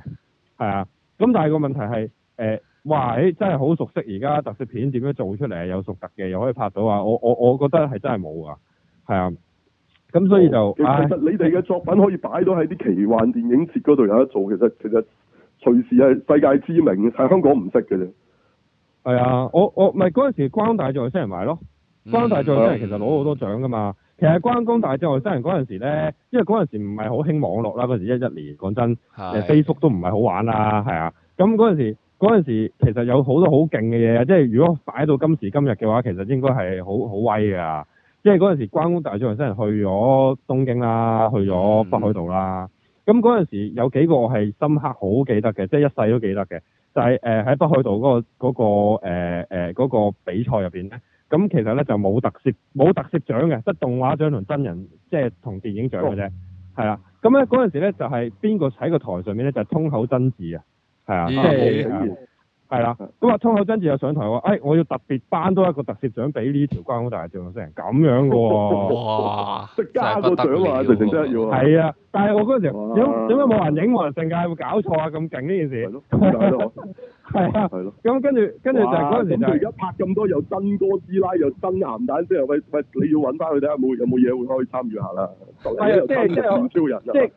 係啊，咁但係個問題係誒，哇，誒真係好熟悉而家特色片點樣做出嚟有熟特嘅，又可以拍到啊，我我我覺得係真係冇啊，係啊。咁所以就、哦、其實你哋嘅作品可以擺到喺啲奇幻電影節嗰度有得做，其實其實隨時係世界知名嘅，係香港唔識嘅啫。係啊，我我咪嗰陣時《關公大戰外星人》買咯，《關公大戰外星人》其實攞好多獎㗎嘛。嗯、其實《關公大戰外星人》嗰陣時咧，因為嗰陣時唔係好興網絡啦，嗰時一一年講真，誒 Facebook 的都唔係好玩啦，係啊。咁嗰陣時嗰陣時其實有好多好勁嘅嘢，即係如果擺到今時今日嘅話，其實應該係好好威㗎。即係嗰陣時，關公大獎真係去咗東京啦，去咗北海道啦。咁嗰陣時有幾個我係深刻好記得嘅，即、就、係、是、一世都記得嘅，就係誒喺北海道嗰、那個嗰、那個誒、呃呃那個、比賽入邊咧。咁、嗯、其實咧就冇特攝，冇特攝獎嘅，得動畫獎同真人即係同電影獎嘅啫。係啊、嗯，咁咧嗰陣時咧就係邊個喺個台上面咧就樋口真嗣啊，係啊，嗯嗯嗯係啦，咁啊，口秀珍又上台話，誒，我要特別頒多一個特攝獎俾呢條關公大將，成咁樣嘅喎，哇！加個獎喎，直情真係要啊！係啊，但係我嗰陣時點解冇人影？冇人證據，會搞錯啊？咁勁呢件事係咯，係啊，係咯，咁跟住跟住就係嗰陣時就而家拍咁多又真哥師奶又真鹹蛋，即係喂喂，你要揾翻佢睇下有冇有冇嘢可以參與下啦。係啊，即係即係超人即係，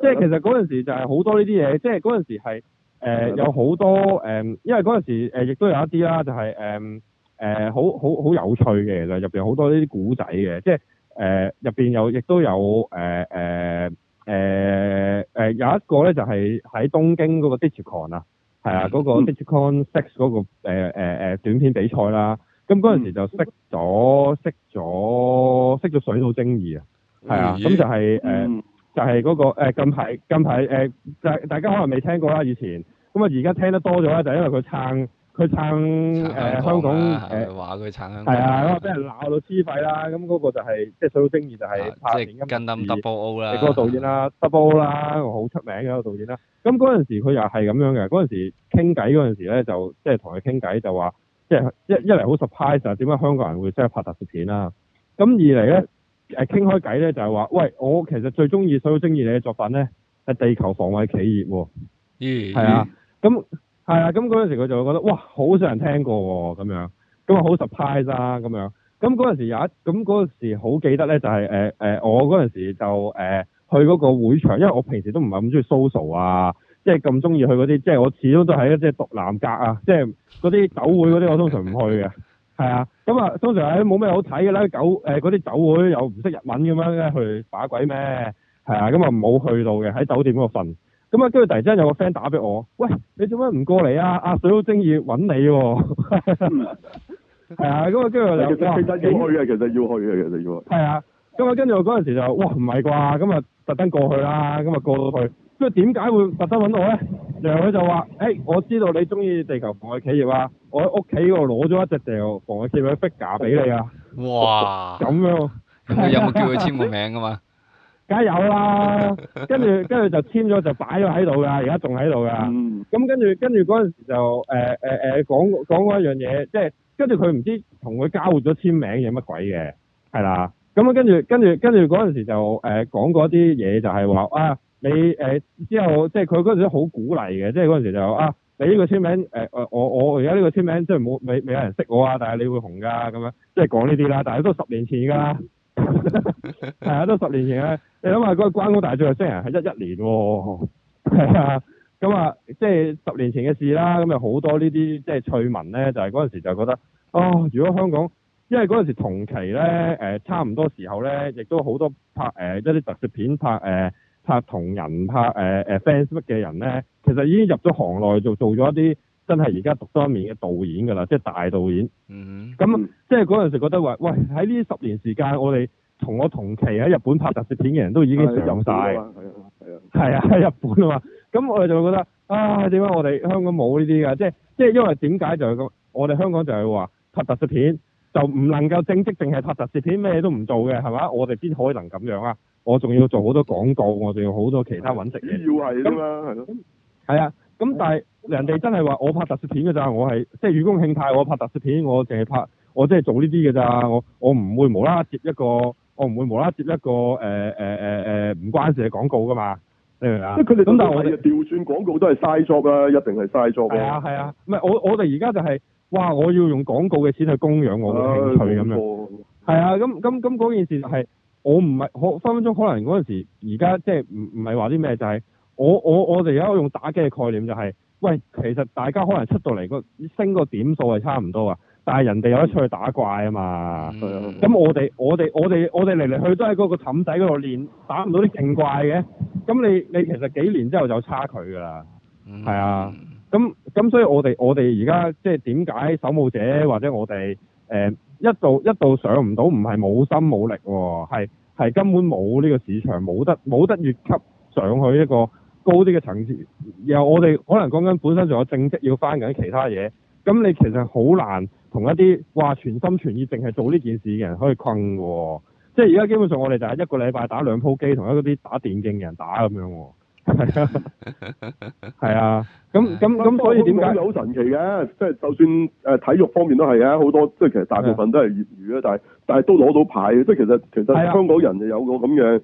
即係其實嗰陣時就係好多呢啲嘢，即係嗰陣時係。誒、呃、有好多誒、呃，因為嗰陣時亦、呃、都有一啲啦、就是，就係誒誒好好好有趣嘅，其實入邊好多呢啲古仔嘅，即係誒入邊又亦都有誒誒誒誒有一個咧就係喺東京嗰個 Digicon、嗯、啊，係啊嗰個 Digicon 6嗰、那個誒誒、呃呃、短片比賽啦，咁嗰陣時就識咗、嗯、識咗識咗水島精二啊，係啊、嗯，咁就係、是、誒。呃就係嗰、那個、呃、近排近排誒大大家可能未聽過啦，以前咁啊而家聽得多咗啦，就是、因為佢撐佢撐誒香港誒話佢撐香港係啊俾人鬧到黐肺啦！咁嗰個就係、是、即係水島精二、啊，就係拍《Gundam double O 啦，嗰個導演啦，《double O 啦，好出 名嘅一個導演啦。咁嗰陣時佢又係咁樣嘅，嗰、那、陣、個、時傾偈嗰陣時咧，就即係同佢傾偈就話，即係一一嚟好 surprise 就點解香港人會即係拍特攝片啦、啊？咁二嚟咧。誒傾開偈咧，就係、是、話，喂，我其實最中意、最中意你嘅作品咧，係《地球防衞企業》喎、啊。嗯。係啊，咁係啊，咁嗰陣時佢就會覺得，哇，好少人聽過喎、哦，咁樣，咁、嗯、啊好 surprise 啦，咁樣。咁嗰陣時有一，咁嗰陣時好記得咧、就是，就係誒誒，我嗰陣時就誒、呃、去嗰個會場，因為我平時都唔係咁中意 social 啊，即係咁中意去嗰啲，即、就、係、是、我始終都係一隻獨男格啊，即係嗰啲酒會嗰啲我通常唔去嘅。 係啊，咁啊，通常喺冇咩好睇嘅啦，酒誒嗰啲酒會又唔識日文咁樣咧，去把鬼咩？係啊，咁啊唔好去到嘅，喺酒店嗰度瞓。咁啊，跟住突然之間有個 friend 打俾我，喂，你做咩唔過嚟啊？阿水好中意揾你喎。係啊，咁啊，跟住又哇，要去嘅，其實要去嘅，其實要。係啊，咁啊，跟住我嗰陣時就哇，唔係啩？咁啊，特登過去啦，咁啊，過到去。即係點解會特登揾到我咧？然後佢就話，誒，我知道你中意地球防衞企業啊！我喺屋企我攞咗一隻地球防衞企業嘅 figure 俾你啊！哇！咁樣佢有冇叫佢簽個名㗎嘛？梗係有啦！跟住跟住就簽咗，就擺咗喺度㗎。而家仲喺度㗎。咁跟住跟住嗰陣時就誒誒誒講講嗰一樣嘢，即係跟住佢唔知同佢交換咗簽名有乜鬼嘅係啦。咁啊，跟住跟住跟住嗰陣時就誒講過一啲嘢，就係話啊。你誒、呃、之後即係佢嗰陣時好鼓勵嘅，即係嗰陣時就啊，你呢個簽名誒、呃、我我而家呢個簽名即係冇未未有人識我啊，但係你會紅㗎咁、啊、樣，即係講呢啲啦。但係都十年前㗎啦，係啊， 都十年前咧。你諗下嗰個關公大戰外星人係一一年喎，咁啊， 嗯、即係十年前嘅事啦。咁又好多呢啲即係趣聞咧，就係嗰陣時就覺得哦，如果香港，因為嗰陣時同期咧誒、呃，差唔多時候咧，亦都好多拍誒、呃、一啲特攝片拍誒。呃呃拍同拍、呃呃、人拍誒誒 Facebook 嘅人咧，其實已經入咗行內就做咗一啲真係而家獨當面嘅導演㗎啦，即係大導演。嗯，咁即係嗰陣時覺得話，喂，喺呢十年時間，我哋同我同期喺日本拍特攝片嘅人都已經絕種晒，係啊， 喺日本啊嘛。咁、嗯、我哋就會覺得，啊，點解我哋香港冇呢啲㗎？即係即係因為點解就係咁？我哋香港就係話拍特攝片就唔能夠正職，淨係拍特攝片咩都唔做嘅係嘛？我哋先可能咁樣啊。我仲要做好多廣告，我仲要好多其他揾食。要係啫嘛，係咯。係啊，咁但係人哋真係話我拍特攝片嘅咋，我係即係愚公慶泰，我拍特攝片，我淨係拍，我即係做呢啲嘅咋，我我唔會無啦啦接一個，我唔會無啦啦接一個誒誒誒誒唔關事嘅廣告噶嘛，你明唔明啊？即係佢哋咁，但係我哋調轉廣告都係 side job 啦，一定係 side job。係啊係啊，唔係我我哋而家就係哇，我要用廣告嘅錢去供養我嘅興趣咁樣。係啊，咁咁咁嗰件事就係。我唔係可分分鐘可能嗰陣時，而家即係唔唔係話啲咩，就係、是、我我我哋而家用打機嘅概念就係、是，喂，其實大家可能出到嚟個升個點數係差唔多啊，但係人哋有得出去打怪啊嘛，咁、嗯、我哋我哋我哋我哋嚟嚟去都喺嗰個氹仔嗰度練，打唔到啲勁怪嘅，咁你你其實幾年之後就差佢㗎啦，係、嗯、啊，咁咁所以我哋我哋而家即係點解守墓者或者我哋誒？呃一度一度上唔到，唔係冇心冇力喎、哦，係係根本冇呢個市場，冇得冇得越級上去一個高啲嘅層次。然後我哋可能講緊本身仲有正職要返緊其他嘢，咁你其實好難同一啲話全心全意淨係做呢件事嘅人可以困嘅喎、哦。即係而家基本上我哋就係一個禮拜打兩鋪機，同一啲打電競嘅人打咁樣、哦。係 啊，係啊，咁咁咁， 所以點解好神奇嘅？即係就算誒體育方面都係啊，好多即係其實大部分都係業餘啊，但係但係都攞到牌，即係其實其實香港人就有個咁嘅，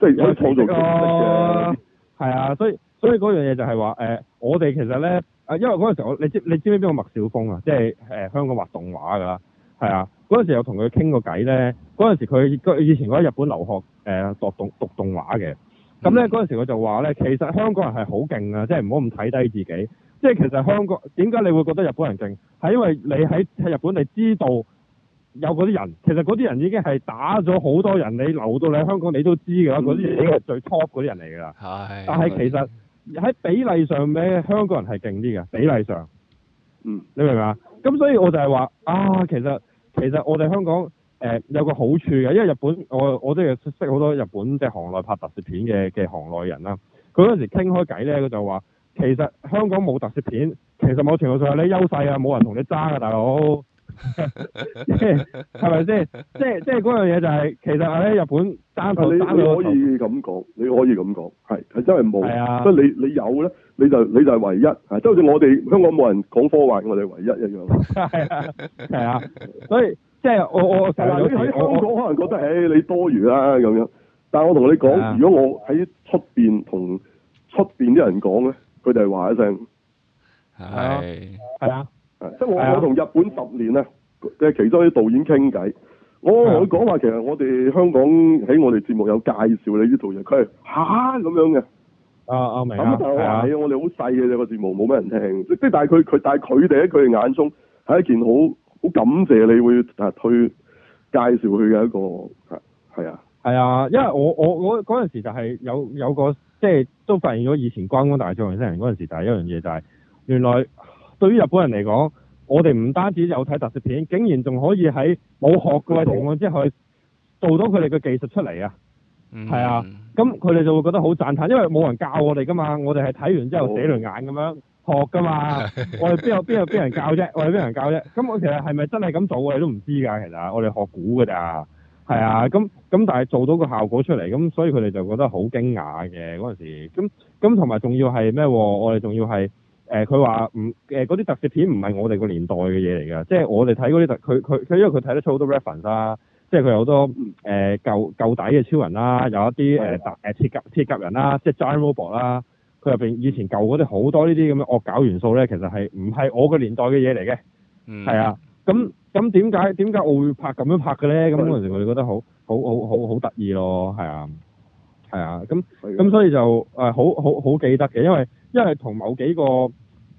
即係、啊、可以創造成績嘅。係啊，所以所以嗰樣嘢就係話誒，我哋其實咧誒，因為嗰陣時我你知你知唔知邊個麥小峰啊？即係誒香港畫動畫噶啦，係啊，嗰陣時有同佢傾過偈咧。嗰陣時佢以前喺日本留學誒、呃、讀動讀動畫嘅。咁咧嗰陣時我就話咧，其實香港人係好勁啊，即係唔好咁睇低自己。即係其實香港點解你會覺得日本人勁？係因為你喺喺日本你知道有嗰啲人，其實嗰啲人已經係打咗好多人。你留到你香港，你都知㗎啦，嗰啲、嗯、已經係最 top 嗰啲人嚟㗎啦。是但係其實喺比例上咧，香港人係勁啲嘅比例上。嗯。你明唔明啊？咁所以我就係話啊，其實其實我哋香港。誒、呃、有個好處嘅，因為日本我我都認識好多日本即係行內拍特攝片嘅嘅行內人啦。佢嗰陣時傾開偈咧，佢就話，其實香港冇特攝片，其實某程度上係你優勢啊，冇人同你爭啊，大佬。係咪先？即係即係嗰樣嘢就係、是、其實係咧，日本爭到你，你可以咁講，你可以咁講，係係真係冇。係是啊，即係你你有咧，你就你就係唯一。即係好似我哋香港冇人講科幻，我哋唯一一樣。係啊 是的，係啊，所以。所以所以即係我我，但係你喺香港可能覺得，唉，你多餘啦咁樣。但係我同你講，如果我喺出邊同出邊啲人講咧，佢哋係話一聲，係係啊，即係我我同日本十年咧，即係其中啲導演傾偈，我同佢講話，其實我哋香港喺我哋節目有介紹你呢套嘢，佢係嚇咁樣嘅。啊啊明啊，係啊，我哋好細嘅，你個節目冇咩人聽。即係但係佢佢但係佢哋喺佢哋眼中係一件好。好感謝你會誒去介紹佢嘅一個，係啊，係啊，因為我我我嗰陣時就係有有個即係都發現咗以前關公大戰外星人嗰陣時就、就是，就係一樣嘢，就係原來對於日本人嚟講，我哋唔單止有睇特攝片，竟然仲可以喺冇學過嘅情況之下做到佢哋嘅技術出嚟、嗯、啊！係啊、嗯，咁佢哋就會覺得好讚歎，因為冇人教我哋噶嘛，我哋係睇完之後死雷眼咁樣。學噶嘛， 我哋邊有邊有邊人教啫，我哋邊人教啫。咁我其實係咪真係咁做我哋都唔知噶。其實我哋學古噶咋，係啊。咁咁但係做到個效果出嚟，咁所以佢哋就覺得好驚訝嘅嗰陣時。咁咁同埋仲要係咩？我哋仲要係誒，佢話唔誒嗰啲特攝片唔係我哋個年代嘅嘢嚟噶。即係我哋睇嗰啲特，佢佢佢因為佢睇得出好多 reference 啦。即係佢有好多誒舊舊底嘅超人啦，有一啲誒特誒鐵甲鐵甲人啦，即係 Giant Robot 啦。佢入邊以前舊嗰啲好多呢啲咁嘅惡搞元素咧，其實係唔係我嘅年代嘅嘢嚟嘅，係、嗯、啊。咁咁點解點解我會拍咁樣拍嘅咧？咁嗰陣時我哋覺得好好好好好得意咯，係啊，係啊。咁咁的所以就誒、呃、好好好記得嘅，因為因為同某幾個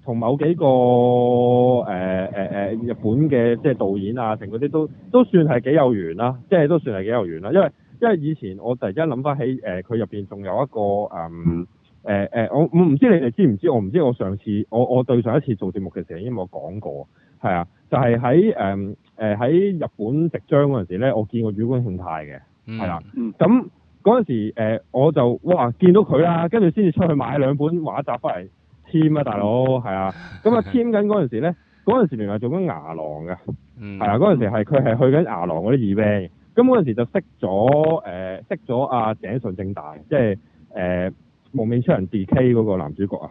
同某幾個誒誒誒日本嘅即係導演啊，成嗰啲都都算係幾有緣啦、啊，即係都算係幾有緣啦、啊。因為因為以前我突然間諗翻起誒，佢入邊仲有一個嗯。嗯。誒誒，我我唔知你哋知唔知？我唔知我上次我我對上一次做節目嘅時候，因為我講過係啊，就係喺誒誒喺日本直章嗰陣時咧，我見過雨宮慶太嘅係啦。咁嗰陣時我就哇見到佢啦，跟住先至出去買兩本畫集翻嚟簽啊，大佬係啊。咁啊簽緊嗰陣時咧，嗰陣時原來做緊牙狼嘅係啊。嗰陣時係佢係去緊牙狼嗰啲二啤。咁嗰陣時就識咗誒識咗阿井上正大，即係誒。蒙面超人 DK 嗰個男主角啊，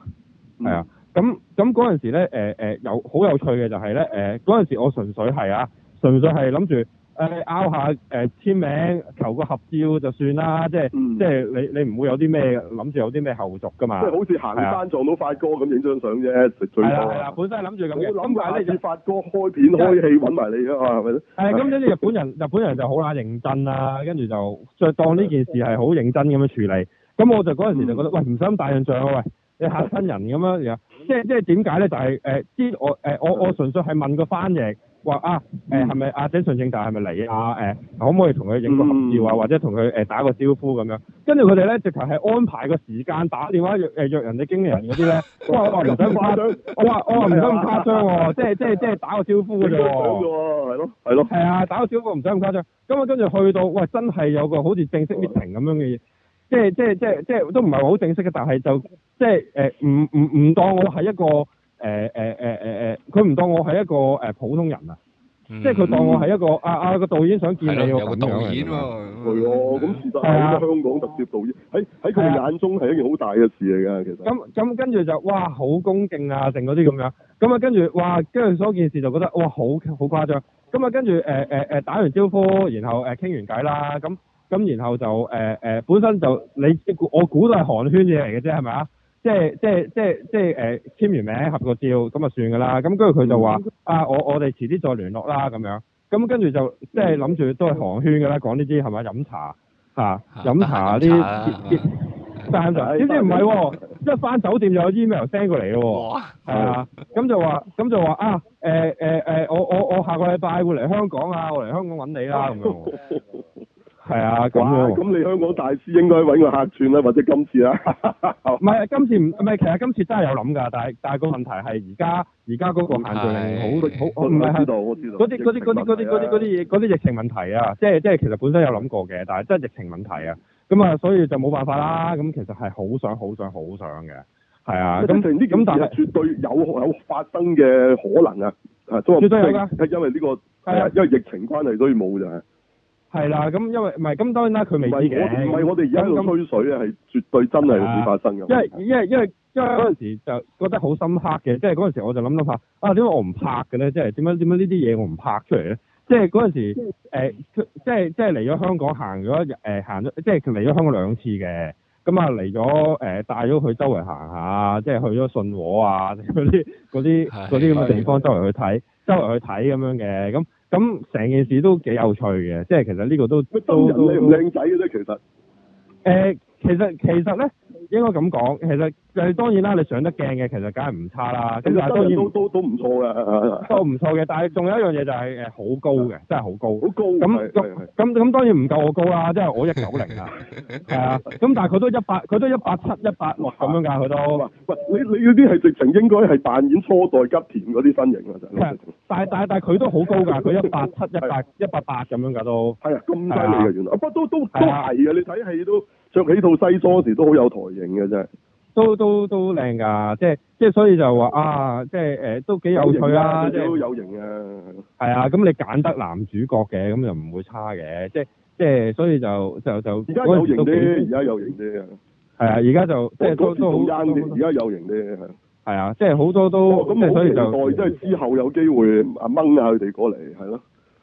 係啊，咁咁嗰陣時咧，誒誒，有好有趣嘅就係咧，誒嗰陣時我純粹係啊，純粹係諗住誒拗下誒簽名，求個合照就算啦，即係即係你你唔會有啲咩諗住有啲咩後續噶嘛，即係好似行山撞到發哥咁影張相啫，係啦，本身係諗住咁嘅，諗埋咧就發哥開片開戲揾埋你啊嘛，係咪咧？係咁，所以日本人日本人就好乸認真啊。跟住就就當呢件事係好認真咁樣處理。咁我就嗰陣時就覺得，喂，唔使咁大印象喎，喂，你嚇親人咁樣，即係即係點解咧？就係誒，啲我誒我我純粹係問個翻譯，話啊誒係咪阿姐順正就係咪嚟啊？誒可唔可以同佢影個合照啊？或者同佢誒打個招呼咁樣。跟住佢哋咧，直頭係安排個時間打電話約誒約人哋經理人嗰啲咧，我話唔使咁誇張，我話我話唔使咁誇張喎，即係即係即係打個招呼啫喎，係咯係咯，係啊，打個招呼唔使咁誇張。咁啊跟住去到，喂真係有個好似正式 meeting 咁樣嘅嘢。即係即係即係即係都唔係好正式嘅，但係就即係誒唔唔唔當我係一個誒誒誒誒誒，佢、呃、唔、呃呃、當我係一個誒普通人啊，即係佢當我係一個啊啊個導演想見你啊、嗯樣，有個導演啊，係喎樣，咁事、嗯嗯、實係香港特攝導演，喺喺佢眼中係一件好大嘅事嚟㗎，其實。咁咁跟住就哇好恭敬啊，剩嗰啲咁樣，咁啊跟住哇跟住嗰件事就覺得哇好好誇張，咁啊跟住誒誒誒打完招呼，然後誒傾完偈啦咁。咁然後就誒誒，本身就你我估都係寒暄嘢嚟嘅啫，係咪啊？即係即係即係即係誒，簽完名合個照咁就算㗎啦。咁跟住佢就話啊，我我哋遲啲再聯絡啦咁樣。咁跟住就即係諗住都係寒暄㗎啦，講呢啲係咪啊？飲茶吓，飲茶啲。點知唔係喎？一翻酒店就有 email send 過嚟咯喎。啊，咁就話咁就話啊誒誒誒，我我我下個禮拜會嚟香港啊，我嚟香港揾你啦咁樣。係啊，哇！咁你香港大師應該揾個客串啦，或者今次啦、啊。唔 係， 今次唔唔係，其實今次真係有諗㗎，但係但係個問題係而家而家嗰個限制令、哎、好好唔係，知道嗰啲啲啲啲啲啲疫情問題啊，即係即係其實本身有諗過嘅，但係真係疫情問題啊，咁啊所以就冇辦法啦。咁其實係好想好想好想嘅，係啊。咁係唔知咁，但係那實絕對有有，有，有發生嘅可能啊！呢個呢個、啊，都係因為呢個因為疫情關係，所以冇就係。係啦，咁、嗯嗯、因為唔係，咁、嗯、當然啦，佢未知嘅。唔係我哋而家喺度吹水啊，係絕對真係會發生㗎。啊、因為因為因為因為嗰陣時就覺得好深刻嘅，嗯、即係嗰陣時我就諗諗下啊，點解我唔拍嘅咧？即係點解點解呢啲嘢我唔拍出嚟咧？即係嗰陣時、呃、即係即係嚟咗香港行咗誒，行咗、呃、即係佢嚟咗香港兩次嘅。咁啊嚟咗誒，帶咗佢周圍行下，即係去咗信和啊，嗰啲啲啲咁嘅地方周圍去睇，周圍去睇咁樣嘅咁。咁成、嗯、件事都幾有趣嘅，即係其、， 呃、其，其實呢個都都都靚仔嘅啫，其實誒其實其實咧。應該咁講，其實誒當然啦，你上得鏡嘅其實梗係唔差啦。都都都唔錯嘅，都唔錯嘅。但係仲有一樣嘢就係誒好高嘅，真係好高。好高。咁咁咁當然唔夠我高啦，即係我一九零啊。係啊。咁但係佢都一百，佢都一百七一百六咁樣噶，佢都。喂，你你啲係直情應該係扮演初代吉田嗰啲身形啊，真係。但係但係但係佢都好高噶，佢一百七一百一百八咁樣噶都。係啊，咁犀利嘅原來。不都都都係嘅，你睇戲都。着起套西裝嗰時都好有台型嘅，真係，都都都靚㗎，即係即係所以就話啊，即係誒都幾有趣啊。即係都有型啊，係啊，咁你揀得男主角嘅，咁又唔會差嘅，即係即係所以就就就而家有型啲，而家有型啲啊。係啊，而家就即係都都而家有型啲係。係啊，即係好多都咁，所以就期待即係之後有機會啊掹下佢哋過嚟係咯。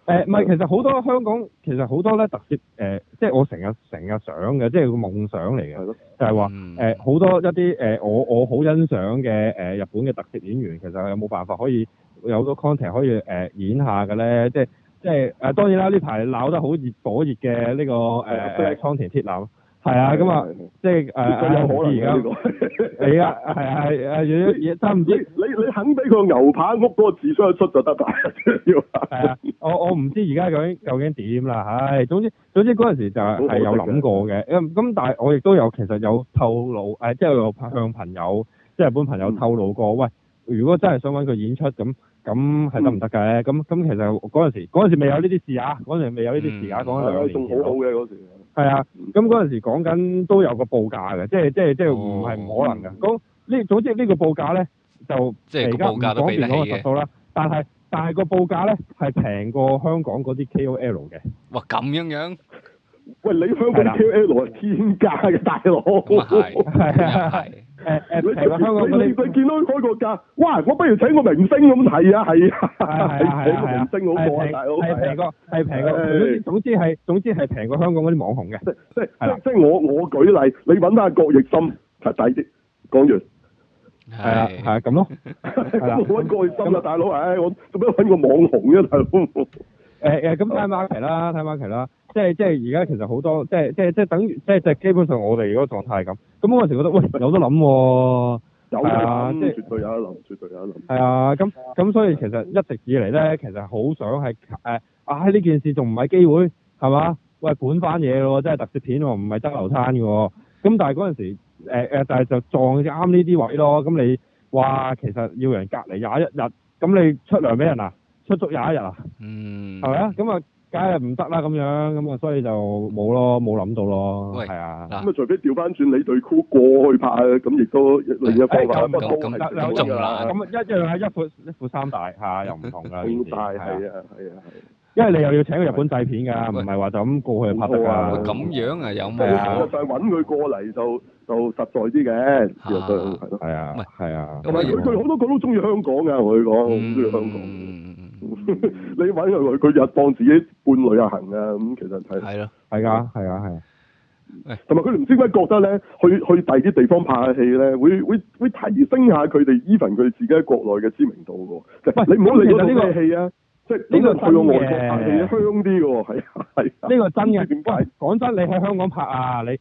誒唔係，其實好多香港，其實好多咧特色誒、呃，即係我成日成日想嘅，即係個夢想嚟嘅，的就係話誒好多一啲誒、呃，我我好欣賞嘅誒、呃、日本嘅特攝演員，其實有冇辦法可以有個 contact 可以誒、呃、演下嘅咧？即係即係誒當然啦，呢排鬧得好熱火熱嘅呢、這個誒，倉田鐵男。係啊，咁啊，即係誒，最有可能而家嚟講，係啊，係啊，啊，但唔知你你肯俾個牛扒屋嗰個字箱出就大把人要啦。係啊，我我唔知而家究竟究竟點啦，唉，總之總之嗰陣時就係有諗過嘅，咁但係我亦都有其實有透露，誒，即係有向朋友，即係本朋友透露過，喂，如果真係想揾佢演出，咁咁係得唔得嘅？咁咁其實嗰陣時嗰陣時未有呢啲事啊，嗰陣時未有呢啲事啊，講咗兩年。仲好好嘅嗰係啊，咁嗰陣時講緊都有個報價嘅，即係即係即係唔係唔可能嘅。咁呢，總之呢個報價咧就即係個報價都俾你嘅。而家講完個實數啦。但係但係個報價咧係平過香港嗰啲 KOL 嘅。哇，咁樣樣。喂，你香港 K L 係天價嘅，大佬，係係係，你你你你最近見到開個價，哇！我不如請個明星咁。係啊係啊，係啊係啊，明星好過啊，大佬係平過，係平過，總之總係總之係平過香港嗰啲網紅嘅，即即即即我我舉例，你搵翻郭奕森係抵啲，講完係啊係啊咁咯，搵郭奕森啦，大佬，唉，我做咩搵個網紅啫，大佬？誒誒，咁睇馬奇啦，睇馬奇啦。即係即係而家其實好多即係即係即係等於即係即係基本上我哋嗰個狀態係咁。咁嗰陣時覺得喂有得諗喎，有啊，即係絕對有得諗，絕對有得諗。係啊，咁咁所以其實一直以嚟咧，其實好想係誒，唉呢件事仲唔係機會係嘛？喂，管翻嘢咯，即係特攝片喎，唔係得流餐嘅喎。咁但係嗰陣時誒誒，但係就撞啱呢啲位咯。咁你哇，其實要人隔離廿一日，咁你出糧俾人啊？出足廿一日啊？嗯。係咪啊？咁啊！梗係唔得啦咁樣，咁啊，所以就冇咯，冇諗到咯，係啊。咁啊，除非調翻轉你對 crew 過去拍，咁亦都嚟日拍，有個動作，有動作。咁啊，一樣係一副一副三大下，又唔同㗎。三大係啊係啊，因為你又要請個日本製片㗎，唔係話就咁過去拍到啊。咁樣啊，有冇？再揾佢過嚟就就實在啲嘅。係咯係係啊，係啊。同埋佢對好多個都中意香港㗎，佢講好中意香港。 你揾佢佢就當自己伴侶又行啊！咁其實係係啊，係啊的，係啊、嗯，係。啊。同埋佢唔知點解覺得咧，去去第二啲地方拍嘅戲咧，會會會提升下佢哋 even 佢哋自己喺國內嘅知名度嘅。唔喂你唔好理呢個戲啊！即係呢個去外國拍戲香啲嘅喎，係啊，係。呢個真嘅，唔該。講真，你喺香港拍啊，你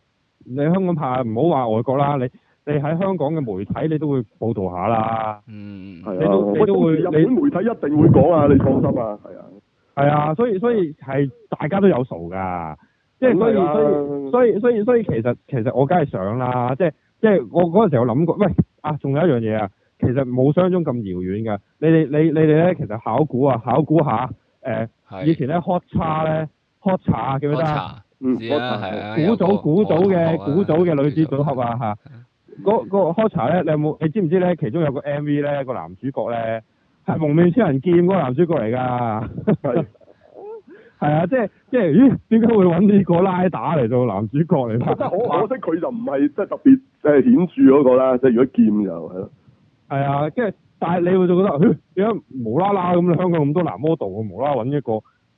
你喺香港拍唔好話外國啦，你。你喺香港嘅媒體，你都會報道下啦。嗯，係啊。你都你都會，你媒體一定會講啊！你放心啊，係啊。係啊，所以所以係大家都有數㗎，即係所以所以所以所以所以其實其實我梗係想啦，即係即係我嗰陣時有諗過，喂啊，仲有一樣嘢啊，其實冇相中咁遙遠㗎。你哋你你哋咧，其實考古啊，考古下誒，以前咧 HotCha 咧，HotCha 記唔記得啊？嗯，是啊，古早古早嘅古早嘅女子組合啊嚇。嗰個開茶咧，ah, 你有冇？你知唔知咧？其中有個 M V 咧，個男主角咧係蒙面超人劍嗰個男主角嚟㗎。係 啊，即係即係，咦？點解會揾呢個拉打嚟做男主角嚟？真可惜，佢就唔係即係特別誒顯、呃、著嗰、嗰個啦。即係如果劍就係咯，係啊，即係、啊，但係你會就覺得，點解無啦啦咁？香港咁多男 model，無啦揾一個。誒誒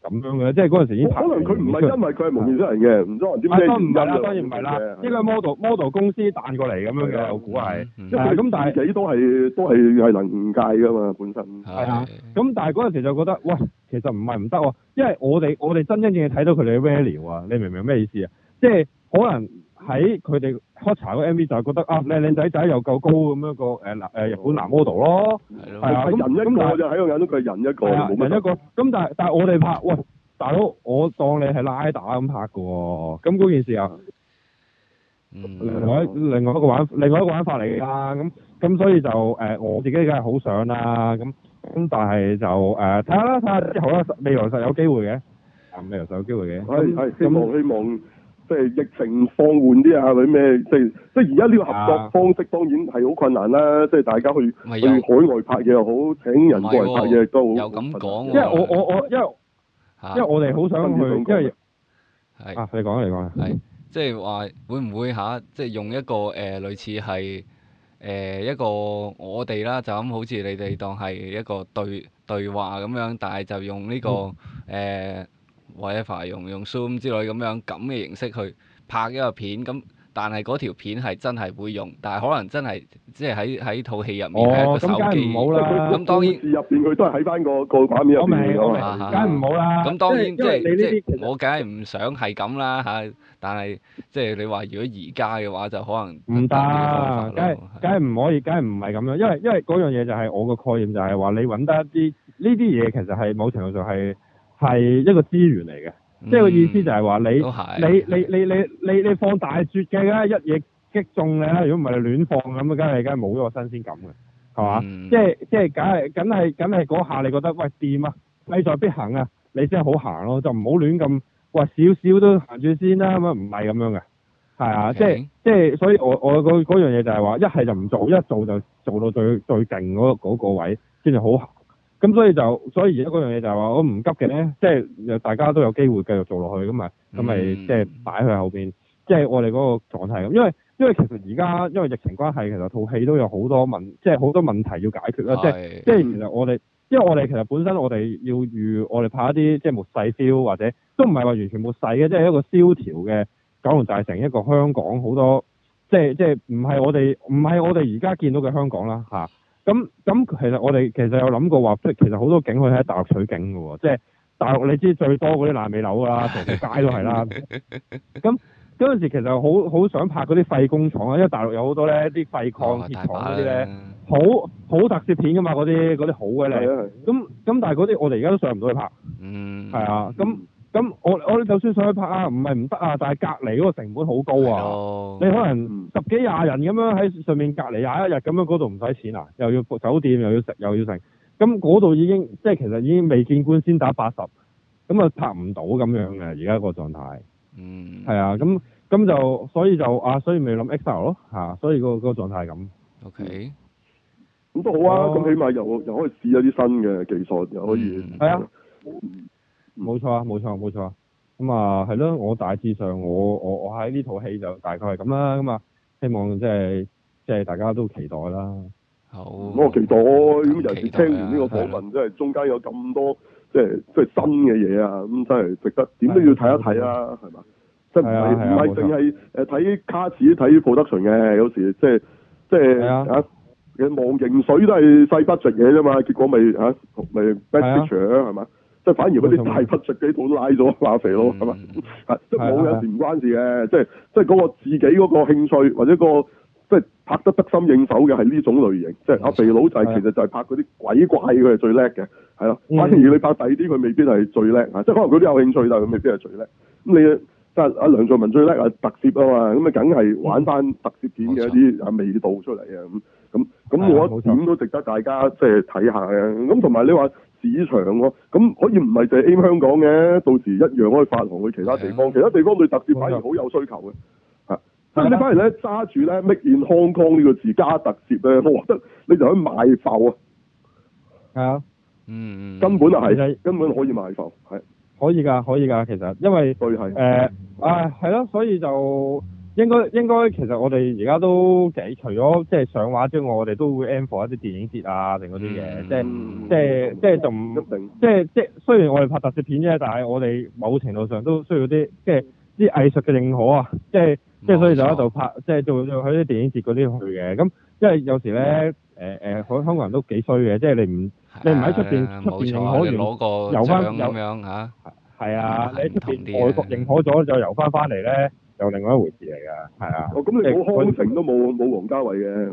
咁樣嘅，即係嗰陣時已經可能佢唔係因為佢係無面出嚟嘅，唔多是、啊、知唔係啦，當然唔係啦，呢個是、啊、model model 公司彈過嚟咁樣嘅我估係，咁但係其實呢都係、嗯嗯嗯、都係係輪界噶嘛本身。係、嗯嗯嗯、啊，咁但係嗰陣時就覺得，喂，其實唔係唔得，因為我哋我哋真真正正睇到佢哋嘅 value 啊，你明唔明咩意思啊？即係可能。喺佢哋開查個 MV 就係覺得啊靚靚仔仔又夠高咁樣一個誒男誒日本男 model 咯，係啊咁咁我就喺度諗，佢係人一個，人一個咁但係但係我哋拍喂大佬，我當你係拉打咁拍㗎喎，咁嗰件事啊，嗯，另外另外一個玩另外一個玩法嚟㗎，咁咁所以就誒我自己梗係好想啦，咁咁但係就誒睇下啦，睇下之後啦，未來就有機會嘅，啊未來就有機會嘅，咁我希望希望。即係疫情放緩啲啊，佢咩？即係即係而家呢個合作方式當然係好困難啦。啊、即係大家去去海外拍嘢又好，請人過嚟拍嘢都好。哦、好有咁講喎，因為我我我因為因為我哋好想去，因為是啊，你講嚟你講啊，即係話會唔會嚇？即係用一個誒、呃、類似係誒、呃、一個我哋啦，就咁好似你哋當係一個對對話咁樣，但係就用呢、呢個誒。呃嗯或者用用 Zoom 之類咁樣咁嘅形式去拍一個片咁，但係嗰條片係真係會用，但係可能真係即係喺喺套戲入面睇、哦、個手機，咁當然入邊佢都係喺翻個個畫面入面然然啊，梗係唔好啦。咁當然即係我梗係唔想係咁啦嚇，但係即係你話如果而家嘅話就可能唔得，梗係梗係唔可以，梗係唔係咁樣，因為因為嗰樣嘢就係我個概念就係、是、話你揾得一啲呢啲嘢，其實係某程度上係。係一個資源嚟嘅。嗯、即係個意思就係話你是你你你你你，你放大絕嘅啦，一嘢擊中你啦，如果唔係亂放咁，咁梗係梗係冇咗個新鮮感嘅，係嘛，嗯？即係即係梗係梗係梗係嗰下，你覺得喂掂啊，勢在必行啊，你真係好行咯，啊，就唔好亂咁，喂少少都行住先啦，咁樣唔係咁樣嘅，係啊，Okay. 即係即係，所以我我個嗰樣嘢就係話，一係就唔做，一做就做到最最勁嗰個位跟住好咁、嗯、所以就，所以而家嗰樣嘢就係話，我唔急嘅咧，即係大家都有機會繼續做落去，咁咪，咁咪即係擺喺後邊，即係我哋嗰個狀態咁。因為因為其實而家因為疫情關係，其實套戲都有好多問，即係好多問題要解決啦。是即係即係其實我哋，因為我哋其實本身我哋要預我哋拍一啲即係末世 feel 或者都唔係話完全末世嘅，即係一個蕭條嘅九龍大城，一個香港好多即係即係唔係我哋唔係我哋而家見到嘅香港啦嚇。啊咁咁、嗯嗯、其實我哋其實有諗過話，即係其實好多景可以喺大陸取景嘅喎，即係大陸你知最多嗰啲爛尾樓啦，條條 街都係啦。咁嗰陣時其實好好想拍嗰啲廢工廠啊，因為大陸有好多咧啲廢礦鐵廠嗰啲咧，哦、好好特攝片嘅嘛，嗰啲啲好嘅靚。咁咁但係嗰啲我哋而家都上唔到去拍。嗯。係啊， 咁、嗯。嗯咁我我哋就算上去拍啊，唔係唔得啊，但係隔離嗰個成本好高啊。的你可能十幾廿人咁樣喺上面隔離廿一日咁樣，嗰度唔使錢啊？又要酒店又要食又要食。咁嗰度已經即係其實已經未見官先打八十，咁啊拍唔到咁樣嘅而家個狀態。嗯。係啊，咁咁就所以就啊，所以咪諗 XR 咯嚇，所以、嗰個、嗰個狀態咁。O K。咁都好啊，咁起碼又、哦、又可以試一啲新嘅技術，又可以。係啊、嗯。的冇錯啊，冇錯冇錯。咁啊，係咯，我大致上我我我喺呢套戲就大概係咁啦。咁啊，希望即係即係大家都期待啦。好。我期待咁尤其聽完呢個部分，即係中間有咁多即係即係新嘅嘢啊！咁真係值得點都要睇一睇啊，係嘛？即係唔係唔係淨係誒睇卡士睇布德純嘅，有時即係即係啊！你望型水都係細不著嘢啫嘛，結果咪嚇咪 b 嘛？即係反而嗰啲大拍十幾套都拉咗阿肥佬咁啊，即係冇有時唔關事嘅，即係即係嗰個自己嗰個興趣或者嗰個即係拍得得心應手嘅係呢種類型，即係阿肥佬就係其實就係拍嗰啲鬼怪佢係最叻嘅，係咯。反而你拍第二啲佢未必係最叻，即係可能佢都有興趣，但係佢未必係最叻。咁你即係阿梁仲文最叻啊特攝啊嘛，咁啊梗係玩翻特攝片嘅一啲啊味道出嚟啊咁咁咁，我點都值得大家即係睇下啊。咁同埋你話。市場咯、啊，咁可以唔係淨係 A 香港嘅、啊，到時一樣可以發行去其他地方，啊、其他地方對特攝反而好有需求嘅，吓、啊，所以你反而咧揸住咧，make in Hong Kong 呢個字加特攝咧，我覺得你就可以賣埠啊，係啊，嗯，根本就係，實根本可以賣埠，係，可以㗎，可以㗎，其實，因為對係，誒，呃、啊，係咯的、啊，所以就。應該應該，其實我哋而家都幾除咗即係上畫之外，我哋都會 endor 一啲電影節啊，定嗰啲嘢，即係即係即係仲即係即係雖然我哋拍特攝片啫，但係我哋某程度上都需要啲即係啲藝術嘅認可啊，即係即係所以就喺度拍，即係做做喺啲電影節嗰啲去嘅。咁因為有時咧，誒誒，香港人都幾衰嘅，即係你唔你唔喺出邊出邊認可完，遊翻遊翻嚇，係啊，你喺出邊外國認可咗，就遊翻翻嚟咧。有另外一回事嚟㗎。係啊。哦，咁你冇康城都冇冇王家衛嘅。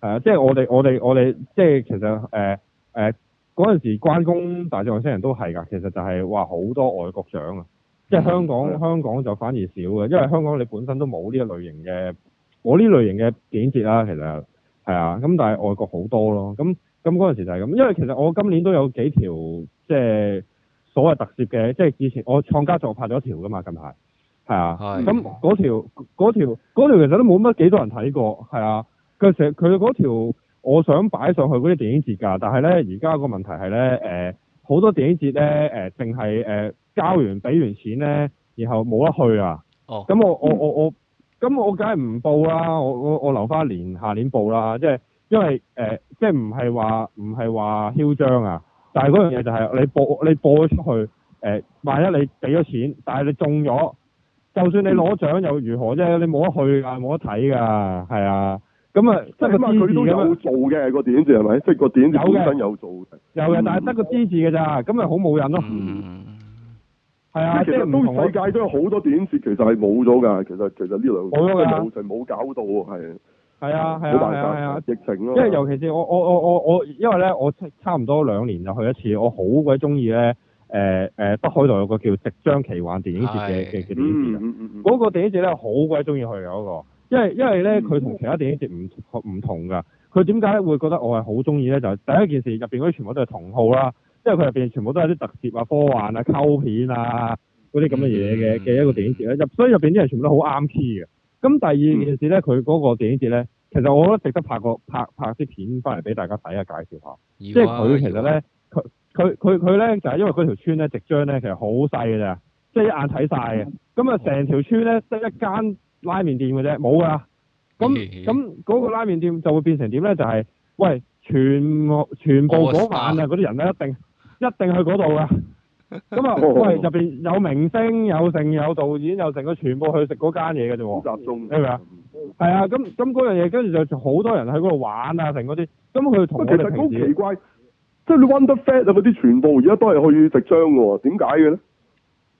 係啊，即係我哋我哋我哋即係其實誒誒嗰陣時關公大戰外星人都係㗎，其實就係、話、哇好多外國獎啊，即係香港、嗯、香港就反而少嘅，因為香港你本身都冇呢一類型嘅我呢類型嘅景節啦、啊，其實係啊，咁但係外國好多咯，咁咁嗰陣時就係咁，因為其實我今年都有幾條即係所謂特攝嘅，即係以前我創家仲拍咗一條㗎嘛，近排。係啊，咁嗰條嗰條嗰條其實都冇乜幾多人睇過，係啊。佢成佢嗰條我想擺上去嗰啲電影節㗎，但係咧而家個問題係咧，誒、呃、好多電影節咧，誒淨係誒交完俾完錢咧，然後冇得去啊。哦。咁我我我我咁我梗係唔報啦，我我我留返年下年報啦，即係因為誒、呃、即係唔係話唔係話囂張啊，但係嗰樣嘢就係你報你報咗出去，誒、呃、萬一你俾咗錢，但係你中咗。就算你攞獎又如何啫？你冇得去噶，冇得睇噶，係啊。咁啊，其實 即係咁佢都有做嘅個電影節係咪？即係個電影節有嘅。有嘅，但係得個支持嘅咋，咁咪好冇癮咯。嗯。係啊，即係唔同世界都有好多電影節，其實係冇咗噶。其實其實呢兩冇冇冇搞到係。係啊係啊係啊！啊大大大疫情咯。啊啊啊、因為尤其是我我我我我，因為咧我差唔多兩年就去一次，我好鬼中意咧。誒誒，北海道有個叫《夕張奇幻電影節》嘅嘅電影節啊！嗰個電影節咧，好鬼中意去啊！嗰、那個，因為因為咧，佢同、嗯、其他電影節唔唔同㗎。佢點解咧會覺得我係好中意咧？就係、是、第一件事，入邊嗰啲全部都係同好啦，因為佢入邊全部都係啲特攝啊、科幻啊、溝片啊嗰啲咁嘅嘢嘅嘅一個電影節咧。入所以入邊啲人全部都好啱 key 嘅。咁第二件事咧，佢嗰、嗯、個電影節咧，其實我覺得值得拍個拍拍啲片翻嚟俾大家睇下，介紹下。嗯嗯、即係佢其實咧。嗯嗯嗯嗯佢佢佢咧就係、是、因為嗰條村咧，直張咧其實好細嘅咋，即係一眼睇晒嘅。咁啊，成條村咧得一間拉麵店嘅啫，冇㗎、啊。咁咁嗰個拉麵店就會變成點咧？就係、是、喂，全部全部嗰晚啊，嗰啲人咧一定 一定去嗰度㗎。咁啊，喂，入邊有明星，有成，有導演，有成個，全部去食嗰間嘢㗎啫喎。集中。係咪啊？係啊，咁咁嗰樣嘢，跟住就好多人喺嗰度玩啊，成嗰啲。咁佢同其實好奇怪。即係你 Wonderland 啊嗰啲全部而家都係可以直張嘅喎，點解嘅咧？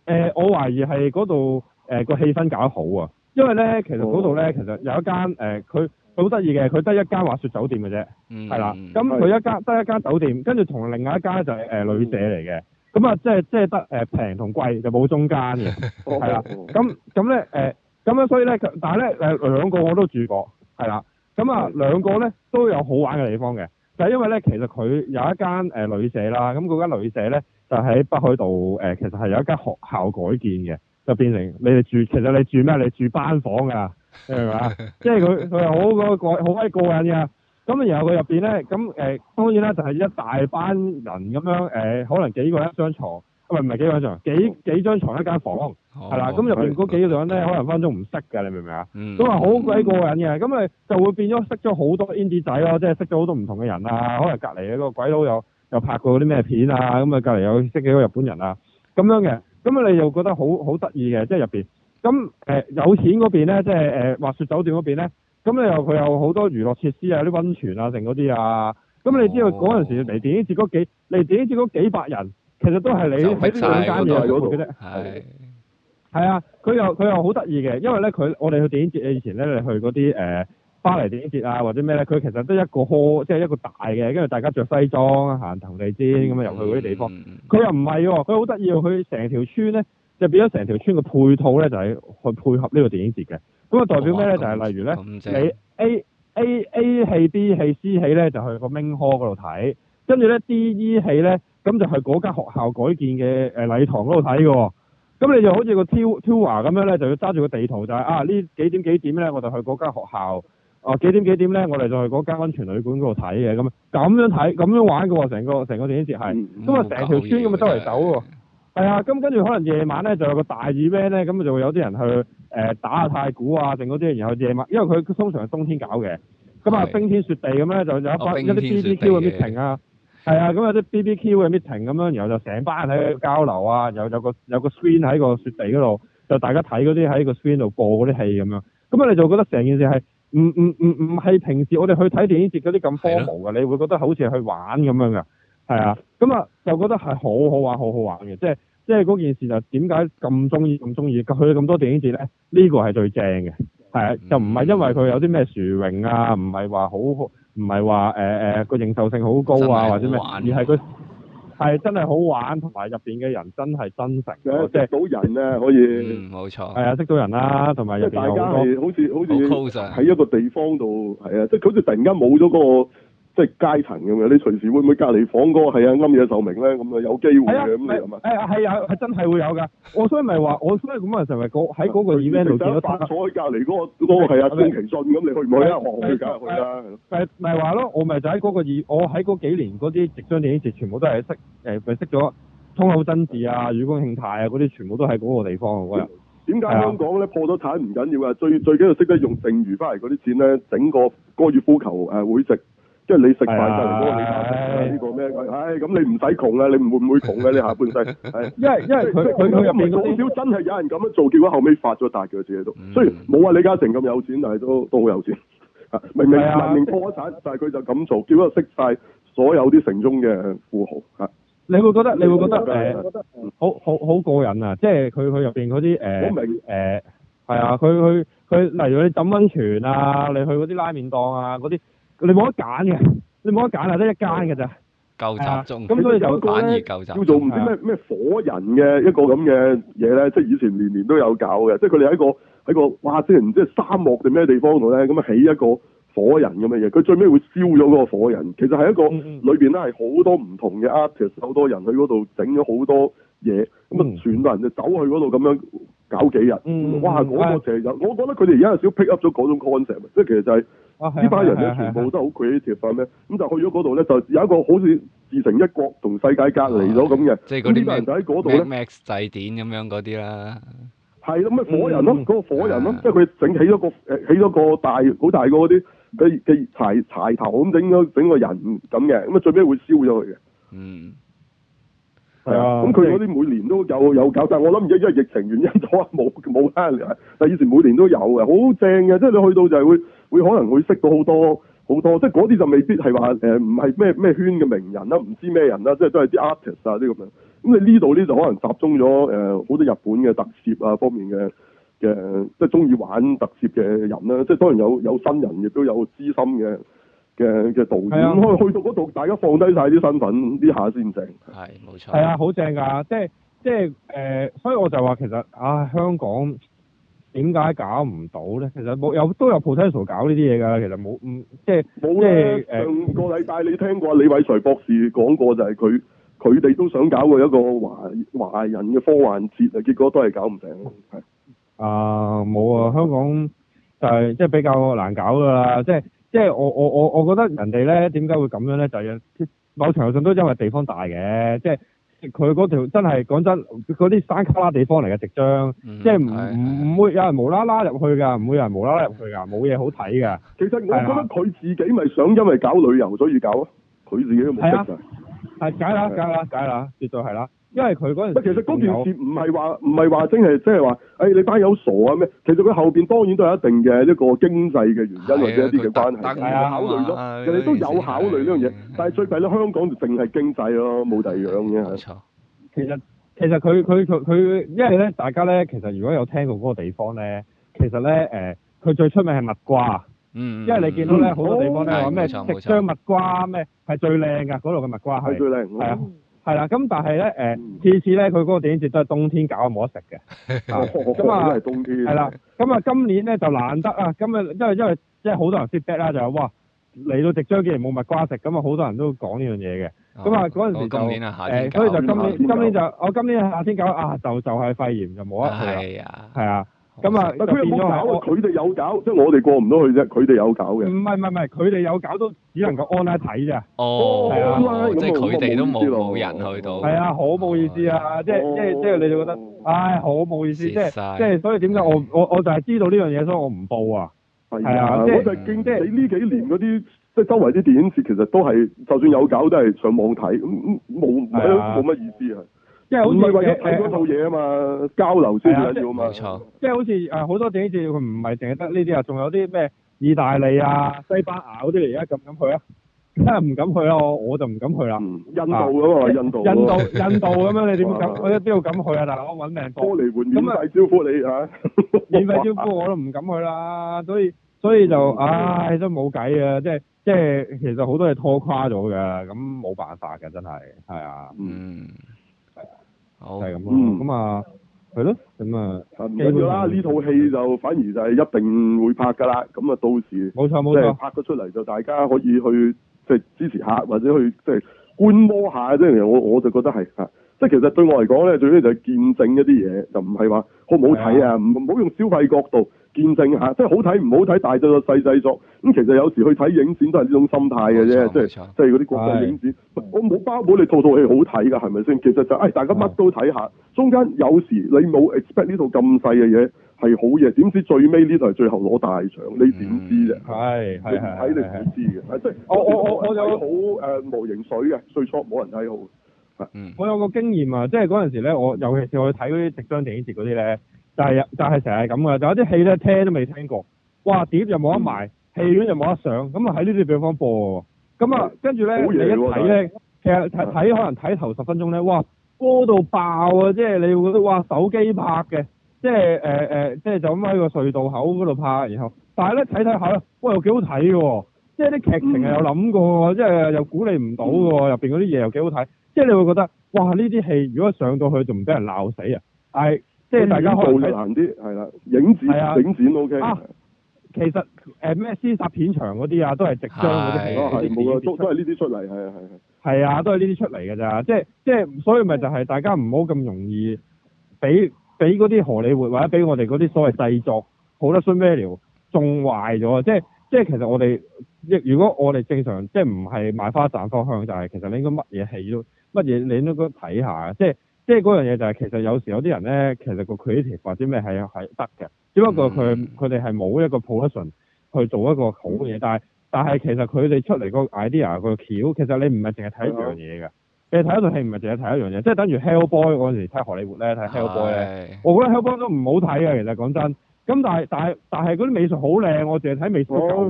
誒，我懷疑係嗰度誒個氣氛搞得好啊！因為咧，其實嗰度咧，其實有一間誒，佢佢好得意嘅，佢得一間滑雪酒店嘅啫，係啦。咁佢一間得一間酒店，跟住同另外一間咧就係誒旅社嚟嘅。咁啊，即係即係得誒平同貴，就冇中間嘅，係啦。咁咁咧誒，咁樣所以咧，但係咧誒兩個我都住過，係啦。咁啊兩個咧都有好玩嘅地方嘅。就係因為咧，其實佢有一間誒旅、呃、社啦，咁嗰間旅社咧就喺、是、北海道誒、呃，其實係有一間學校改建嘅，就變成你哋住，其實你住咩？你住班房㗎、啊，明嘛？ 即係佢佢係好個個好鬼過癮㗎。咁然後佢入邊咧，咁誒、呃、當然啦，就係一大班人咁樣誒、呃，可能幾個人一張床。唔係唔係幾張床，幾幾張床一間房，係啦、oh, 的。咁入邊嗰幾個女人咧，可能分分鐘唔識嘅，你明唔明啊？嗯、都係好鬼過癮嘅。咁咪、嗯、就會變咗識咗好多 indie 仔咯，即係識咗好多唔同嘅人啊。可能隔離嗰個鬼佬又又拍過啲咩片啊，咁啊隔離有識幾個日本人啊，咁樣嘅。咁啊你又覺得好好得意嘅，即係入邊。咁誒、呃、有錢嗰邊咧，即係誒滑雪酒店嗰邊咧。咁你又佢有好多娛樂設施啊，啲溫泉啊，剩嗰啲啊。咁你知道知嗰陣時嚟電影節嗰幾嚟、哦、電影節嗰幾百人？其實都係你喺呢兩間嘢嗰度啫，係係啊，佢的又佢又好得意嘅，因為咧佢我哋去電影節以前咧，你去嗰啲誒巴黎電影節啊或者咩咧，佢其實都一個 hall，即、就、係、是、一個大嘅，跟住大家着西裝行頭地氈咁樣入去嗰啲地方。佢、嗯、又唔係，佢好得意，佢成條村咧就變咗成條村嘅配套咧，就係、是、去配合呢個電影節嘅。咁啊代表咩咧？哦、就係例如咧，你 A A A 戲 B 戲 C 戲咧就去個 main hall 嗰度睇，跟住咧 D E 戲咧。呢呢呢呢咁 就去嗰間學校改建嘅誒禮堂嗰度睇嘅，咁你就好似個 Tou Tou 華、er、咁樣咧，就要揸住個地圖就係、是、啊呢幾點幾點咧，我哋去嗰間學校，啊幾點幾點咧，我哋就去嗰間溫泉旅館嗰度睇嘅，咁、嗯、咁樣睇咁樣玩嘅喎、哦，成個成個，個電影節係，咁啊成條村咁啊周圍走喎，係啊，咁跟住可能夜晚咧就有個大雨咩咧，咁就會有啲人去誒、呃、打下太鼓啊定嗰啲，然後夜晚因為佢通常係冬天搞嘅，咁啊冰天雪地咁咧就有一班一啲 B B Q 嘅 meeting 啊。對 係啊，咁有啲 BBQ 嘅 meeting 咁樣，然後就成班喺度交流啊，又有個有個 screen 喺個雪地嗰度，就大家睇嗰啲喺個 screen 度播嗰啲戲咁樣。咁啊，你就覺得成件事係唔唔唔唔係平時我哋去睇電影節嗰啲咁 formal 嘅，你會覺得好似去玩咁樣嘅。係啊，咁啊就覺得係好好玩，好好玩嘅。即係即係嗰件事就點解咁中意咁中意？去咁多電影節咧，呢個係最正嘅。係 啊，就唔係因為佢有啲咩殊榮啊，唔係話好好。唔係話誒誒個認受性好高啊，玩啊或者咩？而係佢係真係好玩，同埋入邊嘅人真係真誠嘅，嗯、即是、嗯、識到人咧可以。冇錯。係啊，識到人啦，同埋入邊有。即、嗯、即大家係好似好似喺一個地方度，係啊，即係佢好似突然間冇咗嗰個。即係階層咁樣，你隨時會唔會隔離房嗰個係啊？庵野秀明咧，咁啊有機會嘅咁 Yeah 你諗就啊？係啊係啊係真係會有㗎！ 所我所以咪話我所以咁話，係咪喺嗰個 event 度見到？即坐喺隔離嗰個嗰係啊星期信咁，yeah, 啊啊、你去唔去咧？我去㗎去啦！咪咪話咯，我咪就喺嗰個二，我喺嗰幾年嗰啲夕張電影節全部都係識誒，咪、啊、識咗樋口真嗣啊、雨宮慶太啊嗰啲，全部都喺嗰個地方嗰日。點解香港咧？破咗產唔緊要啊，最 Yeah. 最緊要識得用剩餘翻嚟嗰啲錢咧，整個高爾夫球誒、啊、會籍。即係你食飯都係嗰個年呢個咩唉，咁你唔使窮啊，你唔會唔會窮嘅？你下半世因為因為佢佢入面好少真係有人咁樣做，結果後尾發咗達嘅自己都。雖然冇阿李嘉誠咁有錢，但係都都好有錢。明明明明破咗產，但係佢就咁做，結果識晒所有啲城中嘅富豪。係，你會覺得你會覺得誒，好好好過癮啊！即係佢佢入邊嗰啲誒，係啊，佢佢佢，例如你浸溫泉啊，你去嗰啲拉麵檔啊，嗰啲。你冇得揀嘅，你冇得揀啊，得一間嘅咋，夠集中，咁所以就反而夠集中。叫做唔知咩咩火人嘅一個咁嘅嘢咧，即係是、啊、以前年年都有搞嘅，即係佢哋喺個喺個哇，即係唔知沙漠定咩地方度咧，咁啊起一個火人咁嘅嘢，佢最尾會燒咗個火人。其實係一個裏邊咧係好多唔同嘅 artist，好多人去嗰度整咗好多嘢，咁啊全個人就走去嗰度咁樣搞幾日。嗯嗯哇，嗰、那個其實，我覺得佢哋而家有少少 pick up 咗嗰種 concept，即係其實就係、是。呢班人咧全部都好 creative 嘅，咁就去咗嗰度咧，就有一個好似自成一國同世界隔離咗咁嘅。咁呢啲人就喺嗰度咧，Max 祭典咁樣嗰啲啦。係咯，咩火人咯？嗰個火人咯，即係佢整起咗個誒，起咗個大好大個嗰啲嘅嘅柴柴頭咁整咗整個人咁嘅。咁啊最屘會燒咗佢嘅。嗯。係啊。咁佢嗰啲每年都有有搞，但係我諗而家因為疫情原因，所以冇冇啦。但係以前每年都有嘅，好正嘅，即係你去到就係會。會可能會識到好多好多，即係嗰啲就未必係話誒唔係咩咩圈嘅名人啦，唔知咩人啦，即係都係啲 artist 啊啲咁樣。咁你呢度呢就可能集中咗誒好多日本嘅特攝啊方面嘅嘅、呃，即係中意玩特攝嘅人啦。即係當然有有新人，亦都有資深嘅嘅嘅導演。係啊，去到嗰度，大家放低晒啲身份，呢下先正。係，冇錯。係啊，好正㗎，即係即係誒、呃，所以我就話其實啊，香港。點解搞唔到咧？其實冇有都有 potential 搞呢啲嘢㗎。其實冇唔即係冇啦。是上個禮拜你聽過李偉才博士講過就係佢佢哋都想搞個一個華華人嘅科幻節啊，結果都係搞唔成。係啊，冇啊，香港就係即係比較難搞㗎啦。即係即係我我我我覺得人哋咧點解會咁樣咧？就係、是、某程度上都因為地方大嘅，即、就、係、是。佢嗰條真係講真，嗰啲山卡拉地方嚟嘅直張，嗯、即係唔唔會有人無啦啦入去㗎，唔、嗯、會有人無啦啦入去㗎，冇嘢好睇㗎。其實我覺得佢、啊、自己咪想，因為搞旅遊所以搞啊，佢自己都唔識㗎。係、啊、解啦、啊，解啦，解啦，絕對係啦。因為佢嗰陣，不其實嗰件事唔係話唔係話真係即係話，誒你班友傻啊咩？其實佢後邊當然都有一定嘅一個經濟嘅原因或者一啲嘅關係，係啊考慮咯，人哋都有考慮呢樣嘢，但係最弊咧香港就淨係經濟咯，冇第二樣嘅係。冇錯，其實其實佢佢佢佢，因為咧大家咧，其實如果有聽過嗰個地方咧，其實咧誒，佢最出名係蜜瓜，因為你見到咧好多地方咧話咩夕張蜜瓜咩係最靚噶，嗰度嘅蜜瓜係最靚，係啊。係啦，咁但係咧，誒、欸、次次咧，佢嗰個電影節都係冬天搞，冇得食嘅。咁啊，係啦，咁啊，今年咧就難得啊，咁啊，因為因為即係好多人 set back 啦，就係哇嚟到浙江竟然冇蜜瓜食，咁啊，好多人都講呢樣嘢嘅。咁啊，嗰陣時就誒，年啊、所以就今年、哦、今年就我今年夏天搞啊，就就係肺炎就冇得食啦，係啊。 咁啊，佢冇搞，佢哋有搞，即係我哋過唔到去啫。佢哋有搞嘅。唔係唔係唔係，佢哋有搞都只能夠安拉睇啫。哦，係啊，即係佢哋都冇冇人去到。係啊，好冇意思啊！即係即係即係，你就覺得，唉，好冇意思，即係即係，所以點解我我我就係知道呢樣嘢，所以我唔報啊。係啊，我就驚即係你呢幾年嗰啲，即係周圍啲電影節，其實都係就算有搞都係上網睇，冇冇乜意思啊！即係好似係套嘢啊嘛，交流先重要啊嘛，即係好似誒好多電影節，即佢唔係淨係得呢啲啊，仲有啲咩意大利啊、西班牙嗰啲嚟，而家敢唔敢去啊？真係唔敢去啊！我就唔敢去啦。印度咁啊，印度。印度印度咁樣，你點敢？我一邊度敢去啊？大佬，揾命搏嚟換免費招呼你嚇，免費招呼我都唔敢去啦。所以所以就唉，都冇計嘅，即係即係其實好多嘢拖垮咗嘅，咁冇辦法嘅，真係係啊。嗯。就係咁咯，咁啊係咯，咁啊唔緊要啦，呢套戲就反而就係一定會拍噶啦，咁啊到時冇錯冇錯，錯錯拍咗出嚟就大家可以去即係、就是、支持下，或者去即係、就是、觀摩下嘅啫。其、就、實、是、我我就覺得係嚇、啊，即係其實對我嚟講咧，最緊要就係見證一啲嘢，就唔係話好唔好睇啊，唔好、啊、用消費角度。見證下，即係好睇唔好睇，大製作細製作。咁其實有時去睇影展都係呢種心態嘅啫，即係即係嗰啲國際影展，我冇包保你套套戲好睇㗎，係咪先？其實就係大家乜都睇下，中間有時你冇 expect 呢套咁細嘅嘢係好嘢，點知最尾呢套係最後攞大獎？你點知啫？係係係你唔睇你點知嘅？即係我我我我有好誒模型水嘅，最初冇人睇好。我有個經驗啊，即係嗰陣時咧，我尤其是我去睇嗰啲直張電影節嗰啲咧。就係就係成日係咁嘅，就有、是、啲、就是、戲咧聽都未聽過，哇！碟又冇得賣，嗯、戲院又冇得上，咁啊喺呢啲地方播喎，咁啊跟住咧你一睇咧，其實睇睇可能睇頭十分鐘咧，哇！歌到爆啊，即係你會覺得哇！手機拍嘅，即係誒誒，即係就咁喺個隧道口嗰度拍，然後，但係咧睇睇下咧，喂，又幾好睇喎，即係啲劇情係有諗過，、嗯、過，即係又估你唔到喎，入邊嗰啲嘢又幾好睇，即係你會覺得哇！呢啲戲如果上到去就唔俾人鬧死啊，係。但即係大家好影難啲，係啦，影展影展 O K 其實誒咩先搭片場嗰啲啊，都係直張嗰啲，都係冇都都係呢啲出嚟，係啊係係。啊，都係呢啲出嚟㗎咋，即係即係，所以咪就係大家唔好咁容易俾俾嗰啲荷里活或者俾我哋嗰啲所謂製作好多 s 咩料，仲 i 壞咗啊！即係即係，其實我哋即如果我哋正常即係唔係買花散方向，就係其實你應該乜嘢戲都乜嘢你都都睇下即係。即係嗰樣嘢就係其實有時有啲人咧，其實個 creative 或者咩係係得嘅，只不過佢佢哋係冇一個 person o 去做一個好嘅嘢。但係但係其實佢哋出嚟個 idea 個橋，其實你唔係淨係睇一樣嘢嘅。你睇的一套戲唔係淨係睇一樣嘢，嗯、即係等於 Hellboy 嗰時睇荷里活咧，睇 Hellboy 咧。的我覺得 Hellboy 都唔好睇嘅，其實講真。咁但係但係但係嗰啲美術好靚，我淨係睇美術夠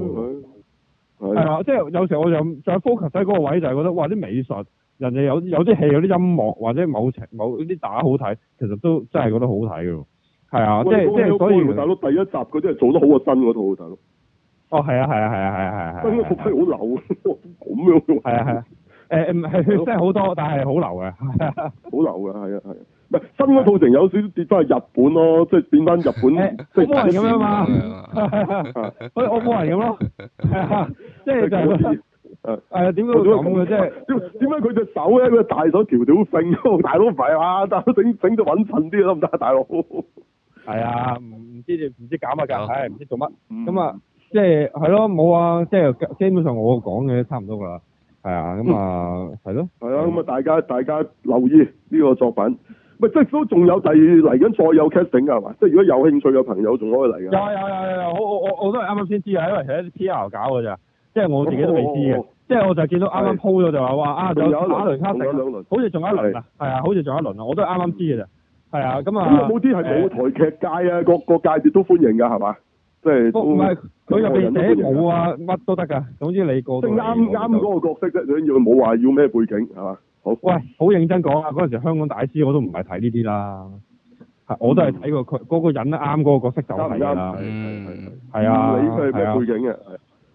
嘅。即係有時候我就就 focus 喺嗰個位，就係、是、覺得哇啲美術。人哋有有啲戲有啲音樂或者某情某啲打好睇，其實都真係覺得好睇噶，係啊，即係即係所以，大佬第一集嗰啲係做得好過新嗰套，大佬。哦，係啊，係啊，係啊，係啊，係啊。新嗰套真係好流，咁樣。係啊係啊，誒唔係真係好多，但係好流啊，好流噶係啊係啊，唔係新嗰套成有少少跌翻去日本咯，即係變翻日本，即係澳門人咁樣嘛，去澳門人咁咯，係啊，即係就。誒，係啊、哎，點解咁嘅？即係點解佢隻手咧，佢大咗條條繩？大佬唔係啊，大佬整整到穩陣啲得唔得啊？大佬係啊，唔、哎、知點，唔知搞乜價，係唔、嗯哎、知做乜。咁、哎、啊，即係係咯，冇、嗯、啊，即係基本上我講嘅差唔多噶啦。係、嗯、啊，咁、嗯、啊，係咯。係啊，咁啊，大家大家留意呢個作品。咪即係都仲有第二，嚟緊再有 casting 啊嘛！即、就、係、是、如果有興趣嘅朋友仲可以嚟噶。有有有有，我我我我都係啱啱先知啊，因為係啲 PR 搞嘅咋。即係我自己都未知嘅，即係我就見到啱啱鋪咗就話話啊有兩輪，好似仲有一輪啊，係啊，好似仲有一輪啊，我都係啱啱知嘅啫，係啊，咁啊，冇啲係舞台劇界啊，各個界別都歡迎噶係嘛，即係唔係佢入邊寫冇啊，乜都得噶，總之你個啱啱嗰個角色你唔要冇話要咩背景係嘛，好，喂，好認真講啊，嗰陣時香港大師我都唔係睇呢啲啦，我都係睇過佢嗰個人啱嗰個角色就係啦，係啊，唔理佢咩背景嘅。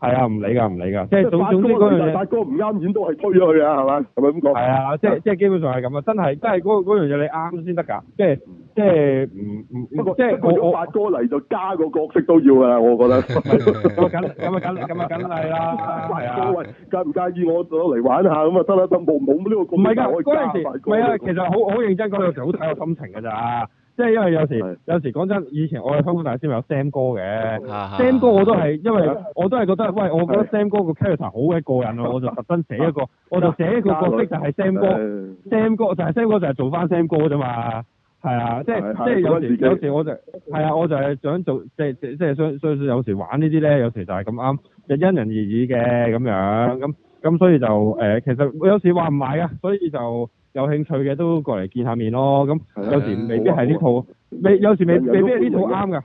係啊，唔理噶，唔理噶，即係總總之嗰樣嘢，大哥唔啱演都係推咗佢啊，係咪？係咪咁講？係啊，即係即係基本上係咁啊，真係真係嗰嗰樣嘢你啱先得噶，即係即係唔唔唔，即係我我發哥嚟就加個角色都要噶啦，我覺得。咁啊梗，咁啊梗，咁啊梗係啦。係啊。各位介唔介意我攞嚟玩下咁啊？得啦，都冇冇呢個咁。唔係噶，嗰陣時，唔係啊，其實好好認真嗰陣時，好睇我心情噶咋。即係因為有時的有時講真，以前我哋香港大師咪有 Sam 哥嘅的，Sam 哥我都係因為我都係覺得，喂，我覺得 Sam 哥個 character 好鬼過癮咯，我就特登寫一個，我就寫一個角色就係 Sam 哥，的 Sam, 哥，就係，Sam 哥就係 Sam 哥就係做翻 Sam 哥啫嘛，係啊，即係的即係有時有時我就係啊，我就係想做即即即係所以所，以所，以所以有時玩呢啲咧，有時就係咁啱，就因人，人而異嘅咁樣，咁咁所以就誒其實有時話唔埋啊，所以就。有興趣嘅都過嚟見下面咯，咁有時未必係呢套，未有時未未必係呢套啱噶，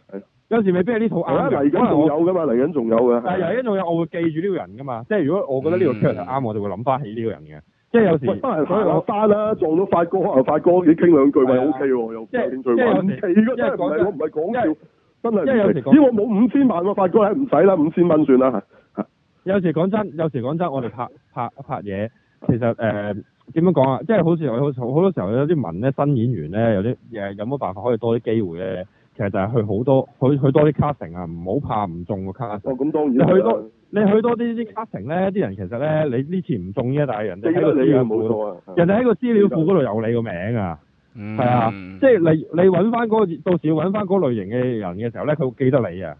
有時未必係呢套啱。可能我嚟緊仲有噶嘛，嚟緊仲有噶。但係嚟緊仲有，我會記住呢個人噶嘛。即係如果我覺得呢個出嚟啱，我就會諗翻起呢個人嘅。即係有時。得閒可以落單啦，撞到發哥啊，發哥你傾兩句咪 OK 喎，又有興趣。即係唔奇噶，即係唔係我唔係講笑，真係唔奇。只要我冇五千萬喎，發哥唔使啦，五千蚊算啦。有時講真，有時講真，我哋拍拍拍嘢，其實誒。點樣講啊？即係好似有好好，好多時候有啲文咧，新演員咧，有啲誒，有冇辦法可以多啲機會咧？其實就係去好多，去去多啲 casting 啊，唔好怕唔中個 casting。咁、哦、當然你去多，你去多啲啲 casting 咧，啲人其實咧，你呢次唔中啫，但係人哋喺個資料庫，啊、人哋喺個資料庫嗰度有你個名啊，係、嗯、啊，即係你你揾翻嗰個，到時揾翻嗰類型嘅人嘅時候咧，佢會記得你啊，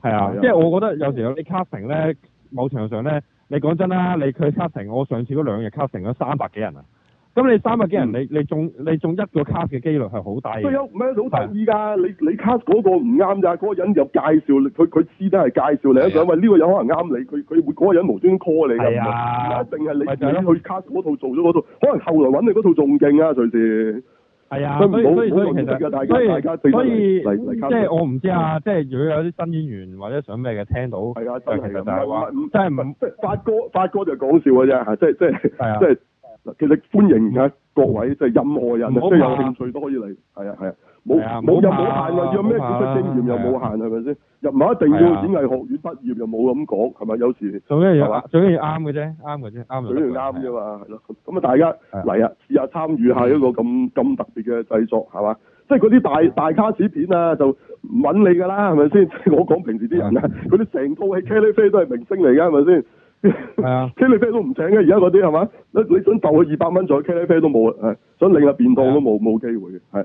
係啊、嗯，即係我覺得有時候啲 casting 咧，某程度上咧。你講真啦，你佢 cast 成，我上次嗰兩日 cast 成咗三百幾人啊。咁你三百幾人，你、嗯、你中你中一個 cast 嘅機率係好對大嘅。佢有唔係老細？依家你你 cast 嗰個唔啱咋，嗰、嗰個人又介紹佢佢知得係介紹你，一想話呢個人可能啱你，佢佢會嗰、嗰個人無端端 call 你咁。係啊。一定係你去 cast 嗰套做咗嗰套，可能後來揾你嗰套仲勁啊，隨時。係啊，所以所以所以其實，所以所以即係我唔知啊，即係如果有啲新演員或者想咩嘅，聽到係啊，但係其實就係話，真係唔係即係發哥，發哥就講笑嘅啫，嚇，即係即係即係，嗱，其實歡迎啊各位，即係任何人，只要有興趣都可以嚟，係啊，係啊。冇冇入冇限，或要咩演出經驗又冇限，係咪先又唔係一定要演藝學院畢業又冇咁講，係咪？有時做咩入啊？做啲嘢啱嘅啫，啱嘅啫，啱。做啲啱啫嘛，係咯。咁啊，大家嚟啊，試下參與下一個咁咁特別嘅製作，係嘛？即係嗰啲大大卡士片啊，就揾你㗎啦，係咪先？我講平時啲人啊，嗰啲成套戲茄喱啡都係明星嚟㗎，係咪先？係啊，茄喱啡都唔請嘅，而家嗰啲係嘛？你你想就佢二百蚊做茄喱啡都冇啊，係想領下便當都冇冇機會嘅，係。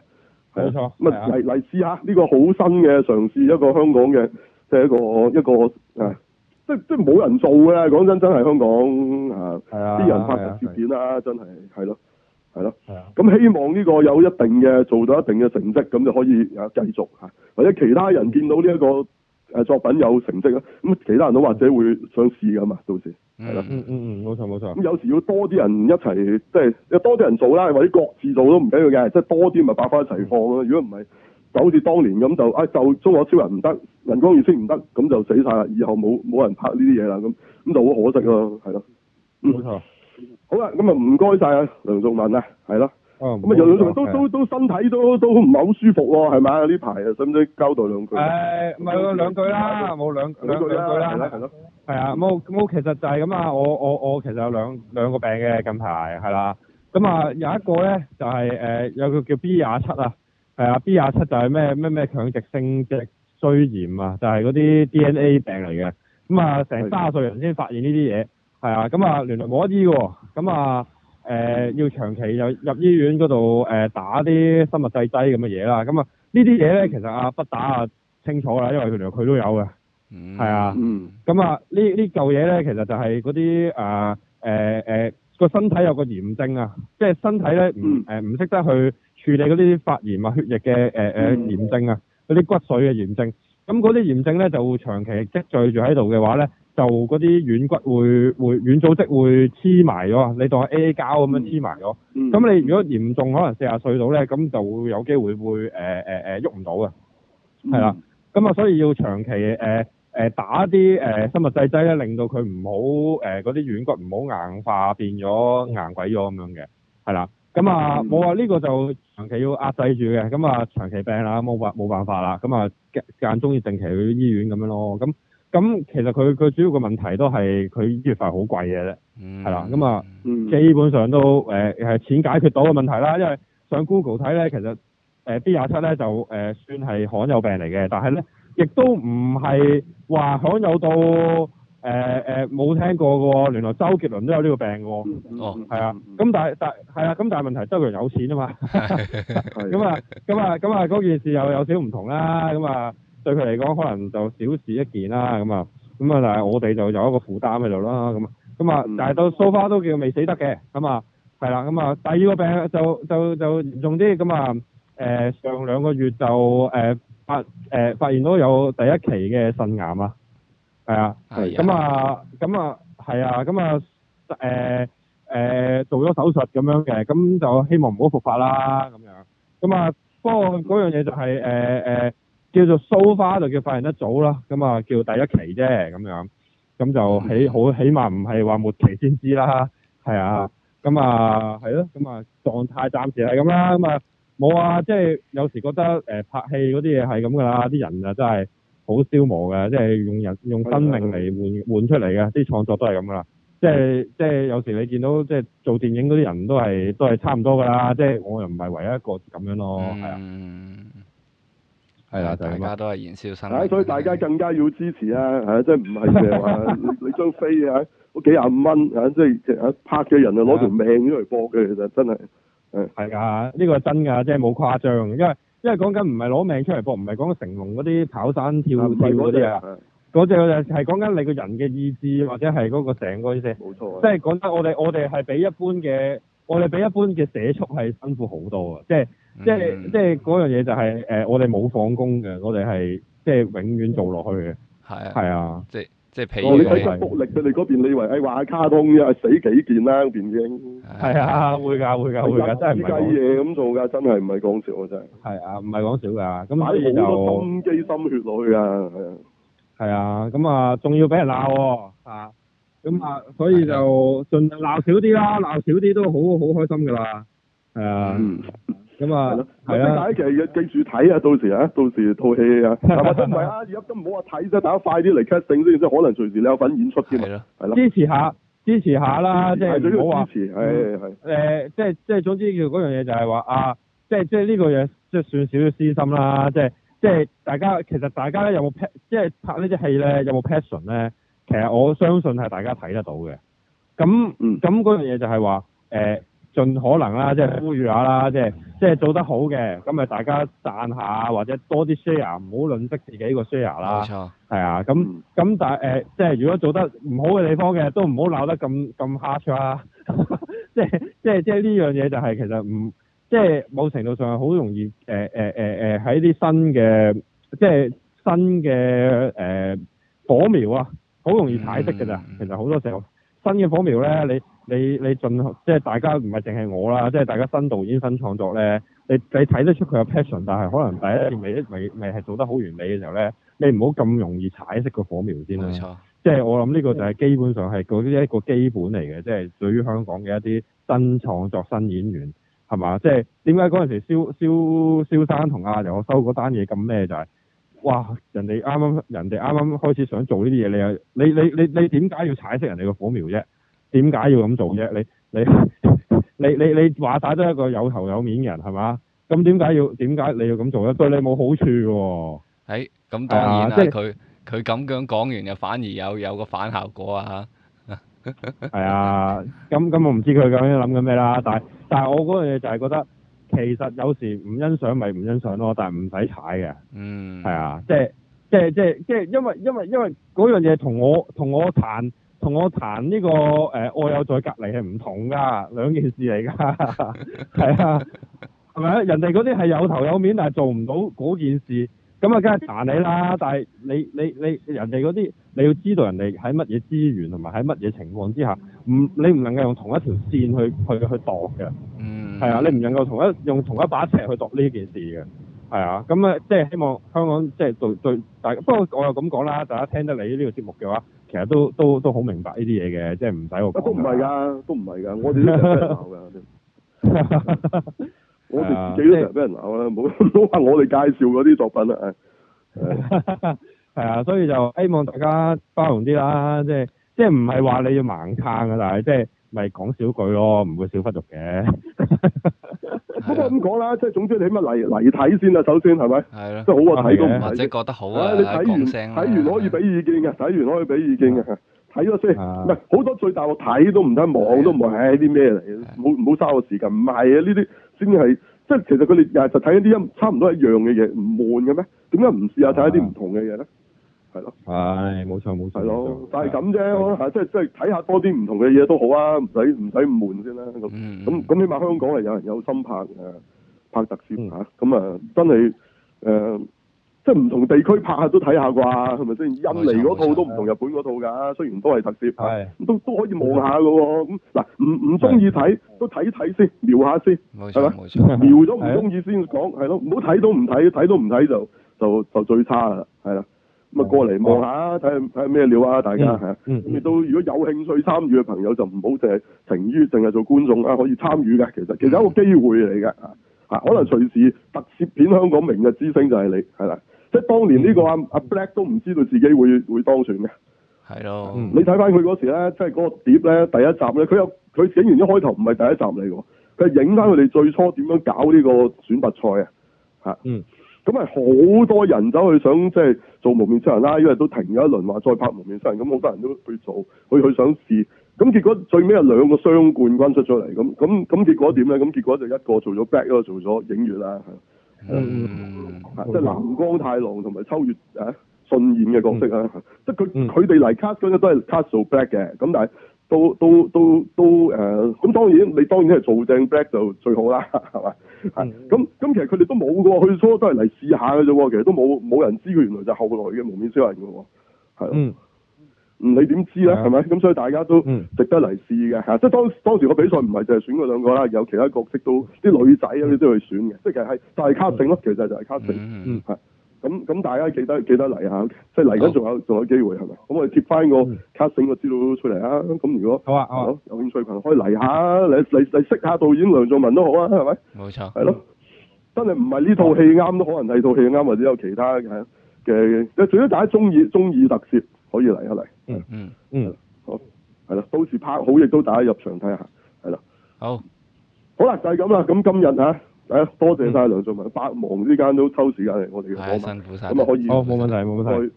係冇錯，咪嚟嚟試下呢個好新嘅嘗試，一個香港嘅即係一個一個啊，即即冇人做嘅，講真真係香港啊，係啊，啲人拍特攝片啦，真係係咯，係咯，係啊，咁希望呢個有一定嘅做到一定嘅成績，咁就可以啊繼續嚇，或者其他人見到呢一個。誒，作品有成績啊，咁其他人都或者會想試㗎嘛，到時係啦，嗯，嗯嗯嗯，冇錯冇錯，咁有時要多啲人一齊，即係又多啲人做啦，或者各自做都唔緊要嘅，即係多啲咪百花一齊放咯。如果唔係就好似當年咁就，啊、哎、就《終極超人》唔得，《人工意識》唔得，咁就死晒啦，以後冇冇人拍呢啲嘢啦，咁咁就好可惜咯，係咯，錯嗯，冇錯。好啦，咁啊唔該晒啊梁仲文啊，係咯。哦，咁啊，有兩條都的都都身體都都唔係好舒服喎，係咪啊？呢排啊，使唔使交代兩句？誒、哎，唔係喎，說兩句啦，冇兩兩,兩句啦，係啦，係咯。係啊，冇冇，其實就係咁啊，我我我其實有兩兩個病嘅，近排係啦。咁啊、呃，有一個咧就係、是、誒、呃、有個叫 B 廿七啊，係啊，B 廿七就係咩咩咩強直性脊椎炎啊，就係、是、嗰啲 DNA 病嚟嘅。咁啊，成卅歲人先發現呢啲嘢，係啊，咁啊的，原來冇一啲喎，咁啊。連連連誒、呃、要長期入入醫院嗰度誒打啲生物製劑咁嘅嘢啦，咁、嗯、啊呢啲嘢咧其實阿不、啊、打啊清楚啦，因為佢原來佢都有嘅，係、嗯、啊，咁、嗯嗯嗯、啊呢呢舊嘢咧其實就係嗰啲啊誒誒個身體有個炎症啊，即係身體咧唔誒唔識得去處理嗰啲發炎啊、血液嘅誒誒炎症啊、嗰啲骨髓嘅炎症，咁嗰啲炎症咧就會長期積聚住喺度嘅話咧。就嗰啲軟骨會會軟組織會黐埋咗，你當 A A 膠咁樣黐埋咗。咁、嗯、你如果嚴重，可能四十歲到咧，咁就會有機會會誒誒誒喐唔到嘅，係、呃呃、啦。咁啊、嗯，所以要長期誒誒、呃呃、打啲誒、呃、生物製劑咧，令到佢唔好誒嗰啲軟骨唔好硬化變咗硬鬼咗咁樣嘅，係啦。咁啊，嗯、我話呢個就長期要壓制住嘅，咁啊長期病啦，冇法冇辦法啦，咁啊間中要定期去醫院咁樣咯，咁。嗯咁其實佢佢主要個問題都係佢醫藥費好貴嘅啫，係啦，咁 啊， 基本上都誒係錢解決到嘅問題啦。因為上 Google 睇咧，其實誒 B 二七咧就誒算係罕有病嚟嘅，但係咧亦都唔係話罕有到誒誒冇聽過嘅喎。原來周杰倫都有呢個病嘅喎，係啊。咁、 哦、但係但係係啊。咁但係問題周杰倫有錢啊嘛 咁啊咁啊咁啊嗰件事又有少少唔同啦。咁啊。對佢嚟講，可能就小事一件啦，咁啊，咁啊，但係我哋就有一個負擔喺度啦，咁啊，咁啊，但係到 so far 都叫未死得嘅，咁啊，係啦，咁啊，第二個病就就就嚴重啲，咁啊，誒上兩個月就誒發誒發現到有第一期嘅腎癌啊，係啊，係，咁啊，咁啊，係啊，咁啊，誒誒做咗手術咁樣嘅，咁就希望唔好復發啦，咁樣，咁啊，不過嗰樣嘢就係誒誒。叫做 so far 就叫發現得早啦，咁啊，叫第一期啫，咁樣，咁就起好起碼唔係話末期先知啦，係啊，咁、嗯、啊係咯，咁啊，啊狀態暫時係咁啦，咁啊冇啊，即係有，啊就是、有時覺得誒、呃、拍戲嗰啲嘢係咁噶啦，啲人啊真係好消磨嘅，即係用人用生命嚟換換出嚟嘅，啲創作都係咁噶啦，即係即係有時你見到即係做電影嗰啲人都係都係差唔多噶啦，即係、嗯、我又唔係唯一一個咁樣咯，係啊。嗯係啊，對大家都係燃燒生所以大家更加要支持啊！嚇，即係唔係話你張飛啊，都幾廿蚊啊，即係、 啊啊、拍嘅人就攞條命出嚟搏。嘅的，其實真係，誒係㗎，呢個係真㗎，即係冇誇張，因為因為講緊唔係攞命出嚟搏，唔係講成龍嗰啲跑山跳跳嗰啲啊，嗰只係講緊你個人嘅意志或者係嗰個成個即係，即係講得我哋我哋係比一般嘅，我哋比一般嘅社畜係辛苦好多嘅，即係。嗯、即係即係嗰樣嘢就係誒，我哋冇放工嘅，我哋係即係永遠做落去嘅，係係啊，啊即係即係譬如，我哋使咗力，佢哋嗰邊你以為誒畫卡通啫，死幾件啦？嗰邊已係啊，會噶會噶會噶，真係唔係。依嘢咁做㗎，真係唔係講笑啊！真係係啊，唔係講笑㗎。咁所以就擺好多心機心血落去啊，係啊、哦，咁啊，仲要俾人鬧啊，咁啊，所以就盡量鬧少啲啦，鬧少啲都好好開心㗎啦，係啊。嗯咁啊，係啊，大家其實要記住睇啊，到時啊，到時套戲啊，係咪真係啊，而家都唔好話睇啫，大家快啲嚟 casting 先，即係可能隨時你有份演出添嚟啊，係啦，支持下，支持下啦，即係好支持，係係，誒，即係即係總之叫嗰樣嘢就係話啊，即係即係呢個嘢即係算少少私心啦，即係即係大家其實大家咧有冇即係拍呢隻戲咧有冇 passion 咧，其實我相信係大家睇得到嘅，咁咁嗰樣嘢就係話誒。盡可能啦，即係呼籲下啦，即係即係做得好嘅，咁咪大家贊下，或者多啲 share，唔好吝嗇自己個 share 啦。冇錯，係啊，咁咁但係誒、呃，即係如果做得唔好嘅地方嘅，都唔好鬧得咁咁 harsh 啊！ 即係即係即係呢樣嘢就係其實唔，即係某程度上係好容易誒誒誒誒喺啲新嘅，即係新嘅誒、呃、火苗啊，好容易踩熄㗎咋。嗯、其實好多時候、嗯、新嘅火苗咧，你。你你進即係大家唔係淨係我啦，即係大家新導演新創作咧，你你睇得出佢有 passion，但係可能第一件未未未係做得好完美嘅時候咧，你唔好咁容易踩熄個火苗先啦。冇錯。即係我諗呢個就係基本上係嗰啲一個基本嚟嘅，即係對於香港嘅一啲新創作新演員係嘛？即係點解嗰陣時蕭蕭蕭生同阿劉收嗰單嘢咁咩就係、是、哇人哋啱啱人哋啱啱開始想做呢啲嘢，你又你你你你點解要踩熄人哋個火苗啫？點解要咁做啫？你你你你你話晒都係一個有頭有面嘅人係嘛？咁點解要點解你要咁做咧？對你冇好處喎。誒，咁當然啦，即係佢佢咁樣講完又反而有有個反效果啊吓。係啊。咁咁我唔知佢咁樣諗緊咩啦，但係但係我嗰樣嘢就係覺得，其實有時唔欣賞咪唔欣賞咯，但係唔使踩嘅。嗯。係啊，即係即係即係即係因為因為因為嗰樣嘢同我同我談。同我彈呢、這個誒、呃、愛有在隔離係唔同㗎，兩件事嚟㗎，係 啊，係咪人哋嗰啲係有頭有面，但係做唔到嗰件事，咁啊，梗係彈你啦。但係你你你人哋嗰啲，你要知道人哋喺乜嘢資源同埋喺乜嘢情況之下，唔你唔能夠用同一條線去去去度㗎。嗯。係啊，你唔能夠同一用同一把尺去度呢件事嘅。係啊，咁、嗯、啊，即係 希望香港即係對對大。不過我又咁講啦，大家聽得你呢個節目嘅話。其實都都都好明白呢啲嘢嘅，即係唔使我講、啊。都唔係㗎，都唔係㗎，我哋都俾人鬧㗎。 我哋自己都成日俾人鬧啦，冇冇話我哋介紹嗰啲作品啦啊。係、哎、啊， 所以就希望大家包容啲啦，即係即係唔係話你要盲撐㗎，但係即係。咪講少句咯，唔會少忽肉嘅。不過咁講啦，即係總之你起碼嚟嚟睇先啊，首先係咪？係啦。即係了好，我睇都唔睇你即覺得好啊，講聲啊。睇完，完可以俾意見嘅，睇的完可以俾意見嘅。睇咗先，唔係好多最大我睇都唔得，望都唔得，唉啲咩嚟嘅？唔好嘥我時間。唔係啊，呢啲先係即係，其實佢哋又就睇一啲差唔多一樣嘅嘢，唔悶嘅咩？點解唔試下睇一啲唔同嘅嘢咧？係咯，係冇錯冇錯，係咯，就係咁啫。嚇，即係即係睇下多啲唔同嘅嘢都好啊，唔使唔使咁悶先啦。咁咁咁，起碼香港係有人有心拍啊，拍特攝嚇。咁啊，真係誒，即係唔同地區拍下都睇下啩，係咪先？印尼嗰套都唔同日本嗰套㗎，雖然都係特攝，係都都可以望下㗎喎。咁嗱，唔唔中意睇都睇睇先，瞄下先，係咪？瞄咗唔中意先講，係咯，唔好睇都唔睇，睇都唔睇就就就最差啦，係啦。咁啊，過嚟望下睇下睇下咩料啊！大家嚇，咁亦都如果有興趣參與嘅朋友，就唔好淨係情於淨係做觀眾啊，可以參與嘅，其實其實一個機會嚟㗎嚇，可能隨時特攝片香港明日之星就係你係啦。即係當年呢個阿、啊、阿、嗯啊、Black 都唔知道自己會會當選嘅，係咯，嗯、你睇翻佢嗰時咧，即係嗰個碟咧第一集咧，佢又佢影完一開頭唔係第一集嚟喎，佢係影翻佢哋最初點樣搞呢個選拔賽啊嚇嗯。咁係好多人走去想即係做蒙面超人啦，因為都停咗一輪話再拍蒙面超人，咁好多人都去做，去去想試，咁結果最尾有兩個雙冠軍出咗嚟，咁咁咁結果點咧？咁結果就一個做咗 Black，一個做咗影月啊，係，即係南光太郎同埋秋月啊信演嘅角色啊，即係佢佢哋嚟 cast 嗰陣都係 cast 做 Black 嘅，咁但係，都都都都誒，咁、呃、當然你當然係做正 Black 就最好啦，係嘛？咁咁 其實佢哋都冇喎，去，初都係嚟試下嘅啫喎，其實都冇冇人知佢原來就後來嘅蒙面超人嘅喎，係嗯，你點知咧？係咪？咁、嗯、所以大家都值得嚟試嘅，嚇！即係當當時個比賽唔係淨係選嗰兩個啦，有其他角色，都，啲女仔嗰啲都去選嘅，即係其實係就係、是、casting 咯，其實就係 casting、嗯，嗯嗯，係、嗯。咁咁大家記得記得嚟下，即係嚟緊仲有仲有機會係咪？咁我哋接翻個 casting 個資料出嚟啊！咁如果好啊好，有興趣嘅朋友可以嚟下嚟嚟嚟識下導演梁仲文都好啊，係咪？冇錯，係咯，真係唔係呢套戲啱都可能係套戲啱，或者有其他嘅嘅，誒，除咗大家中意中意特攝可以嚟一嚟。嗯嗯嗯，好，係啦，到時拍好亦都大家入場睇下，係啦，好，好啦，就係咁啦，咁今日嚇。誒，多謝晒梁仲文，百忙之間都抽時間嚟我哋嘅訪問，咁啊可以，冇問題冇問題，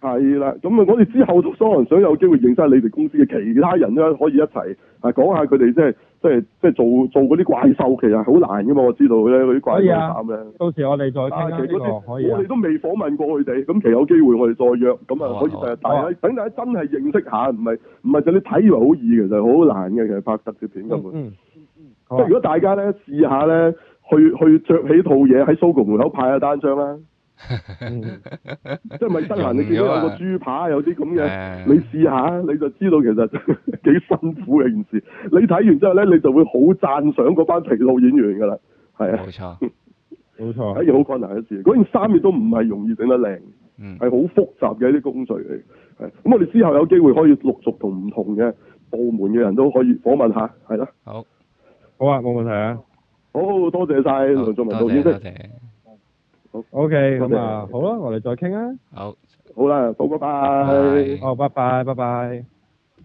係啦，咁啊我哋之後都有人想有機會認識下你哋公司嘅其他人啦，可以一齊係講下佢哋即係即係即係做做嗰啲怪獸，其實好難噶嘛，我知道嘅咧嗰啲怪獸係啊，到時我哋再傾啦呢個，我哋都未訪問過佢哋，咁其實有機會我哋再約，咁啊可以第日等大家真係認識下，唔係唔係就你睇以為好易，其實好難嘅，其實拍特攝片根本，即如果大家咧試下咧。去去着起套嘢喺 Sogo 門口派下單張啦， 即係咪得閒你見到有個豬扒有啲咁嘅，啊、你試下你就知道其實幾 辛苦嘅件事。你睇完之後咧，你就會好讚賞嗰班疲勞演員噶啦，係啊錯，冇錯 錯，冇錯，一件好困難嘅事。嗰件衫亦都唔係容易整得靚，係好、嗯、複雜嘅一啲工序嚟。咁、嗯、我哋之後有機會可以陸續同唔同嘅部門嘅人都可以訪問下，係咯，好，好啊，冇問題啊。好，好多謝晒，梁仲文導演先。好，O K，咁啊，好啦，我哋再傾啊。好，好啦，好，拜拜。好，拜拜，拜拜。